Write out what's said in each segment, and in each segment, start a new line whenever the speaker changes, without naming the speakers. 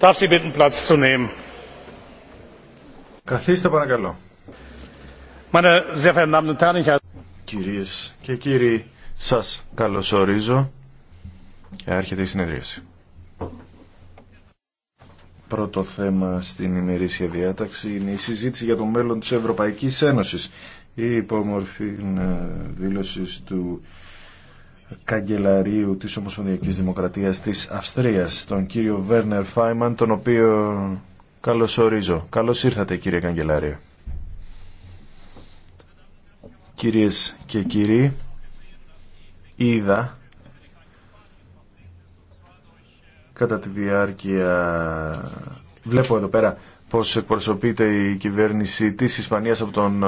Darf Sie bitten, Platz zu nehmen.
Καθίστε παρακαλώ. Meine
Κυρίες και κύριοι, σας καλωσορίζω και άρχεται η συνεδρίαση. Πρώτο θέμα στην ημερήσια διάταξη είναι η συζήτηση για το μέλλον της Ευρωπαϊκής Ένωσης. Η υπόμορφη ε, δήλωση του καγκελαρίου της Ομοσπονδιακής Δημοκρατίας της Αυστρίας, τον κύριο Βέρνερ Φάιμαν, τον οποίο ορίζω. Καλώς ήρθατε κύριε καγκελάριο. Κυρίες και κύριοι, είδα κατά τη διάρκεια... Βλέπω εδώ πέρα πώς εκπροσωπείται η κυβέρνηση της Ισπανίας από τον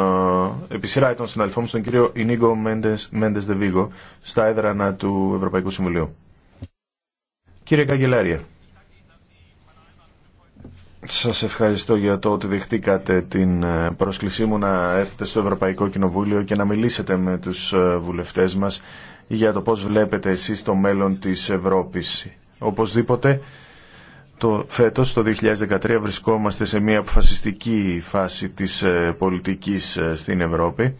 ε, επί σειρά ετών στον κύριο Ινίγκο Μέντες Δεβίγκο, στα έδρανα του Ευρωπαϊκού Συμβουλίου. Κύριε Καγκελάρια, σας ευχαριστώ για το ότι δεχτήκατε την ε, πρόσκλησή μου να έρθετε στο Ευρωπαϊκό Κοινοβούλιο και να μιλήσετε με τους ε, βουλευτές μας για το πώς βλέπετε εσείς το μέλλον της Ευρώπης. Οπωσδήποτε το φέτος, το 2013, βρισκόμαστε σε μια αποφασιστική φάση της ε, πολιτικής ε, στην Ευρώπη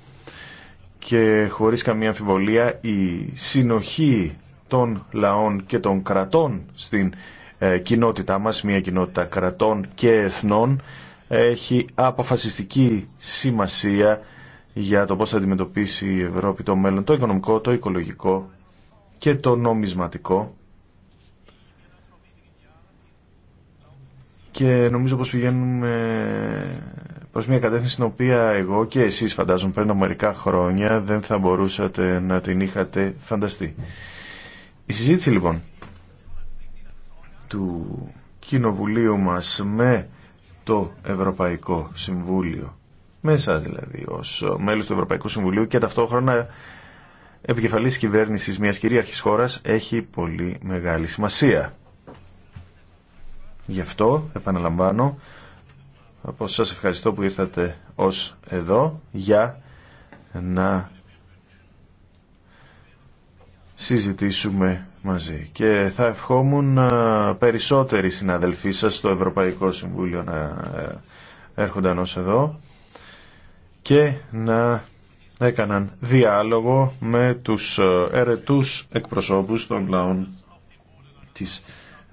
και χωρίς καμία αμφιβολία η συνοχή των λαών και των κρατών στην ε, κοινότητά μας, μια κοινότητα κρατών και εθνών, έχει αποφασιστική σημασία για το πώς θα αντιμετωπίσει η Ευρώπη το μέλλον, το οικονομικό, το οικολογικό και το νομισματικό και νομίζω πως πηγαίνουμε προς μια κατεύθυνση στην οποία εγώ και εσείς φαντάζομαι πριν από μερικά χρόνια δεν θα μπορούσατε να την είχατε φανταστεί. Η συζήτηση λοιπόν του κοινοβουλίου μας με το Ευρωπαϊκό Συμβούλιο με δηλαδή ως μέλος του Ευρωπαϊκού Συμβουλίου και ταυτόχρονα επικεφαλής κυβέρνησης μιας κυρίαρχης χώρας έχει πολύ μεγάλη σημασία. Γι' αυτό, επαναλαμβάνω, πως σας ευχαριστώ που ήρθατε ως εδώ για να συζητήσουμε μαζί. Και θα ευχόμουν περισσότεροι συναδελφοί σας στο Ευρωπαϊκό Συμβούλιο να ε, έρχονταν ως εδώ και να έκαναν διάλογο με τους ερετούς εκπροσώπους των λαών της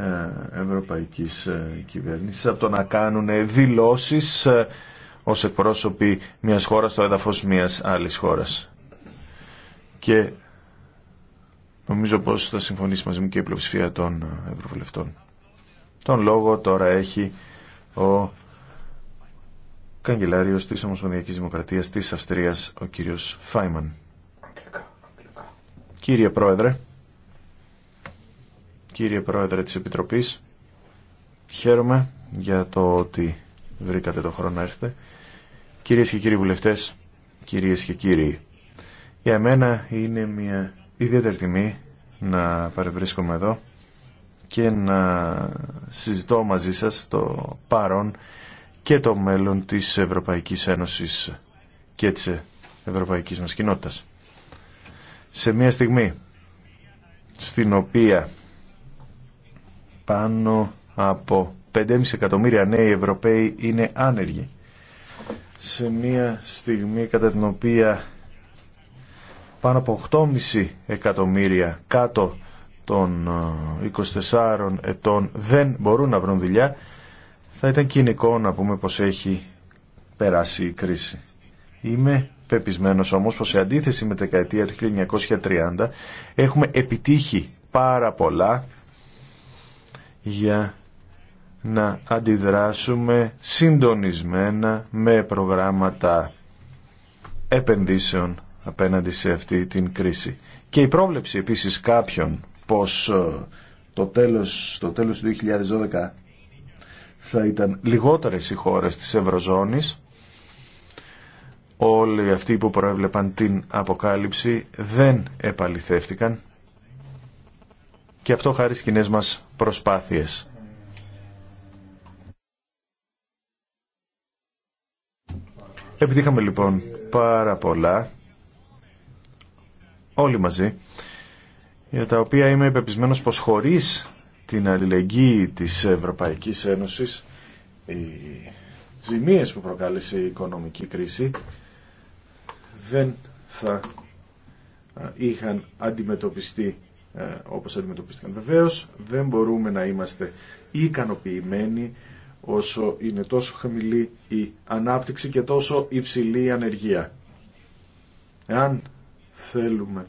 ε, ευρωπαϊκής ε, κυβέρνησης από το να κάνουν ε, δηλώσεις ως εκπρόσωποι μιας χώρας στο έδαφος μιας άλλης χώρας. Και νομίζω πως θα συμφωνήσει μαζί μου και η πλειοψηφία των ευρωβουλευτών. Τον λόγο τώρα έχει ο καγκελάριος της Ομοσπονδιακής Δημοκρατίας της Αυστρίας, ο κύριος Φάιμαν. Κύριε Πρόεδρε, κύριε Πρόεδρε της Επιτροπής. Χαίρομαι για το ότι βρήκατε το χρόνο να έρθετε. Κυρίες και κύριοι βουλευτές, κυρίες και κύριοι, για μένα είναι μια ιδιαίτερη τιμή να παρευρίσκομαι εδώ και να συζητώ μαζί σας το παρόν και το μέλλον της Ευρωπαϊκής Ένωσης και της Ευρωπαϊκής μας κοινότητας. Σε μια στιγμή στην οποία πάνω από 5,5 εκατομμύρια νέοι Ευρωπαίοι είναι άνεργοι. Σε μια στιγμή κατά την οποία πάνω από 8,5 εκατομμύρια κάτω των 24 ετών δεν μπορούν να βρουν δουλειά, θα ήταν κοινικό να πούμε πως έχει περάσει η κρίση. Είμαι πεπισμένος όμως πως σε αντίθεση με τη δεκαετία του 1930 έχουμε επιτύχει πάρα πολλά για να αντιδράσουμε συντονισμένα με προγράμματα επενδύσεων απέναντι σε αυτή την κρίση. Και η πρόβλεψη επίσης κάποιων πως ε, το τέλος, το τέλος του 2012 θα ήταν λιγότερες οι χώρες της Ευρωζώνης, όλοι αυτοί που προέβλεπαν την αποκάλυψη δεν επαληθεύτηκαν και αυτό χάρη στις κοινές μας προσπάθειες. Επιτύχαμε λοιπόν πάρα πολλά, όλοι μαζί, για τα οποία είμαι υπεπισμένος πως χωρίς την αλληλεγγύη της Ευρωπαϊκής Ένωσης, οι ζημίες που προκάλεσε η οικονομική κρίση δεν θα είχαν αντιμετωπιστεί ε, όπως αντιμετωπίστηκαν. Βεβαίως δεν μπορούμε να είμαστε ικανοποιημένοι όσο είναι τόσο χαμηλή η ανάπτυξη και τόσο υψηλή η ανεργία. Εάν θέλουμε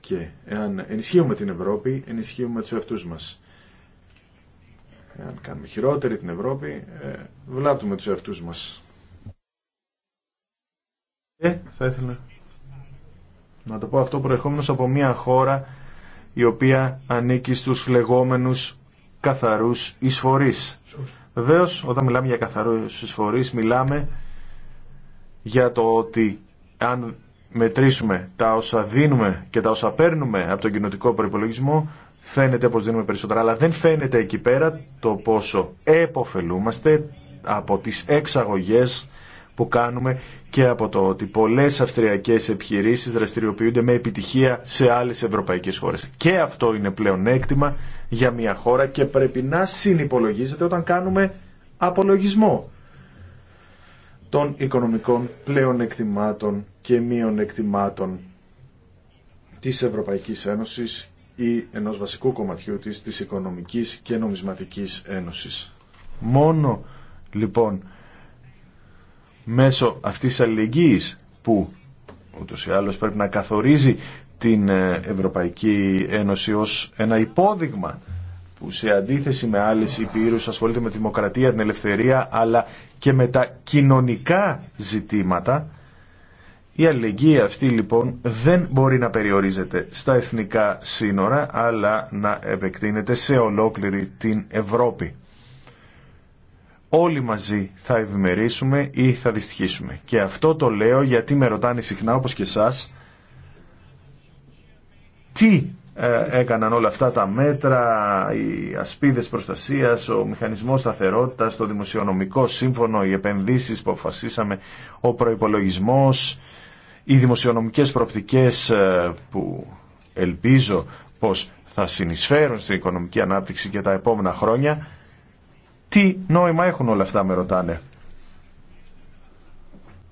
και εάν ενισχύουμε την Ευρώπη, ενισχύουμε τους εαυτούς μας. Εάν κάνουμε χειρότερη την Ευρώπη, ε, βλάπτουμε τους εαυτούς μας. Ε, θα ήθελα να το πω αυτό προερχόμενος από μια χώρα η οποία ανήκει στους λεγόμενους καθαρούς εισφορείς. Βεβαίω, όταν μιλάμε για καθαρούς εισφορείς, μιλάμε για το ότι αν μετρήσουμε τα όσα δίνουμε και τα όσα παίρνουμε από τον κοινοτικό προπολογισμό, φαίνεται πως δίνουμε περισσότερα. Αλλά δεν φαίνεται εκεί πέρα το πόσο εποφελούμαστε από τις εξαγωγές που κάνουμε και από το ότι πολλές αυστριακές επιχειρήσεις δραστηριοποιούνται με επιτυχία σε άλλες ευρωπαϊκές χώρες. Και αυτό είναι πλέον έκτημα για μια χώρα και πρέπει να συνυπολογίζεται όταν κάνουμε απολογισμό των οικονομικών πλέον εκτιμάτων και μείων εκτιμάτων της Ευρωπαϊκής Ένωσης ή ενός βασικού κομματιού της, της Οικονομικής και Νομισματικής Ένωσης. Μόνο λοιπόν μέσω αυτής της αλληλεγγύης που ούτως ή άλλως πρέπει να καθορίζει την ε, Ευρωπαϊκή Ένωση ως ένα υπόδειγμα που σε αντίθεση με άλλες υπήρους ασχολείται με τη δημοκρατία, την ελευθερία αλλά και με τα κοινωνικά ζητήματα η αλληλεγγύη αυτή λοιπόν δεν μπορεί να περιορίζεται στα εθνικά σύνορα αλλά να επεκτείνεται σε ολόκληρη την Ευρώπη όλοι μαζί θα ευημερήσουμε ή θα δυστυχήσουμε. Και αυτό το λέω γιατί με ρωτάνε συχνά όπως και εσάς τι ε, έκαναν όλα αυτά τα μέτρα, οι ασπίδες προστασίας, ο μηχανισμός σταθερότητας, το δημοσιονομικό σύμφωνο, οι επενδύσεις που αποφασίσαμε, ο προϋπολογισμός, οι δημοσιονομικές προοπτικές ε, που ελπίζω πως θα συνεισφέρουν στην οικονομική ανάπτυξη και τα επόμενα χρόνια τι νόημα έχουν όλα αυτά, με ρωτάνε.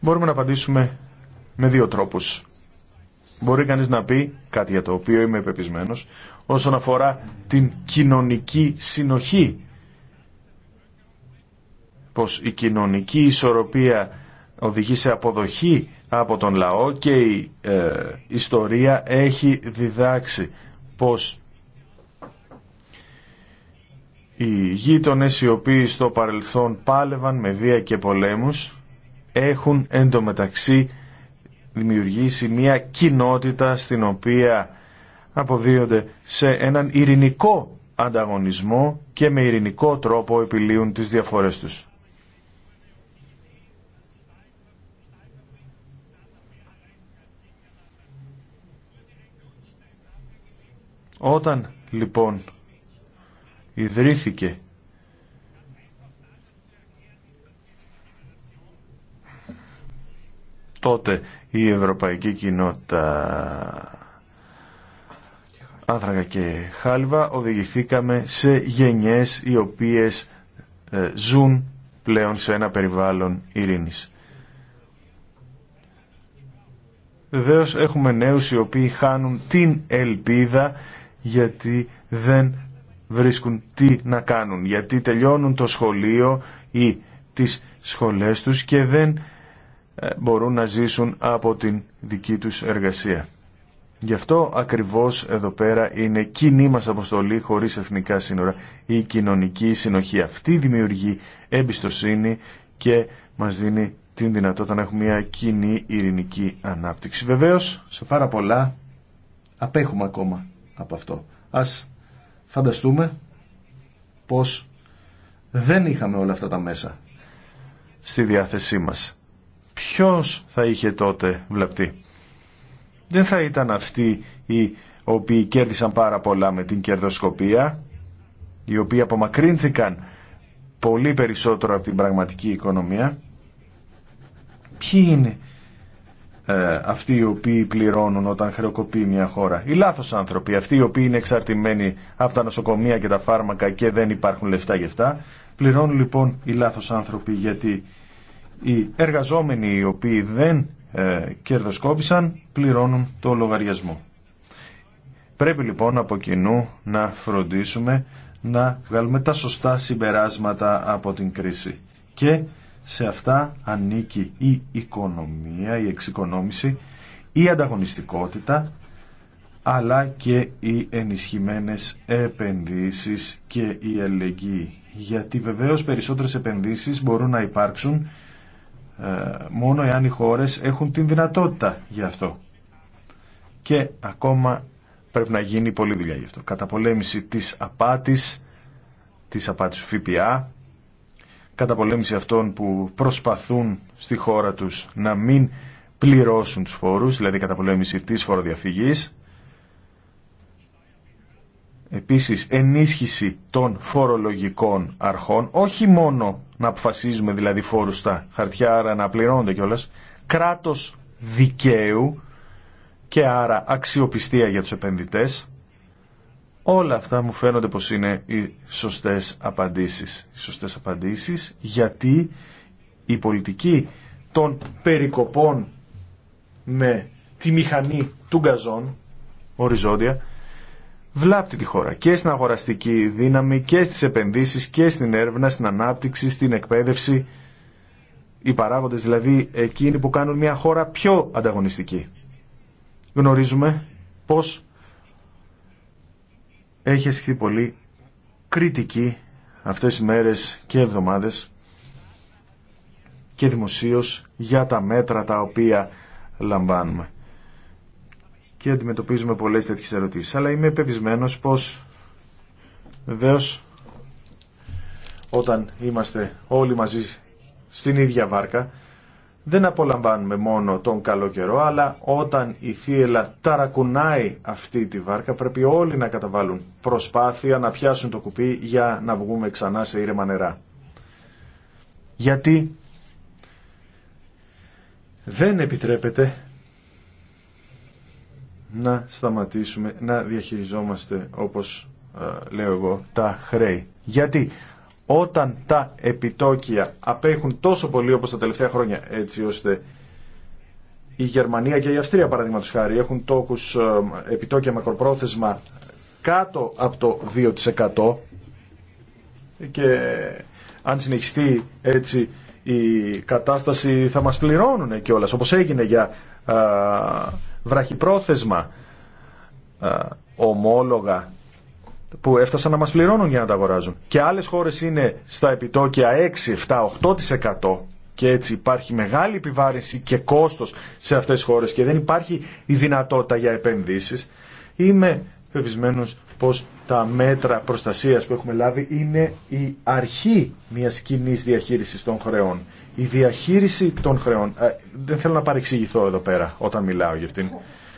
Μπορούμε να απαντήσουμε με δύο τρόπους. Μπορεί κανείς να πει, κάτι για το οποίο είμαι επεπισμένος, όσον αφορά την κοινωνική συνοχή. Πως η κοινωνική ισορροπία οδηγεί σε αποδοχή από τον λαό και η ε, ιστορία έχει διδάξει πως οι γείτονες οι οποίοι στο παρελθόν πάλευαν με βία και πολέμους έχουν εντωμεταξύ δημιουργήσει μια κοινότητα στην οποία αποδίονται σε έναν ειρηνικό ανταγωνισμό και με ειρηνικό τρόπο επιλύουν τις διαφορές τους. Όταν λοιπόν ιδρύθηκε. Τότε η Ευρωπαϊκή Κοινότητα Άνθρακα και Χάλβα οδηγηθήκαμε σε γενιές οι οποίες ε, ζουν πλέον σε ένα περιβάλλον ειρήνης. Βεβαίω έχουμε νέους οι οποίοι χάνουν την ελπίδα γιατί δεν βρίσκουν τι να κάνουν, γιατί τελειώνουν το σχολείο ή τις σχολές τους και δεν ε, μπορούν να ζήσουν από την δική τους εργασία. Γι' αυτό ακριβώς εδώ πέρα είναι κοινή μας αποστολή χωρίς εθνικά σύνορα η κοινωνική συνοχή. Αυτή δημιουργεί εμπιστοσύνη και μας δίνει την δυνατότητα να έχουμε μια κοινή ειρηνική ανάπτυξη. Βεβαίως, σε πάρα πολλά απέχουμε ακόμα από αυτό φανταστούμε πως δεν είχαμε όλα αυτά τα μέσα στη διάθεσή μας. Ποιος θα είχε τότε βλαπτεί. Δεν θα ήταν αυτοί οι οποίοι κέρδισαν πάρα πολλά με την κερδοσκοπία, οι οποίοι απομακρύνθηκαν πολύ περισσότερο από την πραγματική οικονομία. Ποιοι είναι ε, αυτοί οι οποίοι πληρώνουν όταν χρεοκοπεί μια χώρα. Οι λάθος άνθρωποι, αυτοί οι οποίοι είναι εξαρτημένοι από τα νοσοκομεία και τα φάρμακα και δεν υπάρχουν λεφτά γι' αυτά, πληρώνουν λοιπόν οι λάθος άνθρωποι γιατί οι εργαζόμενοι οι οποίοι δεν ε, κερδοσκόπησαν πληρώνουν το λογαριασμό. Πρέπει λοιπόν από κοινού να φροντίσουμε να βγάλουμε τα σωστά συμπεράσματα από την κρίση και σε αυτά ανήκει η οικονομία, η εξοικονόμηση, η ανταγωνιστικότητα, αλλά και οι ενισχυμένες επενδύσεις και η αλληλεγγύη. Γιατί βεβαίως περισσότερες επενδύσεις μπορούν να υπάρξουν ε, μόνο εάν οι χώρες έχουν την δυνατότητα γι' αυτό. Και ακόμα πρέπει να γίνει πολλή δουλειά γι' αυτό. Καταπολέμηση της απάτης, της απάτης του ΦΠΑ, καταπολέμηση αυτών που προσπαθούν στη χώρα τους να μην πληρώσουν τους φόρους, δηλαδή καταπολέμηση της φοροδιαφυγής. Επίσης, ενίσχυση των φορολογικών αρχών, όχι μόνο να αποφασίζουμε δηλαδή φόρους στα χαρτιά, άρα να πληρώνονται κιόλας, κράτος δικαίου και άρα αξιοπιστία για τους επενδυτές Όλα αυτά μου φαίνονται πως είναι οι σωστές απαντήσεις. Οι σωστές απαντήσεις γιατί η πολιτική των περικοπών με τη μηχανή του γκαζόν, οριζόντια βλάπτει τη χώρα και στην αγοραστική δύναμη και στις επενδύσεις και στην έρευνα, στην ανάπτυξη, στην εκπαίδευση οι παράγοντες δηλαδή εκείνοι που κάνουν μια χώρα πιο ανταγωνιστική. Γνωρίζουμε πως έχει ασχεθεί πολύ κριτική αυτές τις μέρες και εβδομάδες και δημοσίως για τα μέτρα τα οποία λαμβάνουμε. Και αντιμετωπίζουμε πολλές τέτοιες ερωτήσεις. Αλλά είμαι πεπισμένος πως βεβαίω όταν είμαστε όλοι μαζί στην ίδια βάρκα δεν απολαμβάνουμε μόνο τον καλό καιρό, αλλά όταν η θύελα ταρακουνάει αυτή τη βάρκα, πρέπει όλοι να καταβάλουν προσπάθεια να πιάσουν το κουπί για να βγούμε ξανά σε ήρεμα νερά. Γιατί δεν επιτρέπεται να σταματήσουμε να διαχειριζόμαστε, όπως ε, λέω εγώ, τα χρέη. Γιατί όταν τα επιτόκια απέχουν τόσο πολύ όπως τα τελευταία χρόνια έτσι ώστε η Γερμανία και η Αυστρία παραδείγματο χάρη έχουν τόκους ε, επιτόκια μακροπρόθεσμα κάτω από το 2% και αν συνεχιστεί έτσι η κατάσταση θα μας πληρώνουν και όλας όπως έγινε για α, ε, βραχυπρόθεσμα ε, ομόλογα που έφτασαν να μας πληρώνουν για να τα αγοράζουν. Και άλλες χώρες είναι στα επιτόκια 6, 7, 8% και έτσι υπάρχει μεγάλη επιβάρυνση και κόστος σε αυτές τις χώρες και δεν υπάρχει η δυνατότητα για επενδύσεις. Είμαι πεπισμένος πως τα μέτρα προστασίας που έχουμε λάβει είναι η αρχή μιας κοινή διαχείρισης των χρεών. Η διαχείριση των χρεών. δεν θέλω να παρεξηγηθώ εδώ πέρα όταν μιλάω για αυτήν.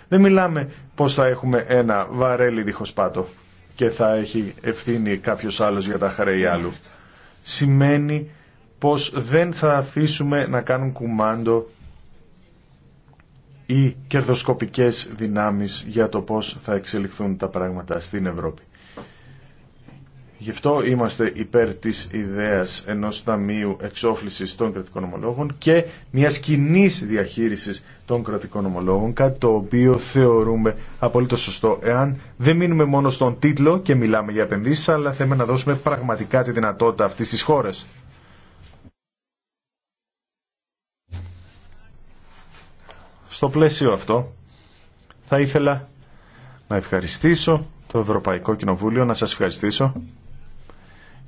Δεν μιλάμε πως θα έχουμε ένα βαρέλι δίχως πάτο και θα έχει ευθύνη κάποιος άλλος για τα χρέη άλλου. Σημαίνει πως δεν θα αφήσουμε να κάνουν κουμάντο ή κερδοσκοπικές δυνάμεις για το πώς θα εξελιχθούν τα πράγματα στην Ευρώπη. Γι' αυτό είμαστε υπέρ της ιδέας ενός ταμείου εξόφλησης των κρατικών ομολόγων και μιας κοινή διαχείρισης των κρατικών ομολόγων, κάτι το οποίο θεωρούμε απολύτως σωστό. Εάν δεν μείνουμε μόνο στον τίτλο και μιλάμε για επενδύσεις, αλλά θέλουμε να δώσουμε πραγματικά τη δυνατότητα αυτής της χώρας. Στο πλαίσιο αυτό θα ήθελα να ευχαριστήσω το Ευρωπαϊκό Κοινοβούλιο, να σας ευχαριστήσω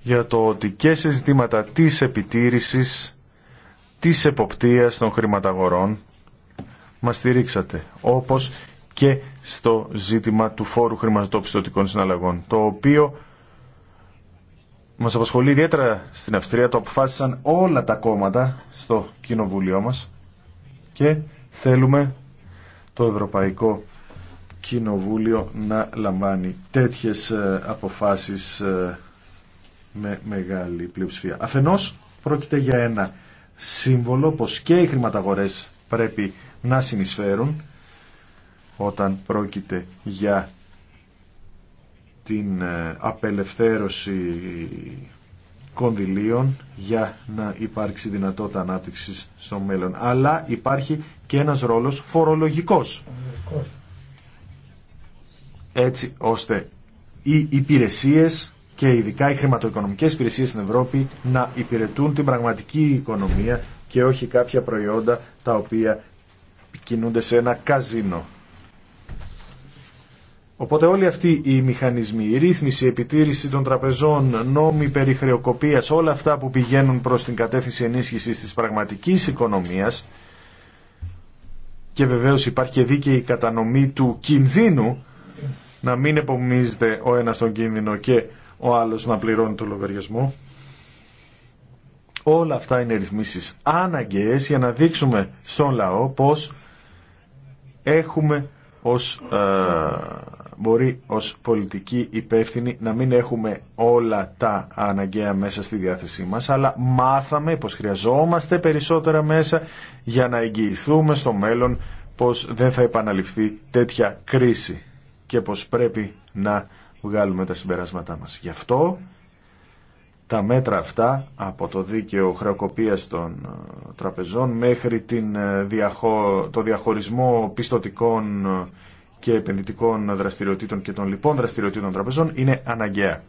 για το ότι και σε ζητήματα της επιτήρησης, της εποπτείας των χρηματαγορών μας στηρίξατε, όπως και στο ζήτημα του φόρου χρηματοπιστωτικών συναλλαγών, το οποίο μας απασχολεί ιδιαίτερα στην Αυστρία, το αποφάσισαν όλα τα κόμματα στο κοινοβουλίο μας και θέλουμε το Ευρωπαϊκό Κοινοβούλιο να λαμβάνει τέτοιες ε, αποφάσεις ε, με μεγάλη πλειοψηφία. Αφενός πρόκειται για ένα σύμβολο πως και οι χρηματαγορές πρέπει να συνεισφέρουν όταν πρόκειται για την ε, απελευθέρωση κονδυλίων για να υπάρξει δυνατότητα ανάπτυξης στο μέλλον. Αλλά υπάρχει και ένας ρόλος φορολογικός. Έτσι ώστε οι υπηρεσίες και ειδικά οι χρηματοοικονομικές υπηρεσίες στην Ευρώπη να υπηρετούν την πραγματική οικονομία και όχι κάποια προϊόντα τα οποία κινούνται σε ένα καζίνο. Οπότε όλοι αυτοί οι μηχανισμοί, η ρύθμιση, η επιτήρηση των τραπεζών, νόμοι περί χρεοκοπίας, όλα αυτά που πηγαίνουν προς την κατεύθυνση ενίσχυσης της πραγματικής οικονομίας και βεβαίως υπάρχει και δίκαιη κατανομή του κινδύνου να μην επομίζεται ο ένας τον κίνδυνο και ο άλλος να πληρώνει το λογαριασμό. Όλα αυτά είναι ρυθμίσεις αναγκαίες για να δείξουμε στον λαό πως έχουμε ως, ε, μπορεί ως πολιτική υπεύθυνη να μην έχουμε όλα τα αναγκαία μέσα στη διάθεσή μας, αλλά μάθαμε πως χρειαζόμαστε περισσότερα μέσα για να εγγυηθούμε στο μέλλον πως δεν θα επαναληφθεί τέτοια κρίση και πως πρέπει να βγάλουμε τα συμπεράσματά μας. Γι' αυτό τα μέτρα αυτά από το δίκαιο χρεοκοπίας των ε, τραπεζών μέχρι την ε, το διαχωρισμό πιστοτικών ε, και επενδυτικών δραστηριοτήτων και των λοιπών δραστηριοτήτων των τραπεζών είναι αναγκαία.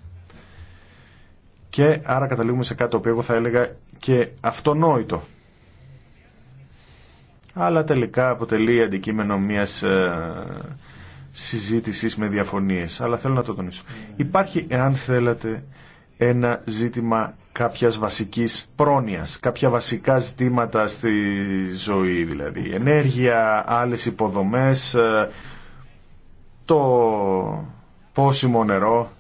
Και άρα καταλήγουμε σε κάτι το οποίο εγώ θα έλεγα και αυτονόητο. Αλλά τελικά αποτελεί αντικείμενο μιας συζήτησης με διαφωνίες, αλλά θέλω να το τονίσω. Υπάρχει, εάν θέλετε, ένα ζήτημα κάποιας βασικής πρόνοια, κάποια βασικά ζητήματα στη ζωή, δηλαδή ενέργεια, άλλε υποδομέ ε, το πόσιμο νερό,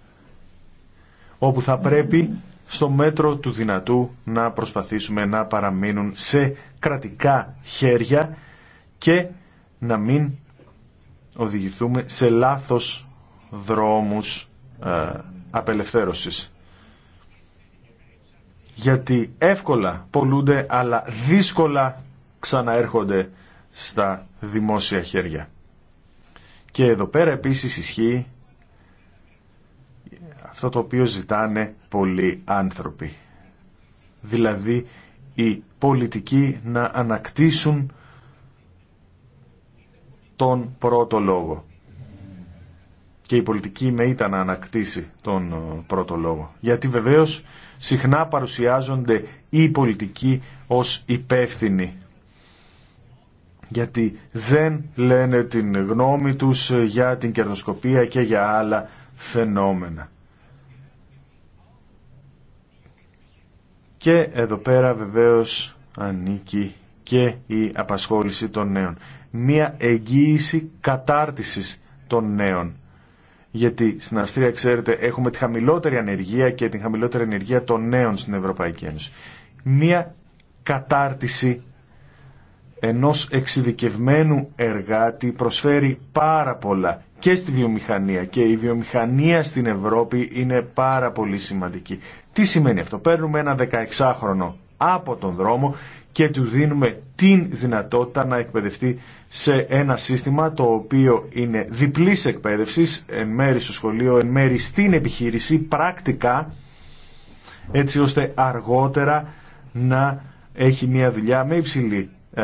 όπου θα πρέπει στο μέτρο του δυνατού να προσπαθήσουμε να παραμείνουν σε κρατικά χέρια και να μην οδηγηθούμε σε λάθος δρόμους ε, απελευθέρωσης. Γιατί εύκολα πολλούνται αλλά δύσκολα ξαναέρχονται στα δημόσια χέρια. Και εδώ πέρα επίσης ισχύει αυτό το οποίο ζητάνε πολλοί άνθρωποι. Δηλαδή οι πολιτικοί να ανακτήσουν τον πρώτο λόγο. Και η πολιτική με ήταν να ανακτήσει τον ε, πρώτο λόγο. Γιατί βεβαίως συχνά παρουσιάζονται οι πολιτικοί ως υπεύθυνοι. Γιατί δεν λένε την γνώμη τους για την κερδοσκοπία και για άλλα φαινόμενα. Και εδώ πέρα βεβαίως ανήκει και η απασχόληση των νέων μία εγγύηση κατάρτισης των νέων. Γιατί στην Αυστρία, ξέρετε, έχουμε τη χαμηλότερη ανεργία και την χαμηλότερη ανεργία των νέων στην Ευρωπαϊκή Ένωση. Μία κατάρτιση ενός εξειδικευμένου εργάτη προσφέρει πάρα πολλά και στη βιομηχανία και η βιομηχανία στην Ευρώπη είναι πάρα πολύ σημαντική. Τι σημαίνει αυτό. Παίρνουμε ένα 16χρονο από τον δρόμο και του δίνουμε την δυνατότητα να εκπαιδευτεί σε ένα σύστημα το οποίο είναι διπλής εκπαίδευσης, εν μέρη στο σχολείο, εν μέρη στην επιχείρηση, πρακτικά, έτσι ώστε αργότερα να έχει μια δουλειά με υψηλή ε,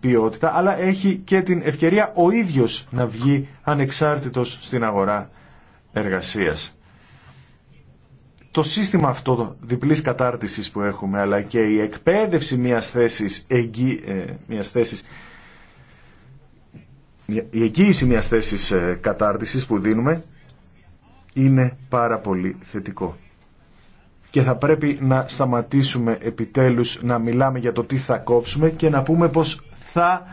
ποιότητα, αλλά έχει και την ευκαιρία ο ίδιος να βγει ανεξάρτητος στην αγορά εργασίας το σύστημα αυτό διπλής κατάρτισης που έχουμε αλλά και η εκπαίδευση μιας θέσης, εγγύ, ε, μιας θέσης η εγγύηση μιας θέσης ε, κατάρτισης που δίνουμε είναι πάρα πολύ θετικό. Και θα πρέπει να σταματήσουμε επιτέλους να μιλάμε για το τι θα κόψουμε και να πούμε πως θα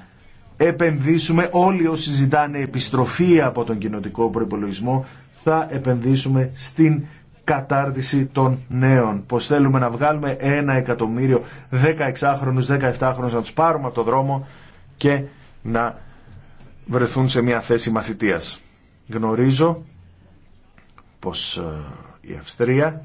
επενδύσουμε όλοι όσοι ζητάνε επιστροφή από τον κοινοτικό προϋπολογισμό θα επενδύσουμε στην κατάρτιση των νέων. πω θέλουμε να βγάλουμε ένα 16 χρονου 16χρονους, χρόνου να του πάρουμε από τον δρόμο και να βρεθούν σε μια θέση μαθητείας. Γνωρίζω πω ε, η Αυστρία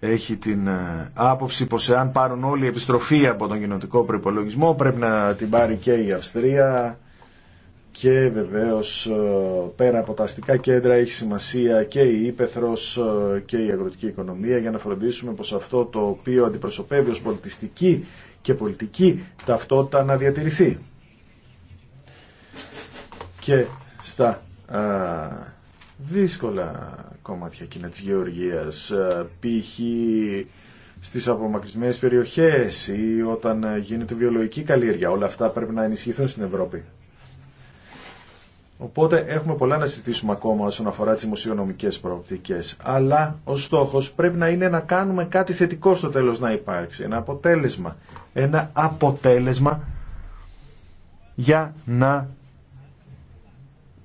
έχει την ε, άποψη πως εάν πάρουν όλη η επιστροφή από τον κοινοτικό προπολογισμό πρέπει να την πάρει και η Αυστρία και βεβαίως ε, πέρα από τα αστικά κέντρα έχει σημασία και η ύπεθρος ε, και η αγροτική οικονομία για να φροντίσουμε πως αυτό το οποίο αντιπροσωπεύει ως πολιτιστική και πολιτική ταυτότητα να διατηρηθεί. Και στα α, δύσκολα κομμάτια κοινά της γεωργίας, ε, π.χ στις απομακρυσμένες περιοχές ή όταν γίνεται βιολογική καλλιέργεια. Όλα αυτά πρέπει να ενισχυθούν στην Ευρώπη. Οπότε έχουμε πολλά να συζητήσουμε ακόμα όσον αφορά τι δημοσιονομικέ προοπτικέ, Αλλά ο στόχο πρέπει να είναι να κάνουμε κάτι θετικό στο τέλο να υπάρξει. Ένα αποτέλεσμα. Ένα αποτέλεσμα για να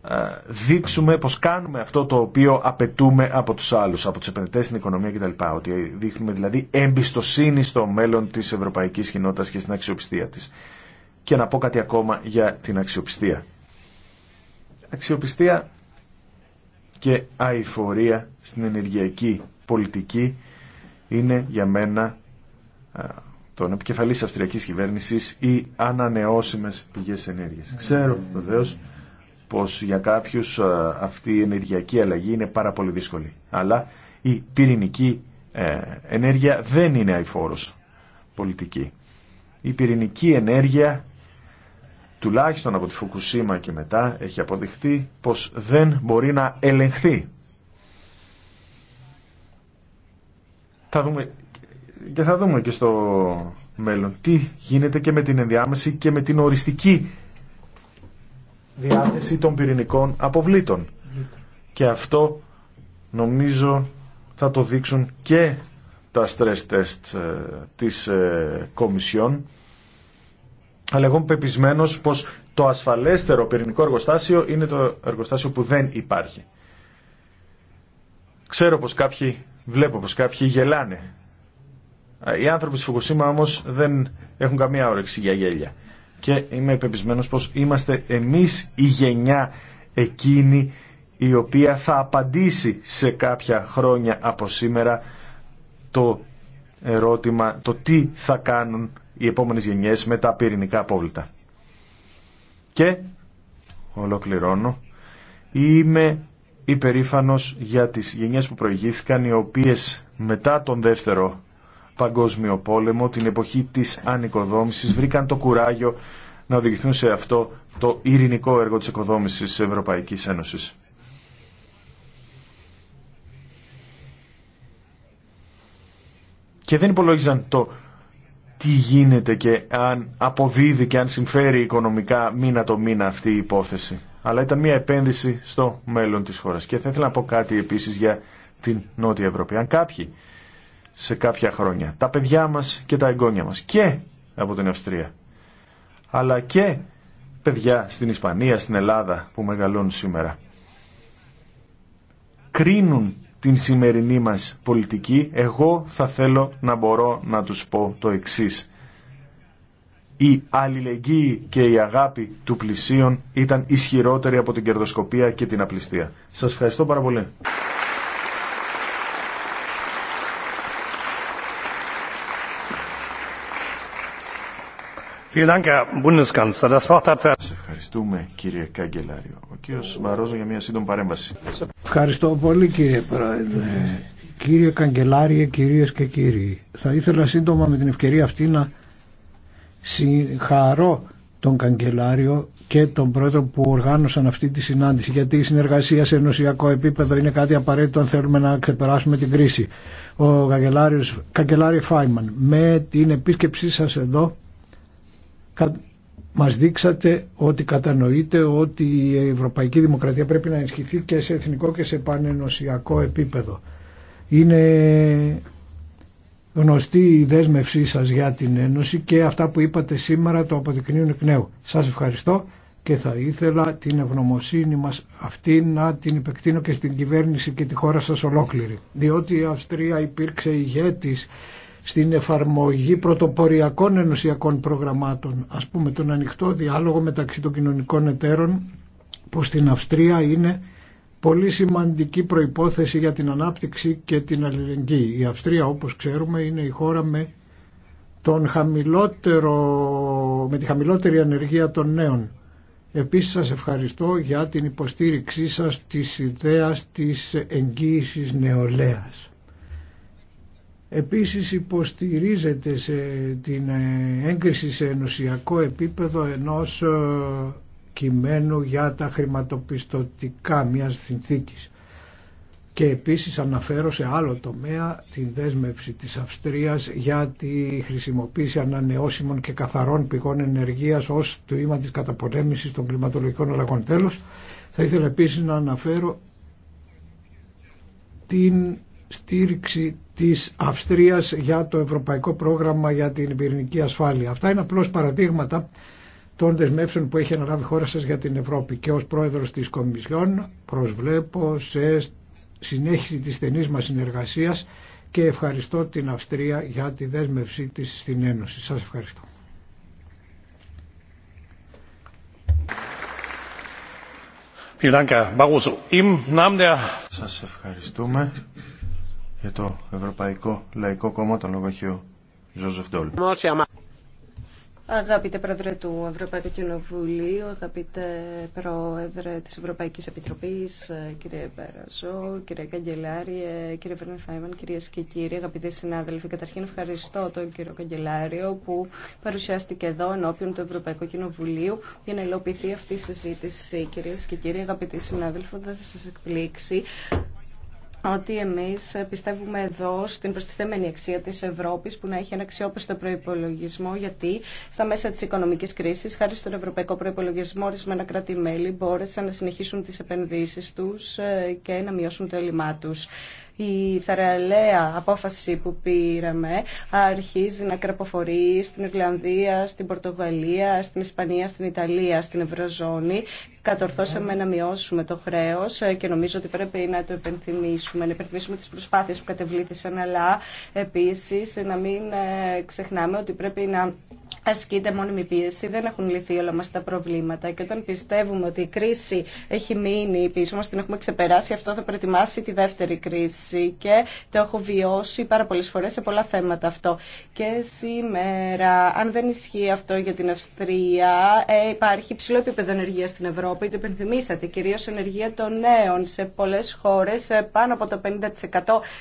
ε, δείξουμε πως κάνουμε αυτό το οποίο απαιτούμε από τους άλλους, από τους επενδυτές στην οικονομία κτλ. Ότι δείχνουμε δηλαδή εμπιστοσύνη στο μέλλον της ευρωπαϊκής κοινότητας και στην αξιοπιστία της. Και να πω κάτι ακόμα για την αξιοπιστία αξιοπιστία και αηφορία στην ενεργειακή πολιτική είναι για μένα τον επικεφαλής αυστριακής κυβέρνησης ή ανανεώσιμες πηγές ενέργειας. Ξέρω βεβαίω πως για κάποιους αυτή η ενεργειακή αλλαγή είναι πάρα πολύ δύσκολη. Αλλά η πυρηνική ε, ενέργεια δεν είναι αηφόρος πολιτική. Η πυρηνική ενέργεια τουλάχιστον από τη Φουκουσίμα και μετά έχει αποδειχθεί πως δεν μπορεί να ελεγχθεί. Θα δούμε και θα δούμε και στο μέλλον τι γίνεται και με την ενδιάμεση και με την οριστική διάθεση των πυρηνικών αποβλήτων. Και αυτό νομίζω θα το δείξουν και τα stress tests ε, της ε, Κομισιόν αλλά εγώ είμαι πεπισμένος πως το ασφαλέστερο πυρηνικό εργοστάσιο είναι το εργοστάσιο που δεν υπάρχει. Ξέρω πως κάποιοι, βλέπω πως κάποιοι γελάνε. Οι άνθρωποι στη Φουκουσίμα όμω δεν έχουν καμία όρεξη για γέλια. Και είμαι πεπισμένο πως είμαστε εμείς η γενιά εκείνη η οποία θα απαντήσει σε κάποια χρόνια από σήμερα το ερώτημα το τι θα κάνουν οι επόμενε γενιέ με τα πυρηνικά απόβλητα. Και, ολοκληρώνω, είμαι υπερήφανο για τις γενιές που προηγήθηκαν, οι οποίες μετά τον δεύτερο παγκόσμιο πόλεμο, την εποχή της ανοικοδόμησης, βρήκαν το κουράγιο να οδηγηθούν σε αυτό το ειρηνικό έργο της οικοδόμησης της Ευρωπαϊκής Ένωσης. Και δεν υπολόγιζαν το τι γίνεται και αν αποδίδει και αν συμφέρει οικονομικά μήνα το μήνα αυτή η υπόθεση. Αλλά ήταν μια επένδυση στο μέλλον της χώρας. Και θα ήθελα να πω κάτι επίσης για την Νότια Ευρώπη. Αν κάποιοι σε κάποια χρόνια, τα παιδιά μας και τα εγγόνια μας και από την Αυστρία, αλλά και παιδιά στην Ισπανία, στην Ελλάδα που μεγαλώνουν σήμερα, κρίνουν την σημερινή μας πολιτική, εγώ θα θέλω να μπορώ να τους πω το εξής. Η αλληλεγγύη και η αγάπη του πλησίων ήταν ισχυρότερη από την κερδοσκοπία και την απληστία. Σας ευχαριστώ πάρα πολύ.
ευχαριστούμε κύριε
Καγκελάριο. Ο κύριος Μαρόζο για μια σύντομη παρέμβαση.
Ευχαριστώ πολύ κύριε Πρόεδρε. Κύριε Καγκελάριε, κυρίες και κύριοι. Θα ήθελα σύντομα με την ευκαιρία αυτή να συγχαρώ τον Καγκελάριο και τον πρόεδρο που οργάνωσαν αυτή τη συνάντηση γιατί η συνεργασία σε ενωσιακό επίπεδο είναι κάτι απαραίτητο αν θέλουμε να ξεπεράσουμε την κρίση. Ο Καγκελάριος, Καγκελάριο Φάιμαν, με την επίσκεψή σας εδώ μας δείξατε ότι κατανοείτε ότι η Ευρωπαϊκή Δημοκρατία πρέπει να ενισχυθεί και σε εθνικό και σε πανενωσιακό επίπεδο. Είναι γνωστή η δέσμευσή σας για την Ένωση και αυτά που είπατε σήμερα το αποδεικνύουν εκ νέου. Σας ευχαριστώ και θα ήθελα την ευγνωμοσύνη μας αυτή να την επεκτείνω και στην κυβέρνηση και τη χώρα σας ολόκληρη. Διότι η Αυστρία υπήρξε ηγέτης στην εφαρμογή πρωτοποριακών ενωσιακών προγραμμάτων, ας πούμε τον ανοιχτό διάλογο μεταξύ των κοινωνικών εταίρων που στην Αυστρία είναι πολύ σημαντική προϋπόθεση για την ανάπτυξη και την αλληλεγγύη. Η Αυστρία όπως ξέρουμε είναι η χώρα με, τον χαμηλότερο, με τη χαμηλότερη ανεργία των νέων. Επίσης σας ευχαριστώ για την υποστήριξή σας της ιδέας της εγγύησης νεολαίας. Επίσης υποστηρίζεται σε την ε, έγκριση σε ενωσιακό επίπεδο ενός ε, κειμένου για τα χρηματοπιστωτικά μιας συνθήκης. Και επίσης αναφέρω σε άλλο τομέα την δέσμευση της Αυστρίας για τη χρησιμοποίηση ανανεώσιμων και καθαρών πηγών ενεργείας ως το τη της καταπολέμησης των κλιματολογικών αλλαγών. Τέλος, θα ήθελα επίσης να αναφέρω την στήριξη της Αυστρίας για το Ευρωπαϊκό Πρόγραμμα για την Πυρηνική Ασφάλεια. Αυτά είναι απλώς παραδείγματα των δεσμεύσεων που έχει αναλάβει η χώρα σας για την Ευρώπη και ως πρόεδρος της Κομισιόν προσβλέπω σε συνέχιση της στενής μας συνεργασίας και ευχαριστώ την Αυστρία για τη δέσμευσή της στην Ένωση. Σας ευχαριστώ.
Σας ευχαριστούμε για το Ευρωπαϊκό Λαϊκό Κόμμα, το λόγο Ζωζεφ Ντόλ.
Αγαπητέ Πρόεδρε του Ευρωπαϊκού Κοινοβουλίου, αγαπητέ Πρόεδρε της Ευρωπαϊκής Επιτροπής, κύριε Πέρασο, κύριε Καγκελάριε, κύριε Βέρνερ Φάιμαν, κυρίες και κύριοι, αγαπητοί συνάδελφοι, καταρχήν ευχαριστώ τον κύριο Καγκελάριο που παρουσιάστηκε εδώ ενώπιον του Ευρωπαϊκού Κοινοβουλίου για να υλοποιηθεί αυτή η συζήτηση. Κυρίες και κύριοι, αγαπητοί συνάδελφοι, δεν θα σας εκπλήξει ότι εμείς πιστεύουμε εδώ στην προστιθέμενη αξία της Ευρώπης που να έχει ένα αξιόπιστο προϋπολογισμό γιατί στα μέσα της οικονομικής κρίσης χάρη στον ευρωπαϊκό προϋπολογισμό ορισμένα κράτη-μέλη μπόρεσαν να συνεχίσουν τις επενδύσεις τους ε, και να μειώσουν το έλλειμμά τους η θεραλέα απόφαση που πήραμε αρχίζει να κραποφορεί στην Ιρλανδία, στην Πορτογαλία, στην Ισπανία, στην Ιταλία, στην Ευρωζώνη κατορθώσαμε να μειώσουμε το χρέο ε, και νομίζω ότι πρέπει να το επενθυμίσουμε, να επενθυμίσουμε τι προσπάθειε που κατεβλήθησαν, αλλά επίση να μην ε, ξεχνάμε ότι πρέπει να ασκείται μόνιμη πίεση, δεν έχουν λυθεί όλα μας τα προβλήματα και όταν πιστεύουμε ότι η κρίση έχει μείνει πίσω μας, την έχουμε ξεπεράσει, αυτό θα προετοιμάσει τη δεύτερη κρίση και το έχω βιώσει πάρα πολλές φορές σε πολλά θέματα αυτό. Και σήμερα, αν δεν ισχύει αυτό για την Αυστρία, ε, υπάρχει ψηλό επίπεδο ενεργείας στην Ευρώπη Ευρώπη, το υπενθυμίσατε, κυρίως ενεργεία των νέων. Σε πολλές χώρες ε, πάνω από το 50%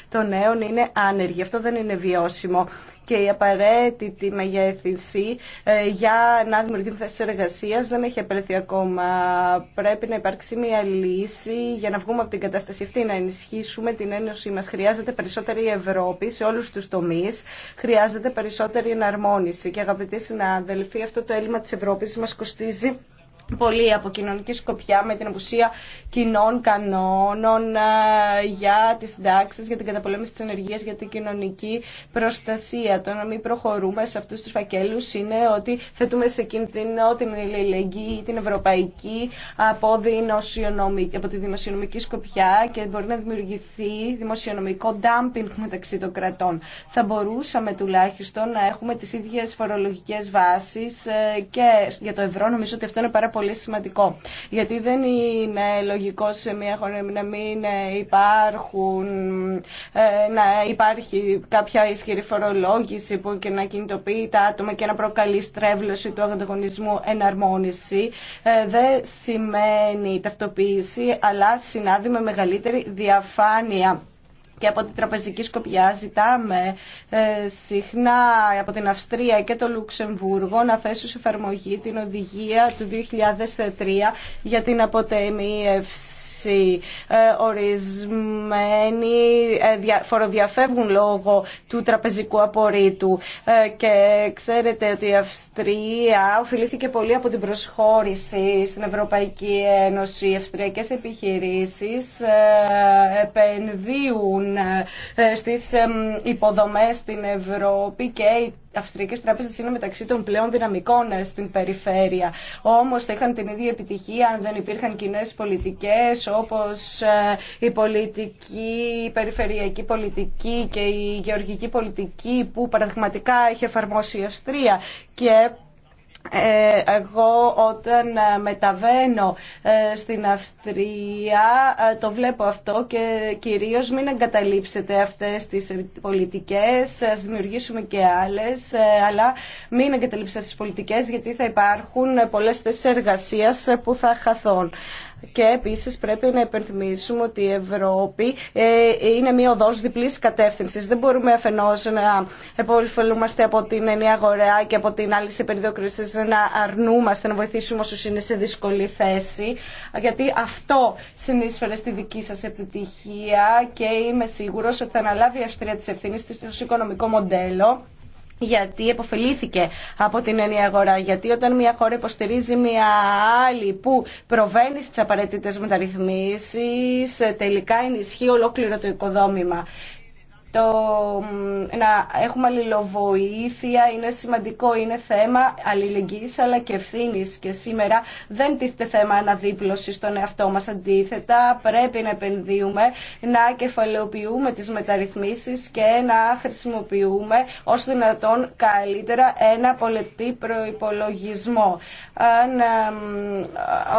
των νέων είναι άνεργοι. Αυτό δεν είναι βιώσιμο και η απαραίτητη μεγέθυνση ε, για να δημιουργηθούν θέσει εργασία δεν έχει επέλθει ακόμα. Πρέπει να υπάρξει μια λύση για να βγούμε από την κατάσταση αυτή, να ενισχύσουμε την ένωσή μα. Χρειάζεται περισσότερη Ευρώπη σε όλου του τομεί. Χρειάζεται περισσότερη εναρμόνιση. Και αγαπητοί συνάδελφοι, αυτό το έλλειμμα τη Ευρώπη μα κοστίζει πολύ από κοινωνική σκοπιά με την απουσία κοινών κανόνων ε, για τις συντάξει, για την καταπολέμηση της ενεργείας, για την κοινωνική προστασία. Το να μην προχωρούμε σε αυτούς τους φακέλους είναι ότι θέτουμε σε κίνδυνο την ελληνική την ευρωπαϊκή από, από τη δημοσιονομική σκοπιά και μπορεί να δημιουργηθεί δημοσιονομικό dumping μεταξύ των κρατών. Θα μπορούσαμε τουλάχιστον να έχουμε τις ίδιες φορολογικές βάσεις ε, και για το ευρώ νομίζω ότι αυτό είναι πάρα πολύ σημαντικό. Γιατί δεν είναι λογικό σε μια χώρα να μην υπάρχουν, ε, να υπάρχει κάποια ισχυρή φορολόγηση που και να κινητοποιεί τα άτομα και να προκαλεί στρέβλωση του ανταγωνισμού εναρμόνιση. Ε, δεν σημαίνει ταυτοποίηση, αλλά συνάδει με μεγαλύτερη διαφάνεια και από την τραπεζική σκοπιά ζητάμε ε, συχνά από την Αυστρία και το Λουξεμβούργο να θέσουν σε εφαρμογή την οδηγία του 2003 για την αποτέμιευση ε, ορισμένοι ε, φοροδιαφεύγουν λόγω του τραπεζικού απορρίτου ε, και ξέρετε ότι η Αυστρία οφειλήθηκε πολύ από την προσχώρηση στην Ευρωπαϊκή Ένωση. Οι αυστριακές επιχειρήσεις επενδύουν στις υποδομές στην Ευρώπη και αυστριακές τράπεζες είναι μεταξύ των πλέον δυναμικών ε, στην περιφέρεια. Όμως θα είχαν την ίδια επιτυχία αν δεν υπήρχαν κοινέ πολιτικές όπως ε, η πολιτική, η περιφερειακή πολιτική και η γεωργική πολιτική που παραδειγματικά έχει εφαρμόσει η Αυστρία και ε, εγώ όταν ε, μεταβαίνω ε, στην Αυστρία το βλέπω αυτό και κυρίως μην εγκαταλείψετε αυτές τις πολιτικές, ας δημιουργήσουμε και άλλες, αλλά μην εγκαταλείψετε αυτές τις πολιτικές γιατί θα υπάρχουν πολλές θέσεις εργασίας που θα χαθούν. Και επίση πρέπει να υπενθυμίσουμε ότι η Ευρώπη ε, είναι μία οδό διπλή κατεύθυνση. Δεν μπορούμε αφενό να επωφελούμαστε από την ενία αγορά και από την άλλη σε περίοδο να αρνούμαστε να βοηθήσουμε όσου είναι σε δύσκολη θέση. Γιατί αυτό συνείσφερε στη δική σα επιτυχία και είμαι σίγουρο ότι θα αναλάβει η Αυστρία τι ευθύνε τη στο οικονομικό μοντέλο γιατί επωφελήθηκε από την έννοια αγορά. Γιατί όταν μια χώρα υποστηρίζει μια άλλη που προβαίνει στι απαραίτητε μεταρρυθμίσει, τελικά ενισχύει ολόκληρο το οικοδόμημα το να έχουμε αλληλοβοήθεια είναι σημαντικό, είναι θέμα αλληλεγγύης αλλά και ευθύνη και σήμερα δεν τίθεται θέμα αναδίπλωση στον εαυτό μας αντίθετα πρέπει να επενδύουμε, να κεφαλαιοποιούμε τις μεταρρυθμίσεις και να χρησιμοποιούμε ως δυνατόν καλύτερα ένα πολιτή προϋπολογισμό. Αν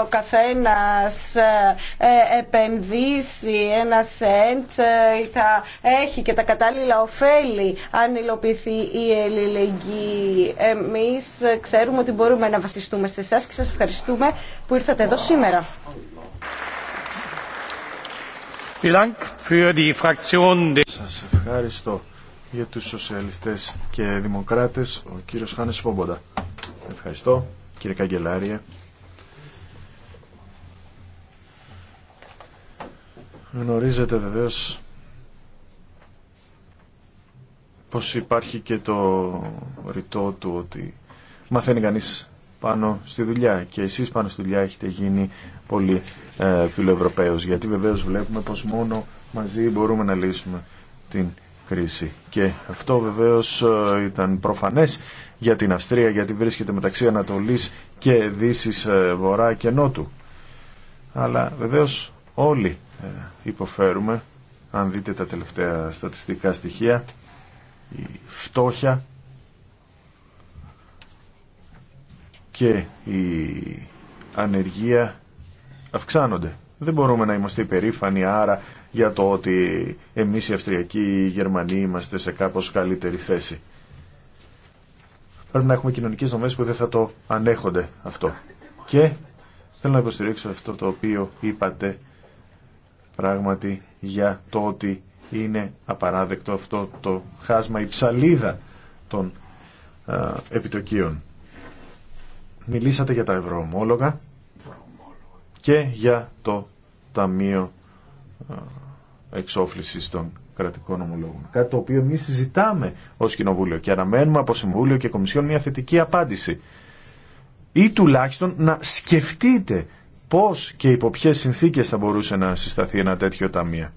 ο καθένας ε, επενδύσει ένα σέντ ε, θα έχει και τα κατάλληλα ωφέλη αν υλοποιηθεί η ελληνική. Εμείς ξέρουμε ότι μπορούμε να βασιστούμε σε εσά και σας ευχαριστούμε που ήρθατε εδώ σήμερα.
Σας ευχαριστώ για τους σοσιαλιστές και δημοκράτες, ο κύριος Χάνες Πόμποντα. Ευχαριστώ, κύριε Καγκελάρια. Γνωρίζετε βεβαίως πως υπάρχει και το ρητό του ότι μαθαίνει κανείς πάνω στη δουλειά και εσείς πάνω στη δουλειά έχετε γίνει πολύ ε, φιλοευρωπαίος γιατί βεβαίως βλέπουμε πως μόνο μαζί μπορούμε να λύσουμε την κρίση και αυτό βεβαίως ε, ήταν προφανές για την Αυστρία γιατί βρίσκεται μεταξύ Ανατολής και Δύσης ε, Βορρά και Νότου αλλά βεβαίως όλοι ε, υποφέρουμε αν δείτε τα τελευταία στατιστικά στοιχεία η φτώχεια και η ανεργία αυξάνονται. Δεν μπορούμε να είμαστε υπερήφανοι άρα για το ότι εμείς οι Αυστριακοί ή οι Γερμανοί είμαστε σε κάπως καλύτερη θέση. Πρέπει να έχουμε κοινωνικές δομές που δεν θα το ανέχονται αυτό. Και θέλω να υποστηρίξω αυτό το οποίο είπατε πράγματι για το ότι είναι απαράδεκτο αυτό το χάσμα, η ψαλίδα των επιτοκίων. Μιλήσατε για τα ευρωομόλογα και για το Ταμείο Εξόφλησης των Κρατικών Ομολόγων. Κάτι το οποίο εμεί συζητάμε ως Κοινοβούλιο και αναμένουμε από Συμβούλιο και Κομισιόν μια θετική απάντηση. Ή τουλάχιστον να σκεφτείτε πώς και υπό ποιες συνθήκες θα μπορούσε να συσταθεί ένα τέτοιο ταμείο.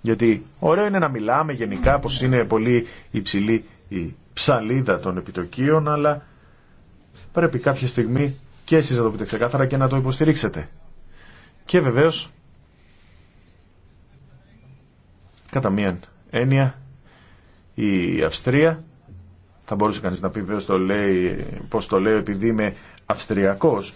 Γιατί ωραίο είναι να μιλάμε γενικά πως είναι πολύ υψηλή η ψαλίδα των επιτοκίων, αλλά πρέπει κάποια στιγμή και εσείς να το πείτε ξεκάθαρα και να το υποστηρίξετε. Και βεβαίως, κατά μία έννοια, η Αυστρία, θα μπορούσε κανείς να πει βεβαίως το λέει, πως το λέω επειδή είμαι Αυστριακός,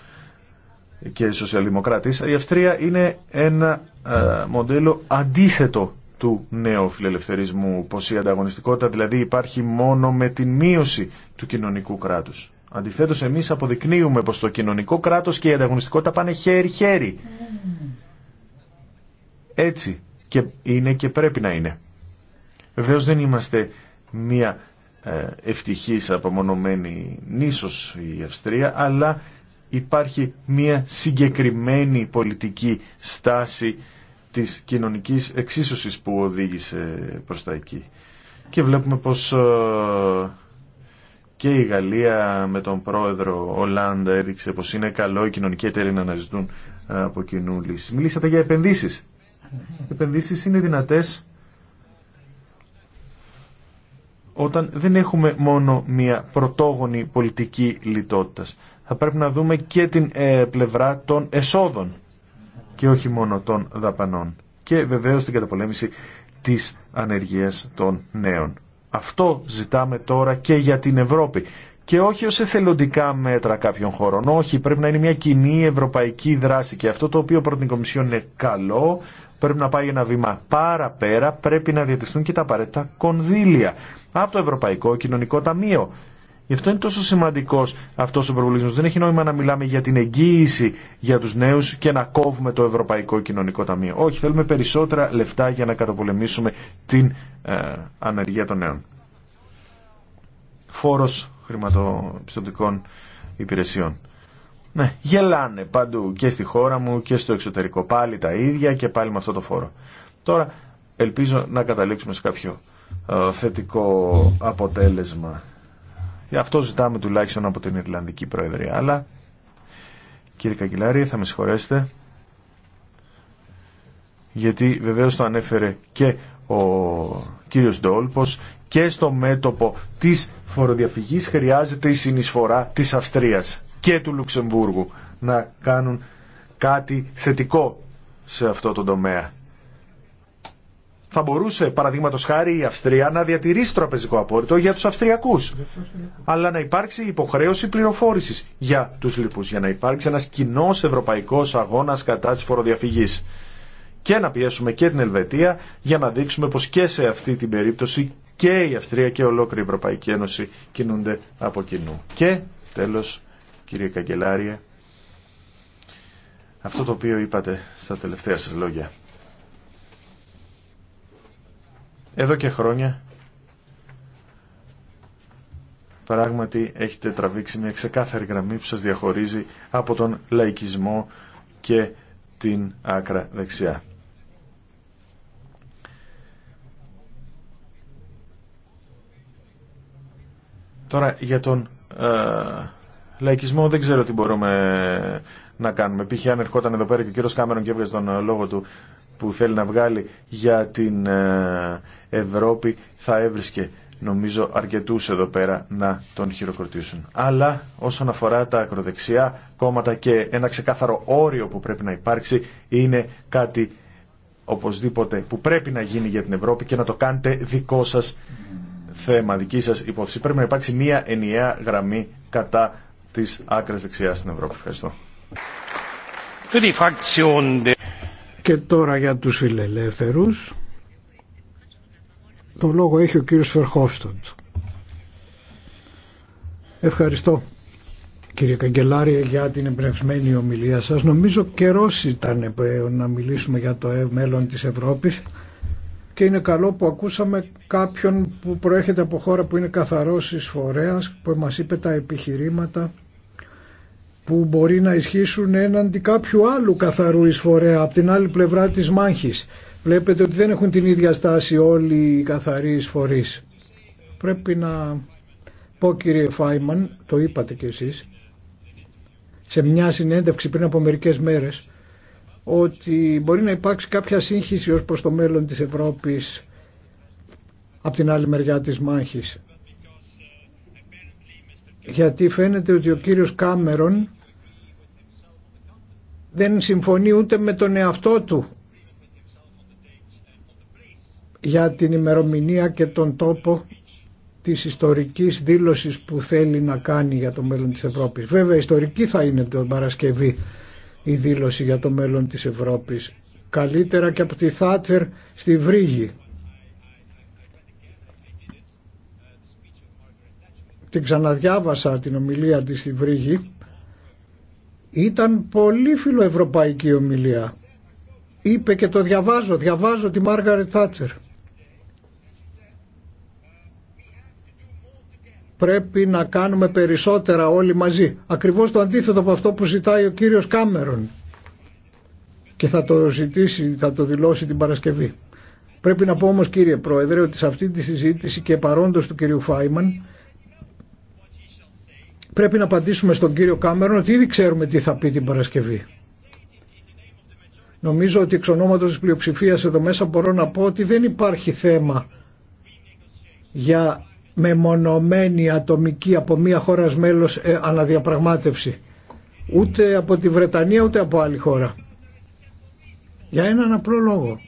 και σοσιαλδημοκράτη. η Αυστρία είναι ένα ε, μοντέλο αντίθετο του νέου φιλελευθερισμού, πω η ανταγωνιστικότητα δηλαδή υπάρχει μόνο με την μείωση του κοινωνικού κράτους. Αντιθέτως εμείς αποδεικνύουμε πως το κοινωνικό κράτος και η ανταγωνιστικότητα πάνε χέρι-χέρι. Έτσι και είναι και πρέπει να είναι. Βεβαίω δεν είμαστε μια ε, ευτυχής απομονωμένη νήσος η Αυστρία, αλλά υπάρχει μια συγκεκριμένη πολιτική στάση της κοινωνικής εξίσωσης που οδήγησε προς τα εκεί. Και βλέπουμε πως ε, και η Γαλλία με τον πρόεδρο Ολάντα έδειξε πως είναι καλό οι κοινωνικοί εταίροι να αναζητούν ε, από κοινού λύσεις. Μιλήσατε για επενδύσεις. Οι ναι. επενδύσεις είναι δυνατές όταν δεν έχουμε μόνο μία πρωτόγονη πολιτική λιτότητας. Θα πρέπει να δούμε και την ε, πλευρά των εσόδων και όχι μόνο των δαπανών. Και βεβαίως την καταπολέμηση της ανεργίας των νέων. Αυτό ζητάμε τώρα και για την Ευρώπη και όχι ως εθελοντικά μέτρα κάποιων χωρών. Όχι, πρέπει να είναι μια κοινή ευρωπαϊκή δράση και αυτό το οποίο προ την Κομισιόν είναι καλό, πρέπει να πάει ένα βήμα παραπέρα, πρέπει να διατηρηθούν και τα απαραίτητα κονδύλια από το Ευρωπαϊκό Κοινωνικό Ταμείο. Γι' αυτό είναι τόσο σημαντικό αυτό ο προβολισμό. Δεν έχει νόημα να μιλάμε για την εγγύηση για του νέου και να κόβουμε το Ευρωπαϊκό Κοινωνικό Ταμείο. Όχι, θέλουμε περισσότερα λεφτά για να καταπολεμήσουμε την ε, των νέων. Φόρο χρηματοπιστωτικών υπηρεσιών. Ναι, γελάνε παντού και στη χώρα μου και στο εξωτερικό πάλι τα ίδια και πάλι με αυτό το φόρο. Τώρα ελπίζω να καταλήξουμε σε κάποιο ε, θετικό αποτέλεσμα. Γι' αυτό ζητάμε τουλάχιστον από την Ιρλανδική Προεδρία. Αλλά κύριε Καγκελάρη θα με συγχωρέσετε γιατί βεβαίως το ανέφερε και ο κύριος Ντόλπος, και στο μέτωπο της φοροδιαφυγής χρειάζεται η συνεισφορά της Αυστρίας και του Λουξεμβούργου να κάνουν κάτι θετικό σε αυτό το τομέα. Θα μπορούσε, παραδείγματο χάρη, η Αυστρία να διατηρήσει τραπεζικό απόρριτο για του Αυστριακού. Αλλά να υπάρξει υποχρέωση πληροφόρηση για του λοιπού. Για να υπάρξει ένα κοινό ευρωπαϊκό αγώνα κατά τη φοροδιαφυγή και να πιέσουμε και την Ελβετία για να δείξουμε πως και σε αυτή την περίπτωση και η Αυστρία και ολόκληρη η Ευρωπαϊκή Ένωση κινούνται από κοινού. Και τέλος, κύριε Καγκελάρια, αυτό το οποίο είπατε στα τελευταία σας λόγια. Εδώ και χρόνια πράγματι έχετε τραβήξει μια ξεκάθαρη γραμμή που σας διαχωρίζει από τον λαϊκισμό και την άκρα δεξιά. Τώρα για τον ε, λαϊκισμό δεν ξέρω τι μπορούμε να κάνουμε. Π.χ. αν ερχόταν εδώ πέρα και ο κύριος Κάμερον και έβγαζε τον ε, λόγο του που θέλει να βγάλει για την ε, Ευρώπη θα έβρισκε νομίζω αρκετούς εδώ πέρα να τον χειροκροτήσουν. Αλλά όσον αφορά τα ακροδεξιά κόμματα και ένα ξεκάθαρο όριο που πρέπει να υπάρξει είναι κάτι οπωσδήποτε που πρέπει να γίνει για την Ευρώπη και να το κάνετε δικό σας θέμα, δική σας υπόψη. Πρέπει να υπάρξει μία ενιαία γραμμή κατά τη άκρα δεξιά στην Ευρώπη. Ευχαριστώ.
Και τώρα για τους φιλελεύθερους. Το λόγο έχει ο κύριος Φερχόφστοντ. Ευχαριστώ κύριε Καγκελάρη για την εμπνευσμένη ομιλία σας. Νομίζω καιρός ήταν να μιλήσουμε για το μέλλον της Ευρώπης και είναι καλό που ακούσαμε κάποιον που προέρχεται από χώρα που είναι καθαρός εισφορέας που μας είπε τα επιχειρήματα που μπορεί να ισχύσουν έναντι κάποιου άλλου καθαρού εισφορέα από την άλλη πλευρά της μάχης. Βλέπετε ότι δεν έχουν την ίδια στάση όλοι οι καθαροί εισφορείς. Πρέπει να πω κύριε Φάιμαν, το είπατε κι εσείς, σε μια συνέντευξη πριν από μερικές μέρες, ότι μπορεί να υπάρξει κάποια σύγχυση ως προς το μέλλον της Ευρώπης από την άλλη μεριά της μάχης. Γιατί φαίνεται ότι ο κύριος Κάμερον δεν συμφωνεί ούτε με τον εαυτό του για την ημερομηνία και τον τόπο της ιστορικής δήλωσης που θέλει να κάνει για το μέλλον της Ευρώπης. Βέβαια ιστορική θα είναι τον Παρασκευή η δήλωση για το μέλλον της Ευρώπης. Καλύτερα και από τη Θάτσερ στη Βρύγη. Την ξαναδιάβασα την ομιλία της στη Βρύγη. Ήταν πολύ φιλοευρωπαϊκή ομιλία. Είπε και το διαβάζω, διαβάζω τη Μάργαρετ Θάτσερ. πρέπει να κάνουμε περισσότερα όλοι μαζί. Ακριβώς το αντίθετο από αυτό που ζητάει ο κύριος Κάμερον και θα το ζητήσει, θα το δηλώσει την Παρασκευή. Πρέπει να πω όμως κύριε Πρόεδρε ότι σε αυτή τη συζήτηση και παρόντος του κυρίου Φάιμαν πρέπει να απαντήσουμε στον κύριο Κάμερον ότι ήδη ξέρουμε τι θα πει την Παρασκευή. Νομίζω ότι εξ ονόματος της πλειοψηφίας εδώ μέσα μπορώ να πω ότι δεν υπάρχει θέμα για μεμονωμένη ατομική από μία χώρα μέλος ε, αναδιαπραγμάτευση. Ούτε από τη Βρετανία ούτε από άλλη χώρα. Για έναν απλό λόγο.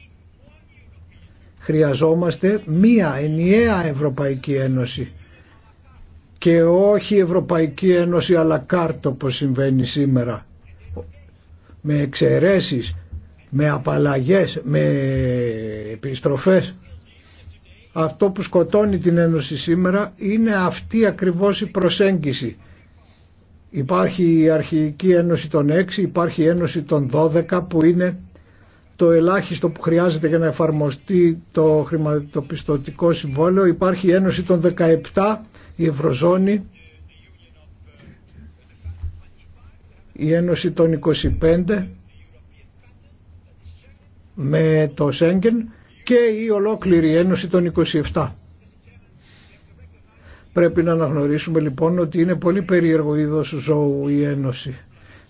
Χρειαζόμαστε μία ενιαία Ευρωπαϊκή Ένωση και όχι Ευρωπαϊκή Ένωση αλλά κάρτο όπως συμβαίνει σήμερα με εξαιρέσεις, με απαλλαγές, με επιστροφές αυτό που σκοτώνει την Ένωση σήμερα είναι αυτή ακριβώς η προσέγγιση. Υπάρχει η αρχική Ένωση των 6, υπάρχει η Ένωση των 12 που είναι το ελάχιστο που χρειάζεται για να εφαρμοστεί το χρηματοπιστωτικό συμβόλαιο. Υπάρχει η Ένωση των 17, η Ευρωζώνη, η Ένωση των 25 με το Σέγγεν και η ολόκληρη Ένωση των 27. Πρέπει να αναγνωρίσουμε λοιπόν ότι είναι πολύ περίεργο είδο ζώου η Ένωση.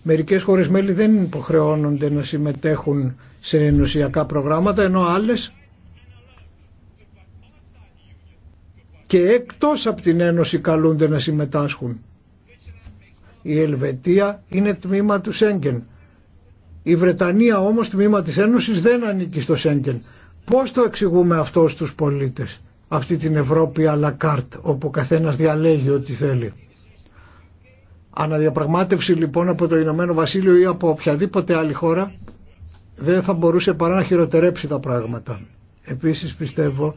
Μερικές χώρες μέλη δεν υποχρεώνονται να συμμετέχουν σε ενωσιακά προγράμματα, ενώ άλλες και εκτός από την Ένωση καλούνται να συμμετάσχουν. Η Ελβετία είναι τμήμα του Σέγγεν. Η Βρετανία όμως τμήμα της Ένωσης δεν ανήκει στο Σέγγεν. Πώς το εξηγούμε αυτό στους πολίτες, αυτή την Ευρώπη à carte, όπου καθένας διαλέγει ό,τι θέλει. Αναδιαπραγμάτευση λοιπόν από το Ηνωμένο Βασίλειο ή από οποιαδήποτε άλλη χώρα δεν θα μπορούσε παρά να χειροτερέψει τα πράγματα. Επίσης πιστεύω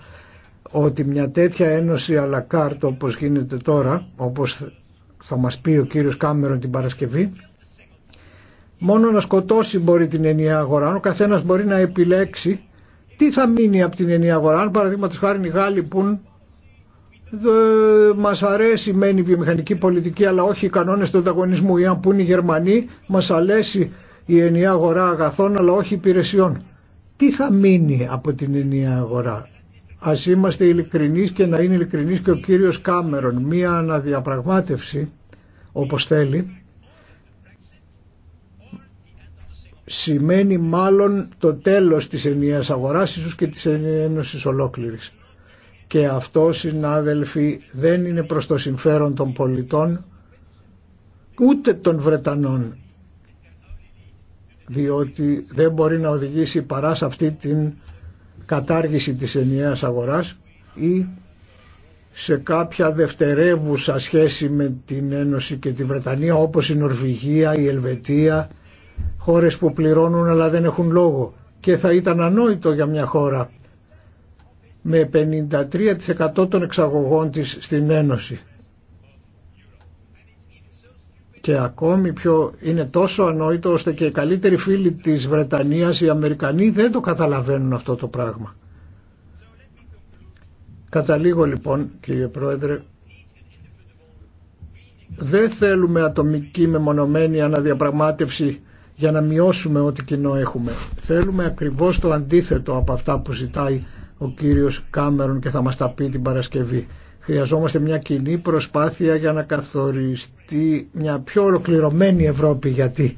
ότι μια τέτοια ένωση αλακάρτ όπως γίνεται τώρα, όπως θα μας πει ο κύριος Κάμερον την Παρασκευή, μόνο να σκοτώσει μπορεί την ενιαία αγορά, ο καθένας μπορεί να επιλέξει τι θα μείνει από την ενιαία αγορά, αν παραδείγματο χάρη οι Γάλλοι πουν μα «Ε, μας αρέσει μεν η βιομηχανική πολιτική αλλά όχι οι κανόνες του ανταγωνισμού ή αν πούν οι Γερμανοί μας αρέσει η ενιαία γερμανοι μα αγαθών αλλά όχι υπηρεσιών. Τι θα μείνει από την ενιαία αγορά. Ας είμαστε ειλικρινεί και να είναι ειλικρινεί και ο κύριο Κάμερον. Μία αναδιαπραγμάτευση όπω θέλει σημαίνει μάλλον το τέλος της ενιαίας αγοράς ίσως και της ένωσης ολόκληρης. Και αυτό συνάδελφοι δεν είναι προς το συμφέρον των πολιτών ούτε των Βρετανών διότι δεν μπορεί να οδηγήσει παρά σε αυτή την κατάργηση της ενιαίας αγοράς ή σε κάποια δευτερεύουσα σχέση με την Ένωση και τη Βρετανία όπως η Νορβηγία, η Ελβετία, χώρες που πληρώνουν αλλά δεν έχουν λόγο και θα ήταν ανόητο για μια χώρα με 53% των εξαγωγών της στην Ένωση. Και ακόμη πιο είναι τόσο ανόητο ώστε και οι καλύτεροι φίλοι της Βρετανίας, οι Αμερικανοί δεν το καταλαβαίνουν αυτό το πράγμα. Καταλήγω λοιπόν κύριε Πρόεδρε δεν θέλουμε ατομική μεμονωμένη αναδιαπραγμάτευση για να μειώσουμε ό,τι κοινό έχουμε. Θέλουμε ακριβώς το αντίθετο από αυτά που ζητάει ο κύριος Κάμερον και θα μας τα πει την Παρασκευή. Χρειαζόμαστε μια κοινή προσπάθεια για να καθοριστεί μια πιο ολοκληρωμένη Ευρώπη γιατί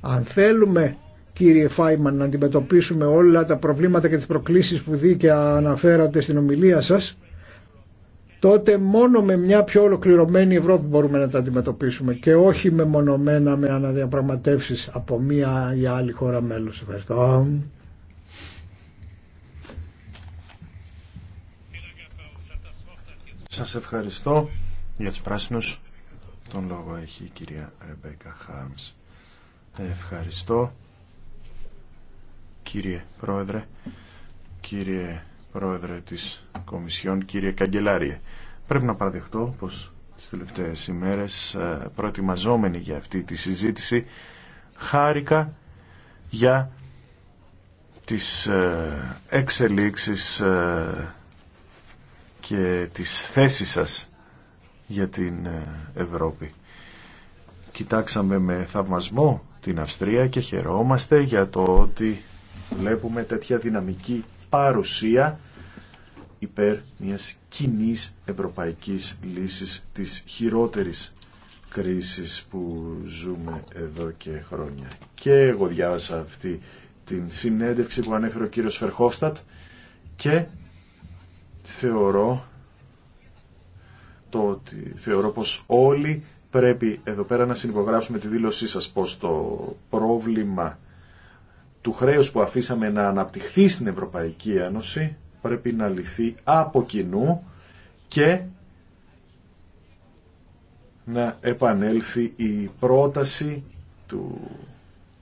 αν θέλουμε κύριε Φάιμαν να αντιμετωπίσουμε όλα τα προβλήματα και τις προκλήσεις που δίκαια αναφέρατε στην ομιλία σας τότε μόνο με μια πιο ολοκληρωμένη Ευρώπη μπορούμε να τα αντιμετωπίσουμε και όχι με μονομένα με αναδιαπραγματεύσεις από μία ή άλλη χώρα μέλος. Ευχαριστώ.
Σας ευχαριστώ για τους πράσινους. Τον λόγο έχει η κυρία Ρεμπέκα Χάμς. Ευχαριστώ κύριε Πρόεδρε, κύριε Πρόεδρε της Κομισιόν, κύριε Καγκελάριε. Πρέπει να παραδεχτώ πως τις τελευταίες ημέρες ε, προετοιμαζόμενοι για αυτή τη συζήτηση χάρηκα για τις ε, εξελίξεις ε, και τις θέσεις σας για την Ευρώπη. Κοιτάξαμε με θαυμασμό την Αυστρία και χαιρόμαστε για το ότι βλέπουμε τέτοια δυναμική παρουσία υπέρ μιας κοινή ευρωπαϊκής λύσης της χειρότερης κρίσης που ζούμε εδώ και χρόνια. Και εγώ διάβασα αυτή την συνέντευξη που ανέφερε ο κύριος Φερχόφστατ και θεωρώ το ότι θεωρώ πως όλοι πρέπει εδώ πέρα να συνυπογράψουμε τη δήλωσή σας πως το πρόβλημα του χρέους που αφήσαμε να αναπτυχθεί στην Ευρωπαϊκή Ένωση πρέπει να λυθεί από κοινού και να επανέλθει η πρόταση του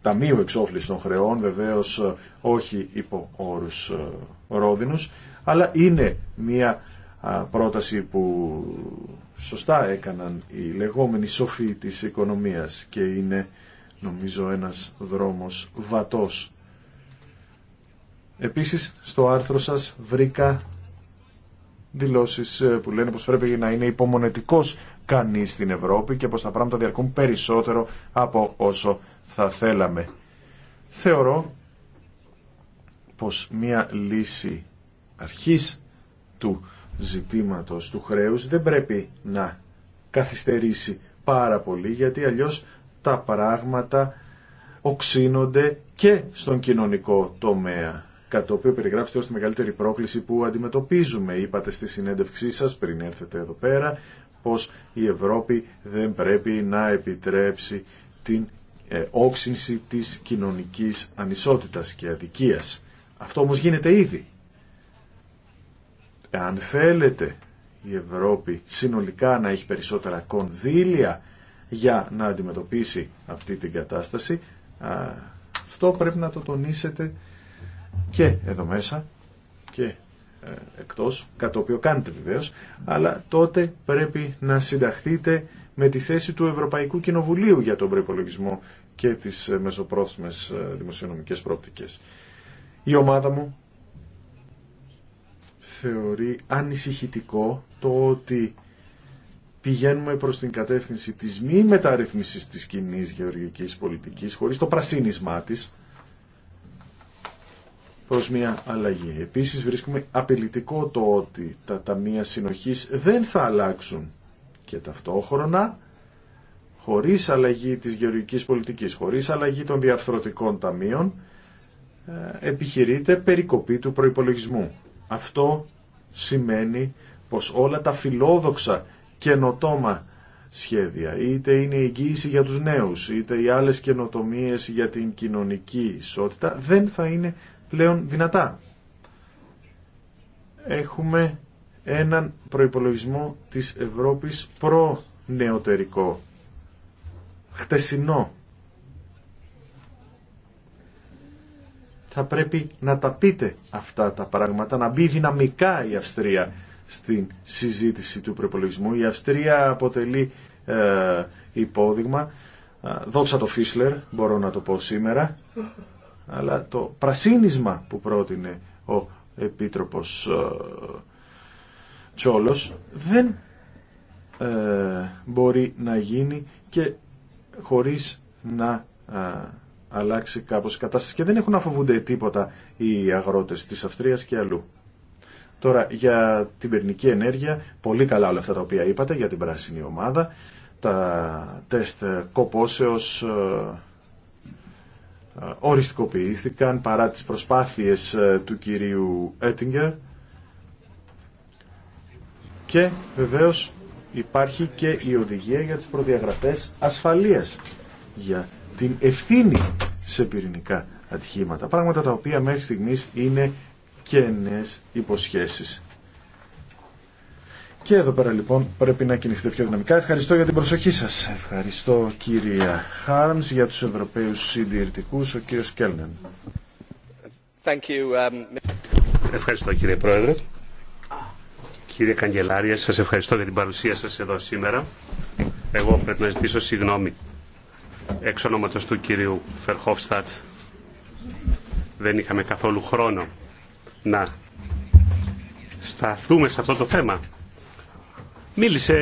Ταμείου Εξόφλησης των Χρεών, βεβαίως όχι υπό όρους ε, ρόδινους, αλλά είναι μια πρόταση που σωστά έκαναν οι λεγόμενοι σοφοί της οικονομίας και είναι νομίζω ένας δρόμος βατός Επίσης, στο άρθρο σας βρήκα δηλώσεις ε, που λένε πως πρέπει να είναι υπομονετικός κανείς στην Ευρώπη και πως τα πράγματα διαρκούν περισσότερο από όσο θα θέλαμε. Θεωρώ πως μία λύση αρχής του ζητήματος του χρέους δεν πρέπει να καθυστερήσει πάρα πολύ γιατί αλλιώς τα πράγματα οξύνονται και στον κοινωνικό τομέα κατά το οποίο περιγράψετε ως τη μεγαλύτερη πρόκληση που αντιμετωπίζουμε. Είπατε στη συνέντευξή σας πριν έρθετε εδώ πέρα πως η Ευρώπη δεν πρέπει να επιτρέψει την ε, όξυνση της κοινωνικής ανισότητας και αδικίας. Αυτό όμως γίνεται ήδη. Αν θέλετε η Ευρώπη συνολικά να έχει περισσότερα κονδύλια για να αντιμετωπίσει αυτή την κατάσταση, αυτό πρέπει να το τονίσετε και εδώ μέσα και ε, εκτός, κατά το οποίο κάνετε βεβαίως, αλλά τότε πρέπει να συνταχθείτε με τη θέση του Ευρωπαϊκού Κοινοβουλίου για τον προπολογισμό και τις ε, μεσοπρόθεσμες ε, δημοσιονομικές πρόπτικες. Η ομάδα μου θεωρεί ανησυχητικό το ότι πηγαίνουμε προς την κατεύθυνση της μη μεταρρύθμισης της κοινή γεωργικής πολιτικής χωρίς το πρασίνισμά της προς μια αλλαγή. Επίσης βρίσκουμε απειλητικό το ότι τα ταμεία συνοχής δεν θα αλλάξουν και ταυτόχρονα χωρίς αλλαγή της γεωργικής πολιτικής, χωρίς αλλαγή των διαρθρωτικών ταμείων ε, επιχειρείται περικοπή του προϋπολογισμού. Αυτό σημαίνει πως όλα τα φιλόδοξα καινοτόμα σχέδια, είτε είναι η εγγύηση για τους νέους, είτε οι άλλες καινοτομίε για την κοινωνική ισότητα, δεν θα είναι πλέον δυνατά. Έχουμε έναν προϋπολογισμό της Ευρώπης προ-νεωτερικό, χτεσινό. Θα πρέπει να τα πείτε αυτά τα πράγματα, να μπει δυναμικά η Αυστρία στην συζήτηση του προϋπολογισμού. Η Αυστρία αποτελεί ε, υπόδειγμα. Δόξα το Φίσλερ, μπορώ να το πω σήμερα αλλά το πρασίνισμα που πρότεινε ο Επίτροπος ε, Τσόλος δεν ε, μπορεί να γίνει και χωρίς να ε, αλλάξει κάπως η κατάσταση και δεν έχουν να φοβούνται τίποτα οι αγρότες της Αυστρίας και αλλού. Τώρα για την πυρηνική ενέργεια, πολύ καλά όλα αυτά τα οποία είπατε για την πράσινη ομάδα, τα τεστ κοπόσεως ε, οριστικοποιήθηκαν παρά τις προσπάθειες ε, του κυρίου Έτιγκερ και βεβαίως υπάρχει και η οδηγία για τις προδιαγραφές ασφαλείας για την ευθύνη σε πυρηνικά ατυχήματα, πράγματα τα οποία μέχρι στιγμής είναι κενές υποσχέσεις. Και εδώ πέρα λοιπόν πρέπει να κινηθείτε πιο δυναμικά. Ευχαριστώ για την προσοχή σας. Ευχαριστώ κύρια Χάρμς για τους Ευρωπαίους Συντηρητικούς, ο κύριος Κέλνεν.
Um, ευχαριστώ κύριε Πρόεδρε. Κύριε Καγκελάρια, σας ευχαριστώ για την παρουσία σας εδώ σήμερα. Εγώ πρέπει να ζητήσω συγγνώμη εξ ονόματος του κύριου Φερχόφστατ. Δεν είχαμε καθόλου χρόνο να σταθούμε σε αυτό το θέμα Μίλησε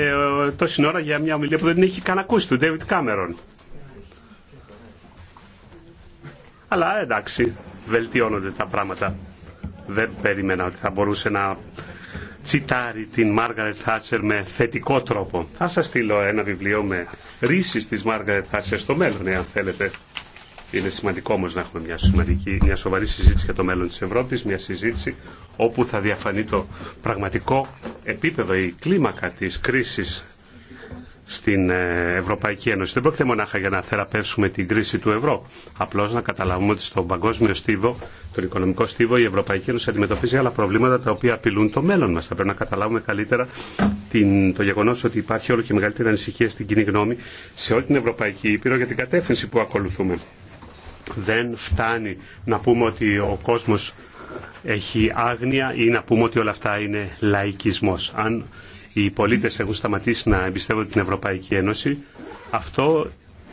ε, τόση ώρα για μια ομιλία που δεν έχει καν ακούσει του Ντέιβιτ Κάμερον. Αλλά εντάξει, βελτιώνονται τα πράγματα. Δεν περίμενα ότι θα μπορούσε να τσιτάρει την Μάργαρετ Θάτσερ με θετικό τρόπο. Θα σας στείλω ένα βιβλίο με ρίσεις της Μάργαρετ Θάτσερ στο μέλλον, εάν θέλετε. Είναι σημαντικό όμω να έχουμε μια, σημαντική, μια σοβαρή συζήτηση για το μέλλον τη Ευρώπη, μια συζήτηση όπου θα διαφανεί το πραγματικό επίπεδο, η κλίμακα τη κρίση στην ε, Ευρωπαϊκή Ένωση. Δεν πρόκειται μονάχα για να θεραπεύσουμε την κρίση του ευρώ. Απλώ να καταλάβουμε ότι στον παγκόσμιο στίβο, τον οικονομικό στίβο, η Ευρωπαϊκή Ένωση αντιμετωπίζει άλλα προβλήματα τα οποία απειλούν το μέλλον μα. Θα πρέπει να καταλάβουμε καλύτερα την, το γεγονό ότι υπάρχει όλο και μεγαλύτερη ανησυχία στην κοινή γνώμη σε όλη την Ευρωπαϊκή Ήπειρο για την κατεύθυνση που ακολουθούμε δεν φτάνει να πούμε ότι ο κόσμος έχει άγνοια ή να πούμε ότι όλα αυτά είναι λαϊκισμός. Αν οι πολίτες έχουν σταματήσει να εμπιστεύονται την Ευρωπαϊκή Ένωση, αυτό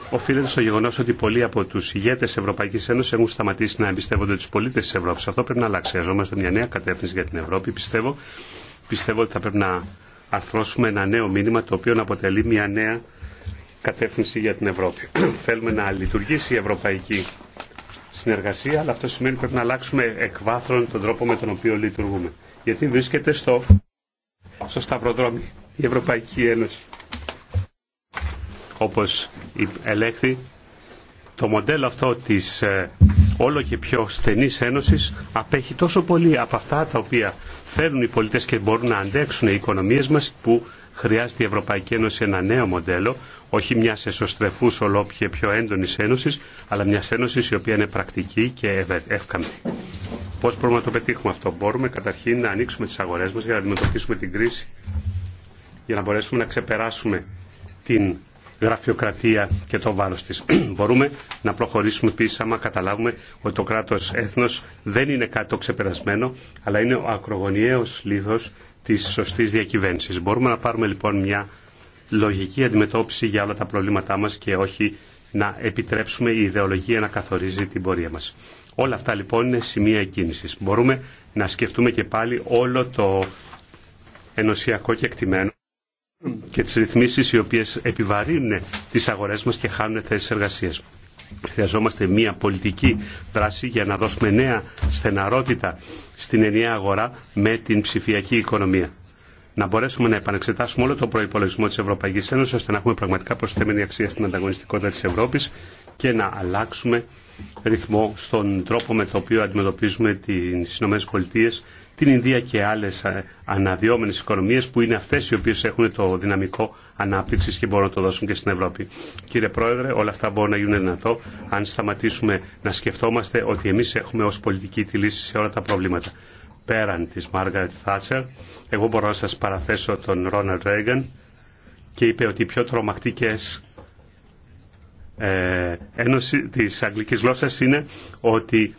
οφείλεται στο γεγονό ότι πολλοί από του ηγέτε τη Ευρωπαϊκή Ένωση έχουν σταματήσει να εμπιστεύονται του πολίτε τη Ευρώπη. Αυτό πρέπει να αλλάξει. Χρειαζόμαστε μια νέα κατεύθυνση για την Ευρώπη. Πιστεύω, πιστεύω ότι θα πρέπει να αρθρώσουμε ένα νέο μήνυμα το οποίο να αποτελεί μια νέα κατεύθυνση για την Ευρώπη. Θέλουμε να λειτουργήσει η Ευρωπαϊκή συνεργασία, αλλά αυτό σημαίνει πρέπει να αλλάξουμε εκβάθρον τον τρόπο με τον οποίο λειτουργούμε. Γιατί βρίσκεται στο, στο σταυροδρόμι η Ευρωπαϊκή Ένωση. Όπως ελέγχθη, το μοντέλο αυτό της ε, όλο και πιο στενής ένωσης απέχει τόσο πολύ από αυτά τα οποία θέλουν οι πολίτες και μπορούν να αντέξουν οι οικονομίες μας που Χρειάζεται η Ευρωπαϊκή Ένωση ένα νέο μοντέλο, όχι μια εσωστρεφού ολόπιε πιο έντονη ένωση, αλλά μια ένωση η οποία είναι πρακτική και εύκαμπτη. Πώ μπορούμε να το πετύχουμε αυτό, Μπορούμε καταρχήν να ανοίξουμε τι αγορέ μα για να αντιμετωπίσουμε την κρίση, για να μπορέσουμε να ξεπεράσουμε την γραφειοκρατία και το βάρος της. Μπορούμε να προχωρήσουμε πίσω άμα καταλάβουμε ότι το κράτος έθνος δεν είναι κάτι το ξεπερασμένο, αλλά είναι ο ακρογωνιαίος λίθος της σωστής διακυβέρνησης. Μπορούμε να πάρουμε λοιπόν μια λογική αντιμετώπιση για όλα τα προβλήματά μας και όχι να επιτρέψουμε η ιδεολογία να καθορίζει την πορεία μας. Όλα αυτά λοιπόν είναι σημεία κίνηση. Μπορούμε να σκεφτούμε και πάλι όλο το ενωσιακό εκτιμένο και τις ρυθμίσεις οι οποίες επιβαρύνουν τις αγορές μας και χάνουν θέσεις εργασίας. Χρειαζόμαστε μια πολιτική δράση για να δώσουμε νέα στεναρότητα στην ενιαία αγορά με την ψηφιακή οικονομία. Να μπορέσουμε να επανεξετάσουμε όλο το προπολογισμό τη Ευρωπαϊκή Ένωση ώστε να έχουμε πραγματικά προσθέμενη αξία στην ανταγωνιστικότητα τη Ευρώπη και να αλλάξουμε ρυθμό στον τρόπο με τον οποίο αντιμετωπίζουμε τι ΗΠΑ, την Ινδία και άλλε αναδυόμενε οικονομίε που είναι αυτέ οι οποίε έχουν το δυναμικό ανάπτυξη και μπορούν να το δώσουν και στην Ευρώπη. Κύριε Πρόεδρε, όλα αυτά μπορούν να γίνουν δυνατό αν σταματήσουμε να σκεφτόμαστε ότι εμεί έχουμε ω πολιτική τη λύση σε όλα τα προβλήματα. Πέραν τη Μάργαρετ Θάτσερ, εγώ μπορώ να σα παραθέσω τον Ρόναλτ Ρέγκαν και είπε ότι οι πιο τρομακτικέ ε, ένωση της αγγλικής γλώσσας είναι ότι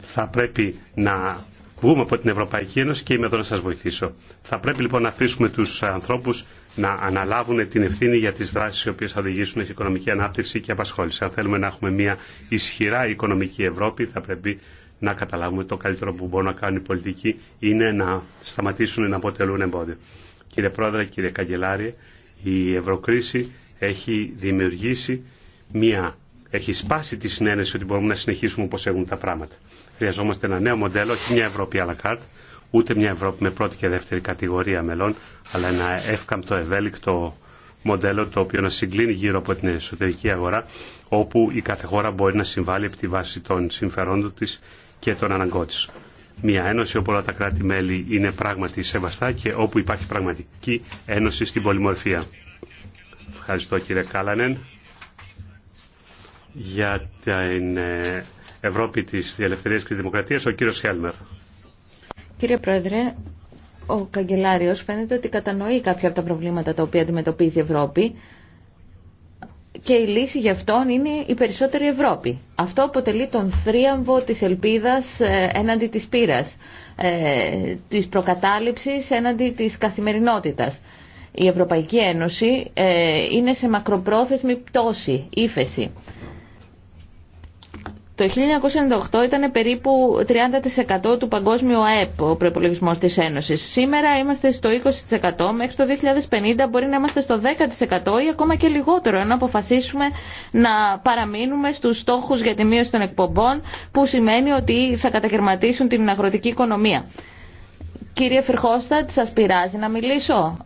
θα πρέπει να βγούμε από την Ευρωπαϊκή Ένωση και είμαι εδώ να σας βοηθήσω. Θα πρέπει λοιπόν να αφήσουμε τους ανθρώπους να αναλάβουν την ευθύνη για τις δράσεις οι οποίες θα οδηγήσουν σε οικονομική ανάπτυξη και απασχόληση. Αν θέλουμε να έχουμε μια ισχυρά οικονομική Ευρώπη θα πρέπει να καταλάβουμε το καλύτερο που μπορούν να κάνουν οι πολιτικοί είναι να σταματήσουν να αποτελούν εμπόδιο. Κύριε Πρόεδρε, κύριε Καγκελάρη, η Ευρωκρίση έχει δημιουργήσει μια έχει σπάσει τη συνένεση ότι μπορούμε να συνεχίσουμε όπως έχουν τα πράγματα. Χρειαζόμαστε ένα νέο μοντέλο, όχι μια Ευρώπη à la ούτε μια Ευρώπη με πρώτη και δεύτερη κατηγορία μελών, αλλά ένα εύκαμπτο, ευέλικτο μοντέλο το οποίο να συγκλίνει γύρω από την εσωτερική αγορά, όπου η κάθε χώρα μπορεί να συμβάλλει επί τη βάση των συμφερόντων τη και των αναγκών τη. Μια ένωση όπου όλα τα κράτη-μέλη είναι πράγματι σεβαστά και όπου υπάρχει πραγματική ένωση στην πολυμορφία. Ευχαριστώ κύριε Κάλανεν για την ε, Ευρώπη της Ελευθερίας και της Δημοκρατίας, ο κύριος Χέλμερ.
Κύριε Πρόεδρε, ο Καγκελάριος φαίνεται ότι κατανοεί κάποια από τα προβλήματα τα οποία αντιμετωπίζει η Ευρώπη και η λύση γι' αυτόν είναι η περισσότερη Ευρώπη. Αυτό αποτελεί τον θρίαμβο της ελπίδας ε, έναντι της πείρας, ε, της προκατάληψης έναντι της καθημερινότητας. Η Ευρωπαϊκή Ένωση ε, είναι σε μακροπρόθεσμη πτώση, ύφεση. Το 1998 ήταν περίπου 30% του παγκόσμιου ΑΕΠ ο προπολογισμό τη Ένωση. Σήμερα είμαστε στο 20%, μέχρι το 2050 μπορεί να είμαστε στο 10% ή ακόμα και λιγότερο, ενώ αποφασίσουμε να παραμείνουμε στου στόχου για τη μείωση των εκπομπών, που σημαίνει ότι θα κατακαιρματίσουν την αγροτική οικονομία. Κύριε Φερχώστατ, σα πειράζει να μιλήσω.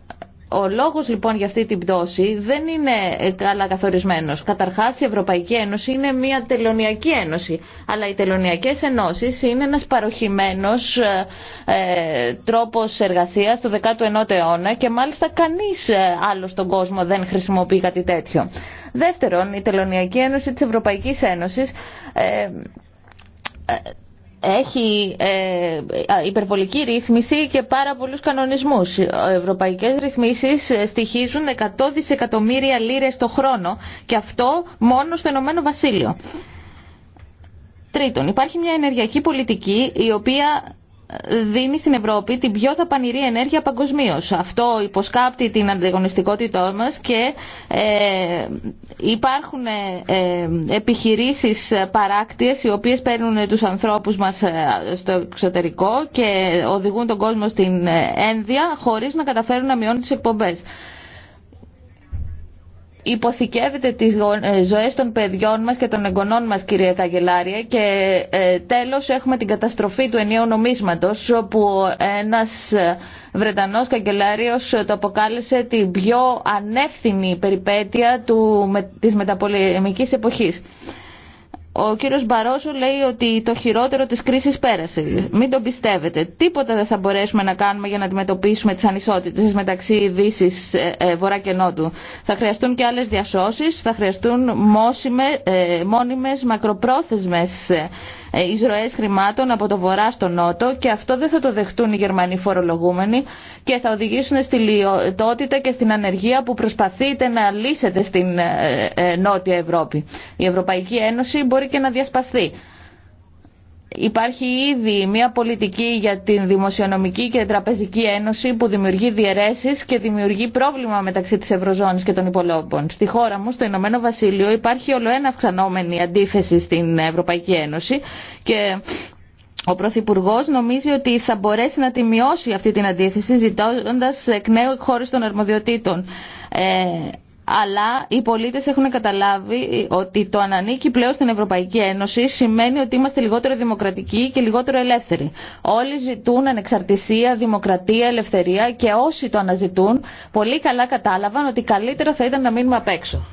Ο λόγος λοιπόν για αυτή την πτώση δεν είναι ε, καλά καθορισμένος. Καταρχάς η Ευρωπαϊκή Ένωση είναι μια τελωνιακή ένωση, αλλά οι τελωνιακές ενώσεις είναι ένας παροχημένος ε, ε τρόπος εργασίας του 19ου αιώνα και μάλιστα κανείς ε, άλλος στον κόσμο δεν χρησιμοποιεί κάτι τέτοιο. Δεύτερον, η Τελωνιακή Ένωση της Ευρωπαϊκής Ένωσης ε, έχει ε, υπερβολική ρύθμιση και πάρα πολλούς κανονισμούς. Οι ευρωπαϊκές ρυθμίσεις ε, στοιχίζουν 100 δισεκατομμύρια λίρες το χρόνο και αυτό μόνο στο Ηνωμένο Βασίλειο. Τρίτον, υπάρχει μια ενεργειακή πολιτική η οποία δίνει στην Ευρώπη την πιο δαπανηρή ενέργεια παγκοσμίω. Αυτό υποσκάπτει την ανταγωνιστικότητά μα και ε, υπάρχουν ε, ε, επιχειρήσεις παράκτιες οι οποίες παίρνουν τους ανθρώπους μα ε, στο εξωτερικό και οδηγούν τον κόσμο στην ε, ένδια χωρίς να καταφέρουν να μειώνουν τις εκπομπέ υποθηκεύετε τις ε, ζωές των παιδιών μας και των εγγονών μας κυρία Καγκελάρια και ε, τέλος έχουμε την καταστροφή του ενιαίου νομίσματος όπου ένας ε, Βρετανός καγκελάριος το αποκάλεσε την πιο ανεύθυνη περιπέτεια του, της μεταπολεμικής εποχής ο κύριο Μπαρόσο λέει ότι το χειρότερο της κρίσης πέρασε. Μην το πιστεύετε. Τίποτα δεν θα μπορέσουμε να κάνουμε για να αντιμετωπίσουμε τις ανισότητες μεταξύ Δύσης, ε, ε, Βορρά και Νότου. Θα χρειαστούν και άλλες διασώσεις, θα χρειαστούν μόσιμε, ε, μόνιμες, μακροπρόθεσμες ε, εισρωέ χρημάτων από το βορρά στο νότο και αυτό δεν θα το δεχτούν οι Γερμανοί φορολογούμενοι και θα οδηγήσουν στη λιωτότητα και στην ανεργία που προσπαθείτε να λύσετε στην ε, ε, Νότια Ευρώπη. Η Ευρωπαϊκή Ένωση μπορεί και να διασπαστεί. Υπάρχει ήδη μια πολιτική για την Δημοσιονομική και Τραπεζική Ένωση που δημιουργεί διαιρέσει και δημιουργεί πρόβλημα μεταξύ της Ευρωζώνης και των υπολόπων. Στη χώρα μου, στο Ηνωμένο Βασίλειο, υπάρχει ολοένα αυξανόμενη αντίθεση στην Ευρωπαϊκή Ένωση και ο Πρωθυπουργό νομίζει ότι θα μπορέσει να τη μειώσει αυτή την αντίθεση ζητώντα εκ νέου χώρε των αρμοδιοτήτων. Ε, αλλά οι πολίτε έχουν καταλάβει ότι το αν ανήκει πλέον στην Ευρωπαϊκή Ένωση σημαίνει ότι είμαστε λιγότερο δημοκρατικοί και λιγότερο ελεύθεροι. Όλοι ζητούν ανεξαρτησία, δημοκρατία, ελευθερία και όσοι το αναζητούν πολύ καλά κατάλαβαν ότι καλύτερα θα ήταν να μείνουμε απ' έξω.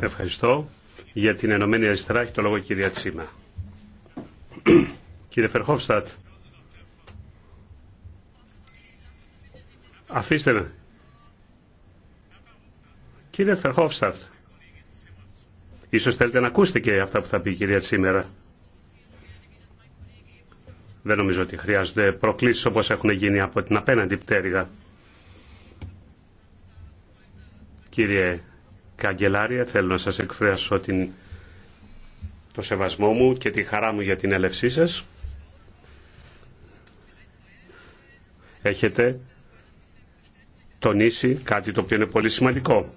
Ευχαριστώ. Για την Ενωμένη Αριστερά έχει το λόγο η κυρία Τσίμα. Κύριε Φερχόφστατ, αφήστε με. Κύριε Φερχόφσταρτ, ίσως θέλετε να ακούσετε και αυτά που θα πει η κυρία σήμερα. Δεν νομίζω ότι χρειάζονται προκλήσεις όπως έχουν γίνει από την απέναντι πτέρυγα. Κύριε Καγκελάρια, θέλω να σας εκφράσω την... το σεβασμό μου και τη χαρά μου για την έλευσή σας. Έχετε τονίσει κάτι το οποίο είναι πολύ σημαντικό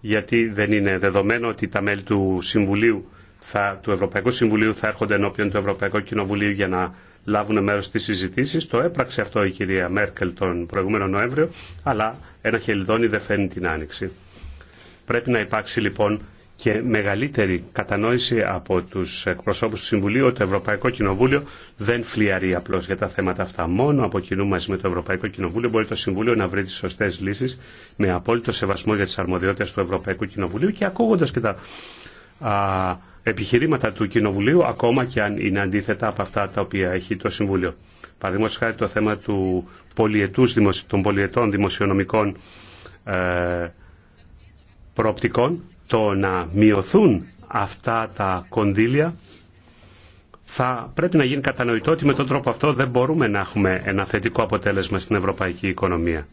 γιατί δεν είναι δεδομένο ότι τα μέλη του, Συμβουλίου θα, του Ευρωπαϊκού Συμβουλίου θα έρχονται ενώπιον του Ευρωπαϊκού Κοινοβουλίου για να λάβουν μέρος στις συζητήσεις. Το έπραξε αυτό η κυρία Μέρκελ τον προηγούμενο Νοέμβριο, αλλά ένα χελιδόνι δεν φαίνει την άνοιξη. Πρέπει να υπάρξει λοιπόν και μεγαλύτερη κατανόηση από τους εκπροσώπους του Συμβουλίου ότι το Ευρωπαϊκό Κοινοβούλιο δεν φλιαρεί απλώς για τα θέματα αυτά. Μόνο από κοινού μαζί με το Ευρωπαϊκό Κοινοβούλιο μπορεί το Συμβούλιο να βρει τις σωστές λύσεις με απόλυτο σεβασμό για τις αρμοδιότητες του Ευρωπαϊκού Κοινοβουλίου και ακούγοντας και τα α, επιχειρήματα του Κοινοβουλίου ακόμα και αν είναι αντίθετα από αυτά τα οποία έχει το Συμβούλιο. Παραδείγματο χάρη το θέμα του πολιετούς, των πολιετών δημοσιονομικών ε, προοπτικών το να μειωθούν αυτά τα κονδύλια θα πρέπει να γίνει κατανοητό ότι με τον τρόπο αυτό δεν μπορούμε να έχουμε ένα θετικό αποτέλεσμα στην ευρωπαϊκή οικονομία.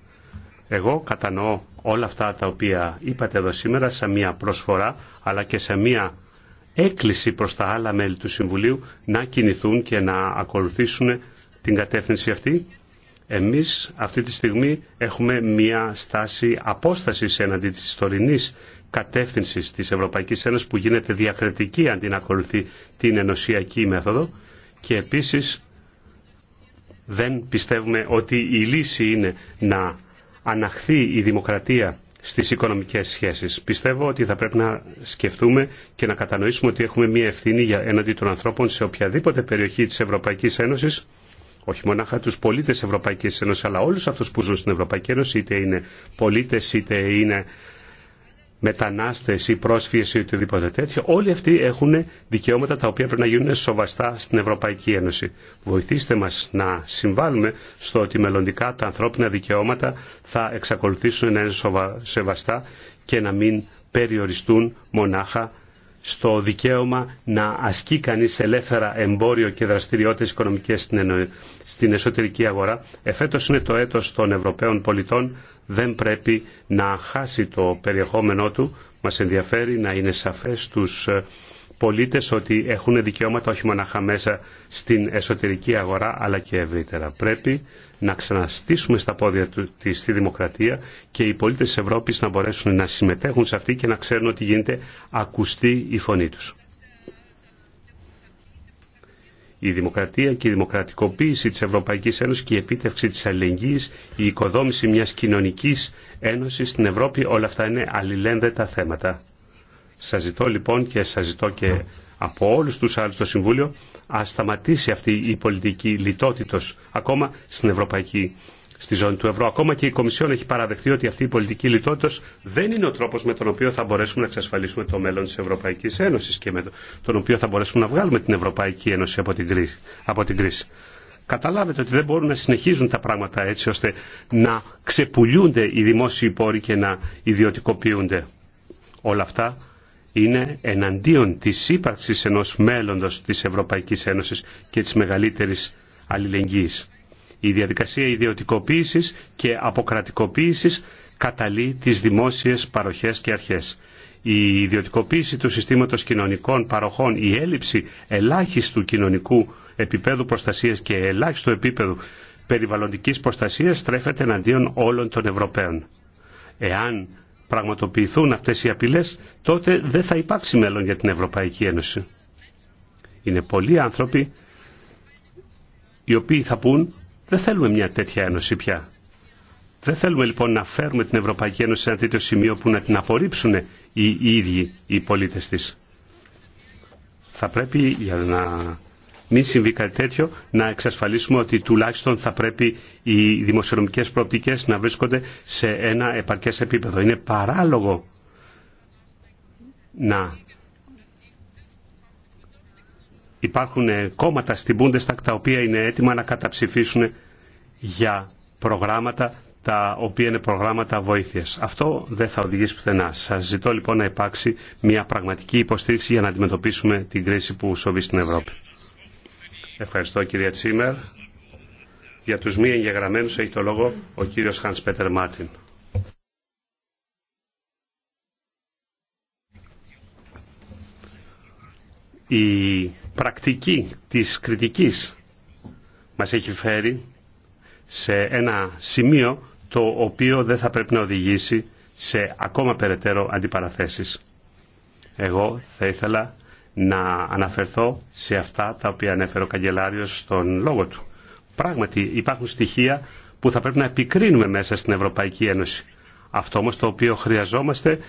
Εγώ κατανοώ όλα αυτά τα οποία είπατε εδώ σήμερα σαν μια προσφορά αλλά και σαν μια έκκληση προς τα άλλα μέλη του Συμβουλίου να κινηθούν και να ακολουθήσουν την κατεύθυνση αυτή. Εμείς αυτή τη στιγμή έχουμε μια στάση απόστασης εναντί της ιστορινής κατεύθυνση της Ευρωπαϊκής Ένωση που γίνεται διακριτική αντί να ακολουθεί την ενωσιακή μέθοδο και επίση, δεν πιστεύουμε ότι η λύση είναι να αναχθεί η δημοκρατία στις οικονομικές σχέσεις. Πιστεύω ότι θα πρέπει να σκεφτούμε και να κατανοήσουμε ότι έχουμε μια ευθύνη για έναντι των ανθρώπων σε οποιαδήποτε περιοχή της Ευρωπαϊκής Ένωσης όχι μονάχα τους πολίτες Ευρωπαϊκής Ένωσης, αλλά όλους αυτούς που ζουν στην Ευρωπαϊκή Ένωση, είτε είναι πολίτε είτε είναι μετανάστες ή πρόσφυγες ή οτιδήποτε τέτοιο, όλοι αυτοί έχουν δικαιώματα τα οποία πρέπει να γίνουν σοβαστά στην Ευρωπαϊκή Ένωση. Βοηθήστε μας να συμβάλλουμε στο ότι μελλοντικά τα ανθρώπινα δικαιώματα θα εξακολουθήσουν να είναι σοβαστά σεβαστά και να μην περιοριστούν μονάχα στο δικαίωμα να ασκεί κανείς ελεύθερα εμπόριο και δραστηριότητες οικονομικές στην εσωτερική αγορά. Εφέτος είναι το έτος των Ευρωπαίων πολιτών δεν πρέπει να χάσει το περιεχόμενό του. Μας ενδιαφέρει να είναι σαφές τους ε, πολίτες ότι έχουν δικαιώματα όχι μονάχα μέσα στην εσωτερική αγορά αλλά και ευρύτερα. Πρέπει να ξαναστήσουμε στα πόδια της τη δημοκρατία και οι πολίτες της Ευρώπης να μπορέσουν να συμμετέχουν σε αυτή και να ξέρουν ότι γίνεται ακουστή η φωνή τους. Η δημοκρατία και η δημοκρατικοποίηση της Ευρωπαϊκής Ένωσης και η επίτευξη της αλληλεγγύης, η οικοδόμηση μιας κοινωνικής ένωσης στην Ευρώπη, όλα αυτά είναι αλληλένδετα θέματα. Σας ζητώ λοιπόν και σας ζητώ και από όλους τους άλλους στο Συμβούλιο, α σταματήσει αυτή η πολιτική λιτότητος ακόμα στην Ευρωπαϊκή στη ζώνη του ευρώ. Ακόμα και η Κομισιόν έχει παραδεχθεί ότι αυτή η πολιτική λιτότητα δεν είναι ο τρόπο με τον οποίο θα μπορέσουμε να εξασφαλίσουμε το μέλλον τη Ευρωπαϊκή Ένωση και με τον οποίο θα μπορέσουμε να βγάλουμε την Ευρωπαϊκή Ένωση από την κρίση. Από την κρίση. Καταλάβετε ότι δεν μπορούν να συνεχίζουν τα πράγματα έτσι ώστε να ξεπουλούνται οι δημόσιοι πόροι και να ιδιωτικοποιούνται. Όλα αυτά είναι εναντίον της ύπαρξης ενός μέλλοντος της Ευρωπαϊκής Ένωσης και της μεγαλύτερη αλληλεγγύης. Η διαδικασία ιδιωτικοποίησης και αποκρατικοποίησης καταλεί τις δημόσιες παροχές και αρχές. Η ιδιωτικοποίηση του συστήματος κοινωνικών παροχών, η έλλειψη ελάχιστου κοινωνικού επίπεδου προστασίας και ελάχιστο επίπεδου περιβαλλοντικής προστασίας στρέφεται εναντίον όλων των Ευρωπαίων. Εάν πραγματοποιηθούν αυτές οι απειλές, τότε δεν θα υπάρξει μέλλον για την Ευρωπαϊκή Ένωση. Είναι πολλοί άνθρωποι οι οποίοι θα πούν δεν θέλουμε μια τέτοια ένωση πια. Δεν θέλουμε λοιπόν να φέρουμε την Ευρωπαϊκή Ένωση σε ένα τέτοιο σημείο που να την απορρίψουν οι ίδιοι οι πολίτες της. Θα πρέπει για να μην συμβεί κάτι τέτοιο να εξασφαλίσουμε ότι τουλάχιστον θα πρέπει οι δημοσιονομικές προοπτικές να βρίσκονται σε ένα επαρκές επίπεδο. Είναι παράλογο να υπάρχουν κόμματα στην Bundestag τα οποία είναι έτοιμα να καταψηφίσουν για προγράμματα τα οποία είναι προγράμματα βοήθειας. Αυτό δεν θα οδηγήσει πουθενά. Σας ζητώ λοιπόν να υπάρξει μια πραγματική υποστήριξη για να αντιμετωπίσουμε την κρίση που σοβεί στην Ευρώπη. Ευχαριστώ κυρία Τσίμερ. Για τους μη εγγεγραμμένους έχει το λόγο ο κύριος Χάνς Πέτερ Μάρτιν. η πρακτική της κριτικής μας έχει φέρει σε ένα σημείο το οποίο δεν θα πρέπει να οδηγήσει σε ακόμα περαιτέρω αντιπαραθέσεις. Εγώ θα ήθελα να αναφερθώ σε αυτά τα οποία ανέφερε ο Καγκελάριος στον λόγο του. Πράγματι υπάρχουν στοιχεία που θα πρέπει να επικρίνουμε μέσα στην Ευρωπαϊκή Ένωση. Αυτό όμως το οποίο χρειαζόμαστε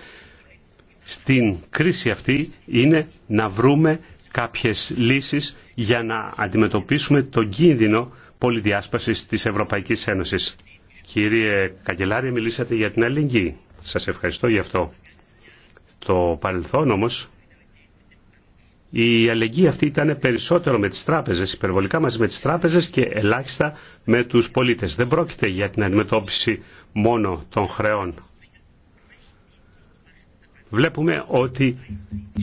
στην κρίση αυτή είναι να βρούμε κάποιες λύσεις για να αντιμετωπίσουμε τον κίνδυνο πολυδιάσπασης της Ευρωπαϊκής Ένωσης. Κύριε Καγκελάρη, μιλήσατε για την αλληλεγγύη. Σας ευχαριστώ γι' αυτό. Το παρελθόν όμως, η αλληλεγγύη αυτή ήταν περισσότερο με τις τράπεζες, υπερβολικά μαζί με τις τράπεζες και ελάχιστα με τους πολίτες. Δεν πρόκειται για την αντιμετώπιση μόνο των χρεών βλέπουμε ότι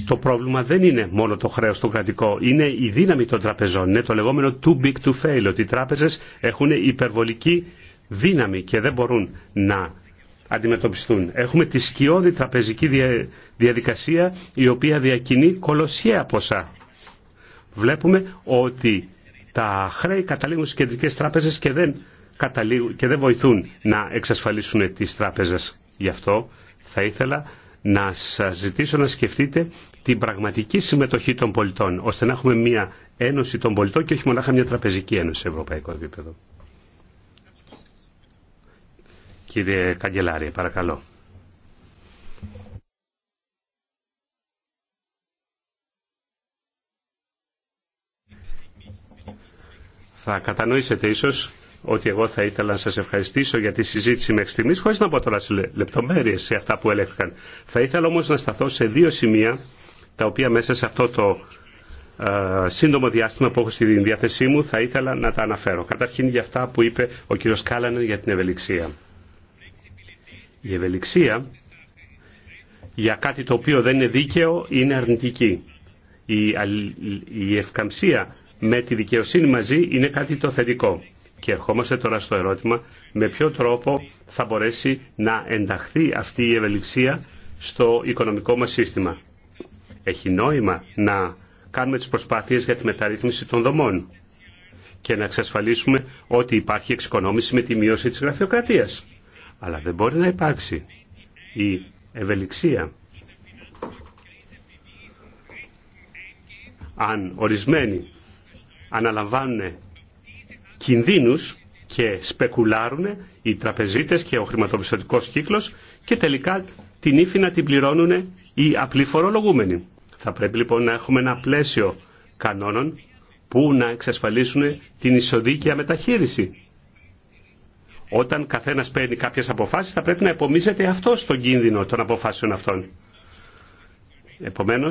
το πρόβλημα δεν είναι μόνο το χρέος το κρατικό, είναι η δύναμη των τραπεζών. Είναι το λεγόμενο too big to fail, ότι οι τράπεζες έχουν υπερβολική δύναμη και δεν μπορούν να αντιμετωπιστούν. Έχουμε τη σκιώδη τραπεζική διαδικασία η οποία διακινεί κολοσιαία ποσά. Βλέπουμε ότι τα χρέη καταλήγουν στις κεντρικές τράπεζες και δεν, και δεν βοηθούν να εξασφαλίσουν τις τράπεζες. Γι' αυτό θα ήθελα να σας ζητήσω να σκεφτείτε την πραγματική συμμετοχή των πολιτών, ώστε να έχουμε μια ένωση των πολιτών και όχι μονάχα μια τραπεζική ένωση σε ευρωπαϊκό επίπεδο. Κύριε Καγκελάρη, παρακαλώ. Θα κατανοήσετε ίσως ότι εγώ θα ήθελα να σας ευχαριστήσω για τη συζήτηση μέχρι στιγμής, χωρίς να πω τώρα σε λεπτομέρειες σε αυτά που έλεγχαν. Θα ήθελα όμως να σταθώ σε δύο σημεία, τα οποία μέσα σε αυτό το ε, σύντομο διάστημα που έχω στη διάθεσή μου θα ήθελα να τα αναφέρω. Καταρχήν για αυτά που είπε ο κύριος Κάλανεν για την ευελιξία. Η ευελιξία για κάτι το οποίο δεν είναι δίκαιο είναι αρνητική. Η, η ευκαμψία με τη δικαιοσύνη μαζί είναι κάτι το θετικό. Και ερχόμαστε τώρα στο ερώτημα με ποιο τρόπο θα μπορέσει να ενταχθεί αυτή η ευελιξία στο οικονομικό μας σύστημα. Έχει νόημα να κάνουμε τις προσπάθειες για τη μεταρρύθμιση των δομών και να εξασφαλίσουμε ότι υπάρχει εξοικονόμηση με τη μείωση της γραφειοκρατίας. Αλλά δεν μπορεί να υπάρξει η ευελιξία αν ορισμένοι αναλαμβάνουν κινδύνους και σπεκουλάρουν οι τραπεζίτες και ο χρηματοπιστωτικός κύκλος και τελικά την ύφη να την πληρώνουν οι απλοί φορολογούμενοι. Θα πρέπει λοιπόν να έχουμε ένα πλαίσιο κανόνων που να εξασφαλίσουν την ισοδίκαια μεταχείριση. Όταν καθένα παίρνει κάποιε αποφάσει, θα πρέπει να επομίζεται αυτό τον κίνδυνο των αποφάσεων αυτών. Επομένω,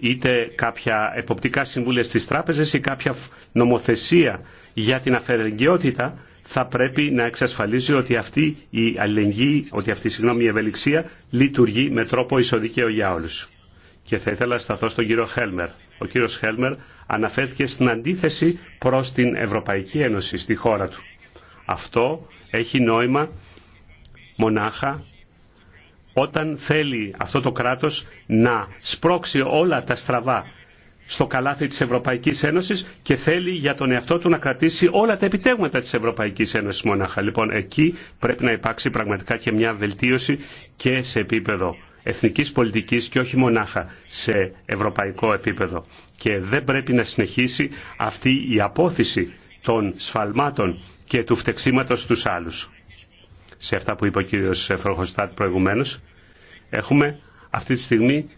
είτε κάποια εποπτικά συμβούλια στι τράπεζε ή κάποια νομοθεσία για την αφαιρεγκαιότητα θα πρέπει να εξασφαλίζει ότι αυτή η αλληλεγγύη, ότι αυτή συγγνώμη, η ευελιξία λειτουργεί με τρόπο ισοδικαίο για όλου. Και θα ήθελα να σταθώ στον κύριο Χέλμερ. Ο κύριο Χέλμερ αναφέρθηκε στην αντίθεση προς την Ευρωπαϊκή Ένωση στη χώρα του. Αυτό έχει νόημα μονάχα όταν θέλει αυτό το κράτος να σπρώξει όλα τα στραβά στο καλάθι της Ευρωπαϊκής Ένωσης και θέλει για τον εαυτό του να κρατήσει όλα τα επιτέγματα της Ευρωπαϊκής Ένωσης μονάχα. Λοιπόν, εκεί πρέπει να υπάρξει πραγματικά και μια βελτίωση και σε επίπεδο εθνικής πολιτικής και όχι μονάχα σε ευρωπαϊκό επίπεδο. Και δεν πρέπει να συνεχίσει αυτή η απόθεση των σφαλμάτων και του φτεξίματος στους άλλους. Σε αυτά που είπε ο κύριος Φροχοστάτ προηγουμένως, έχουμε αυτή τη στιγμή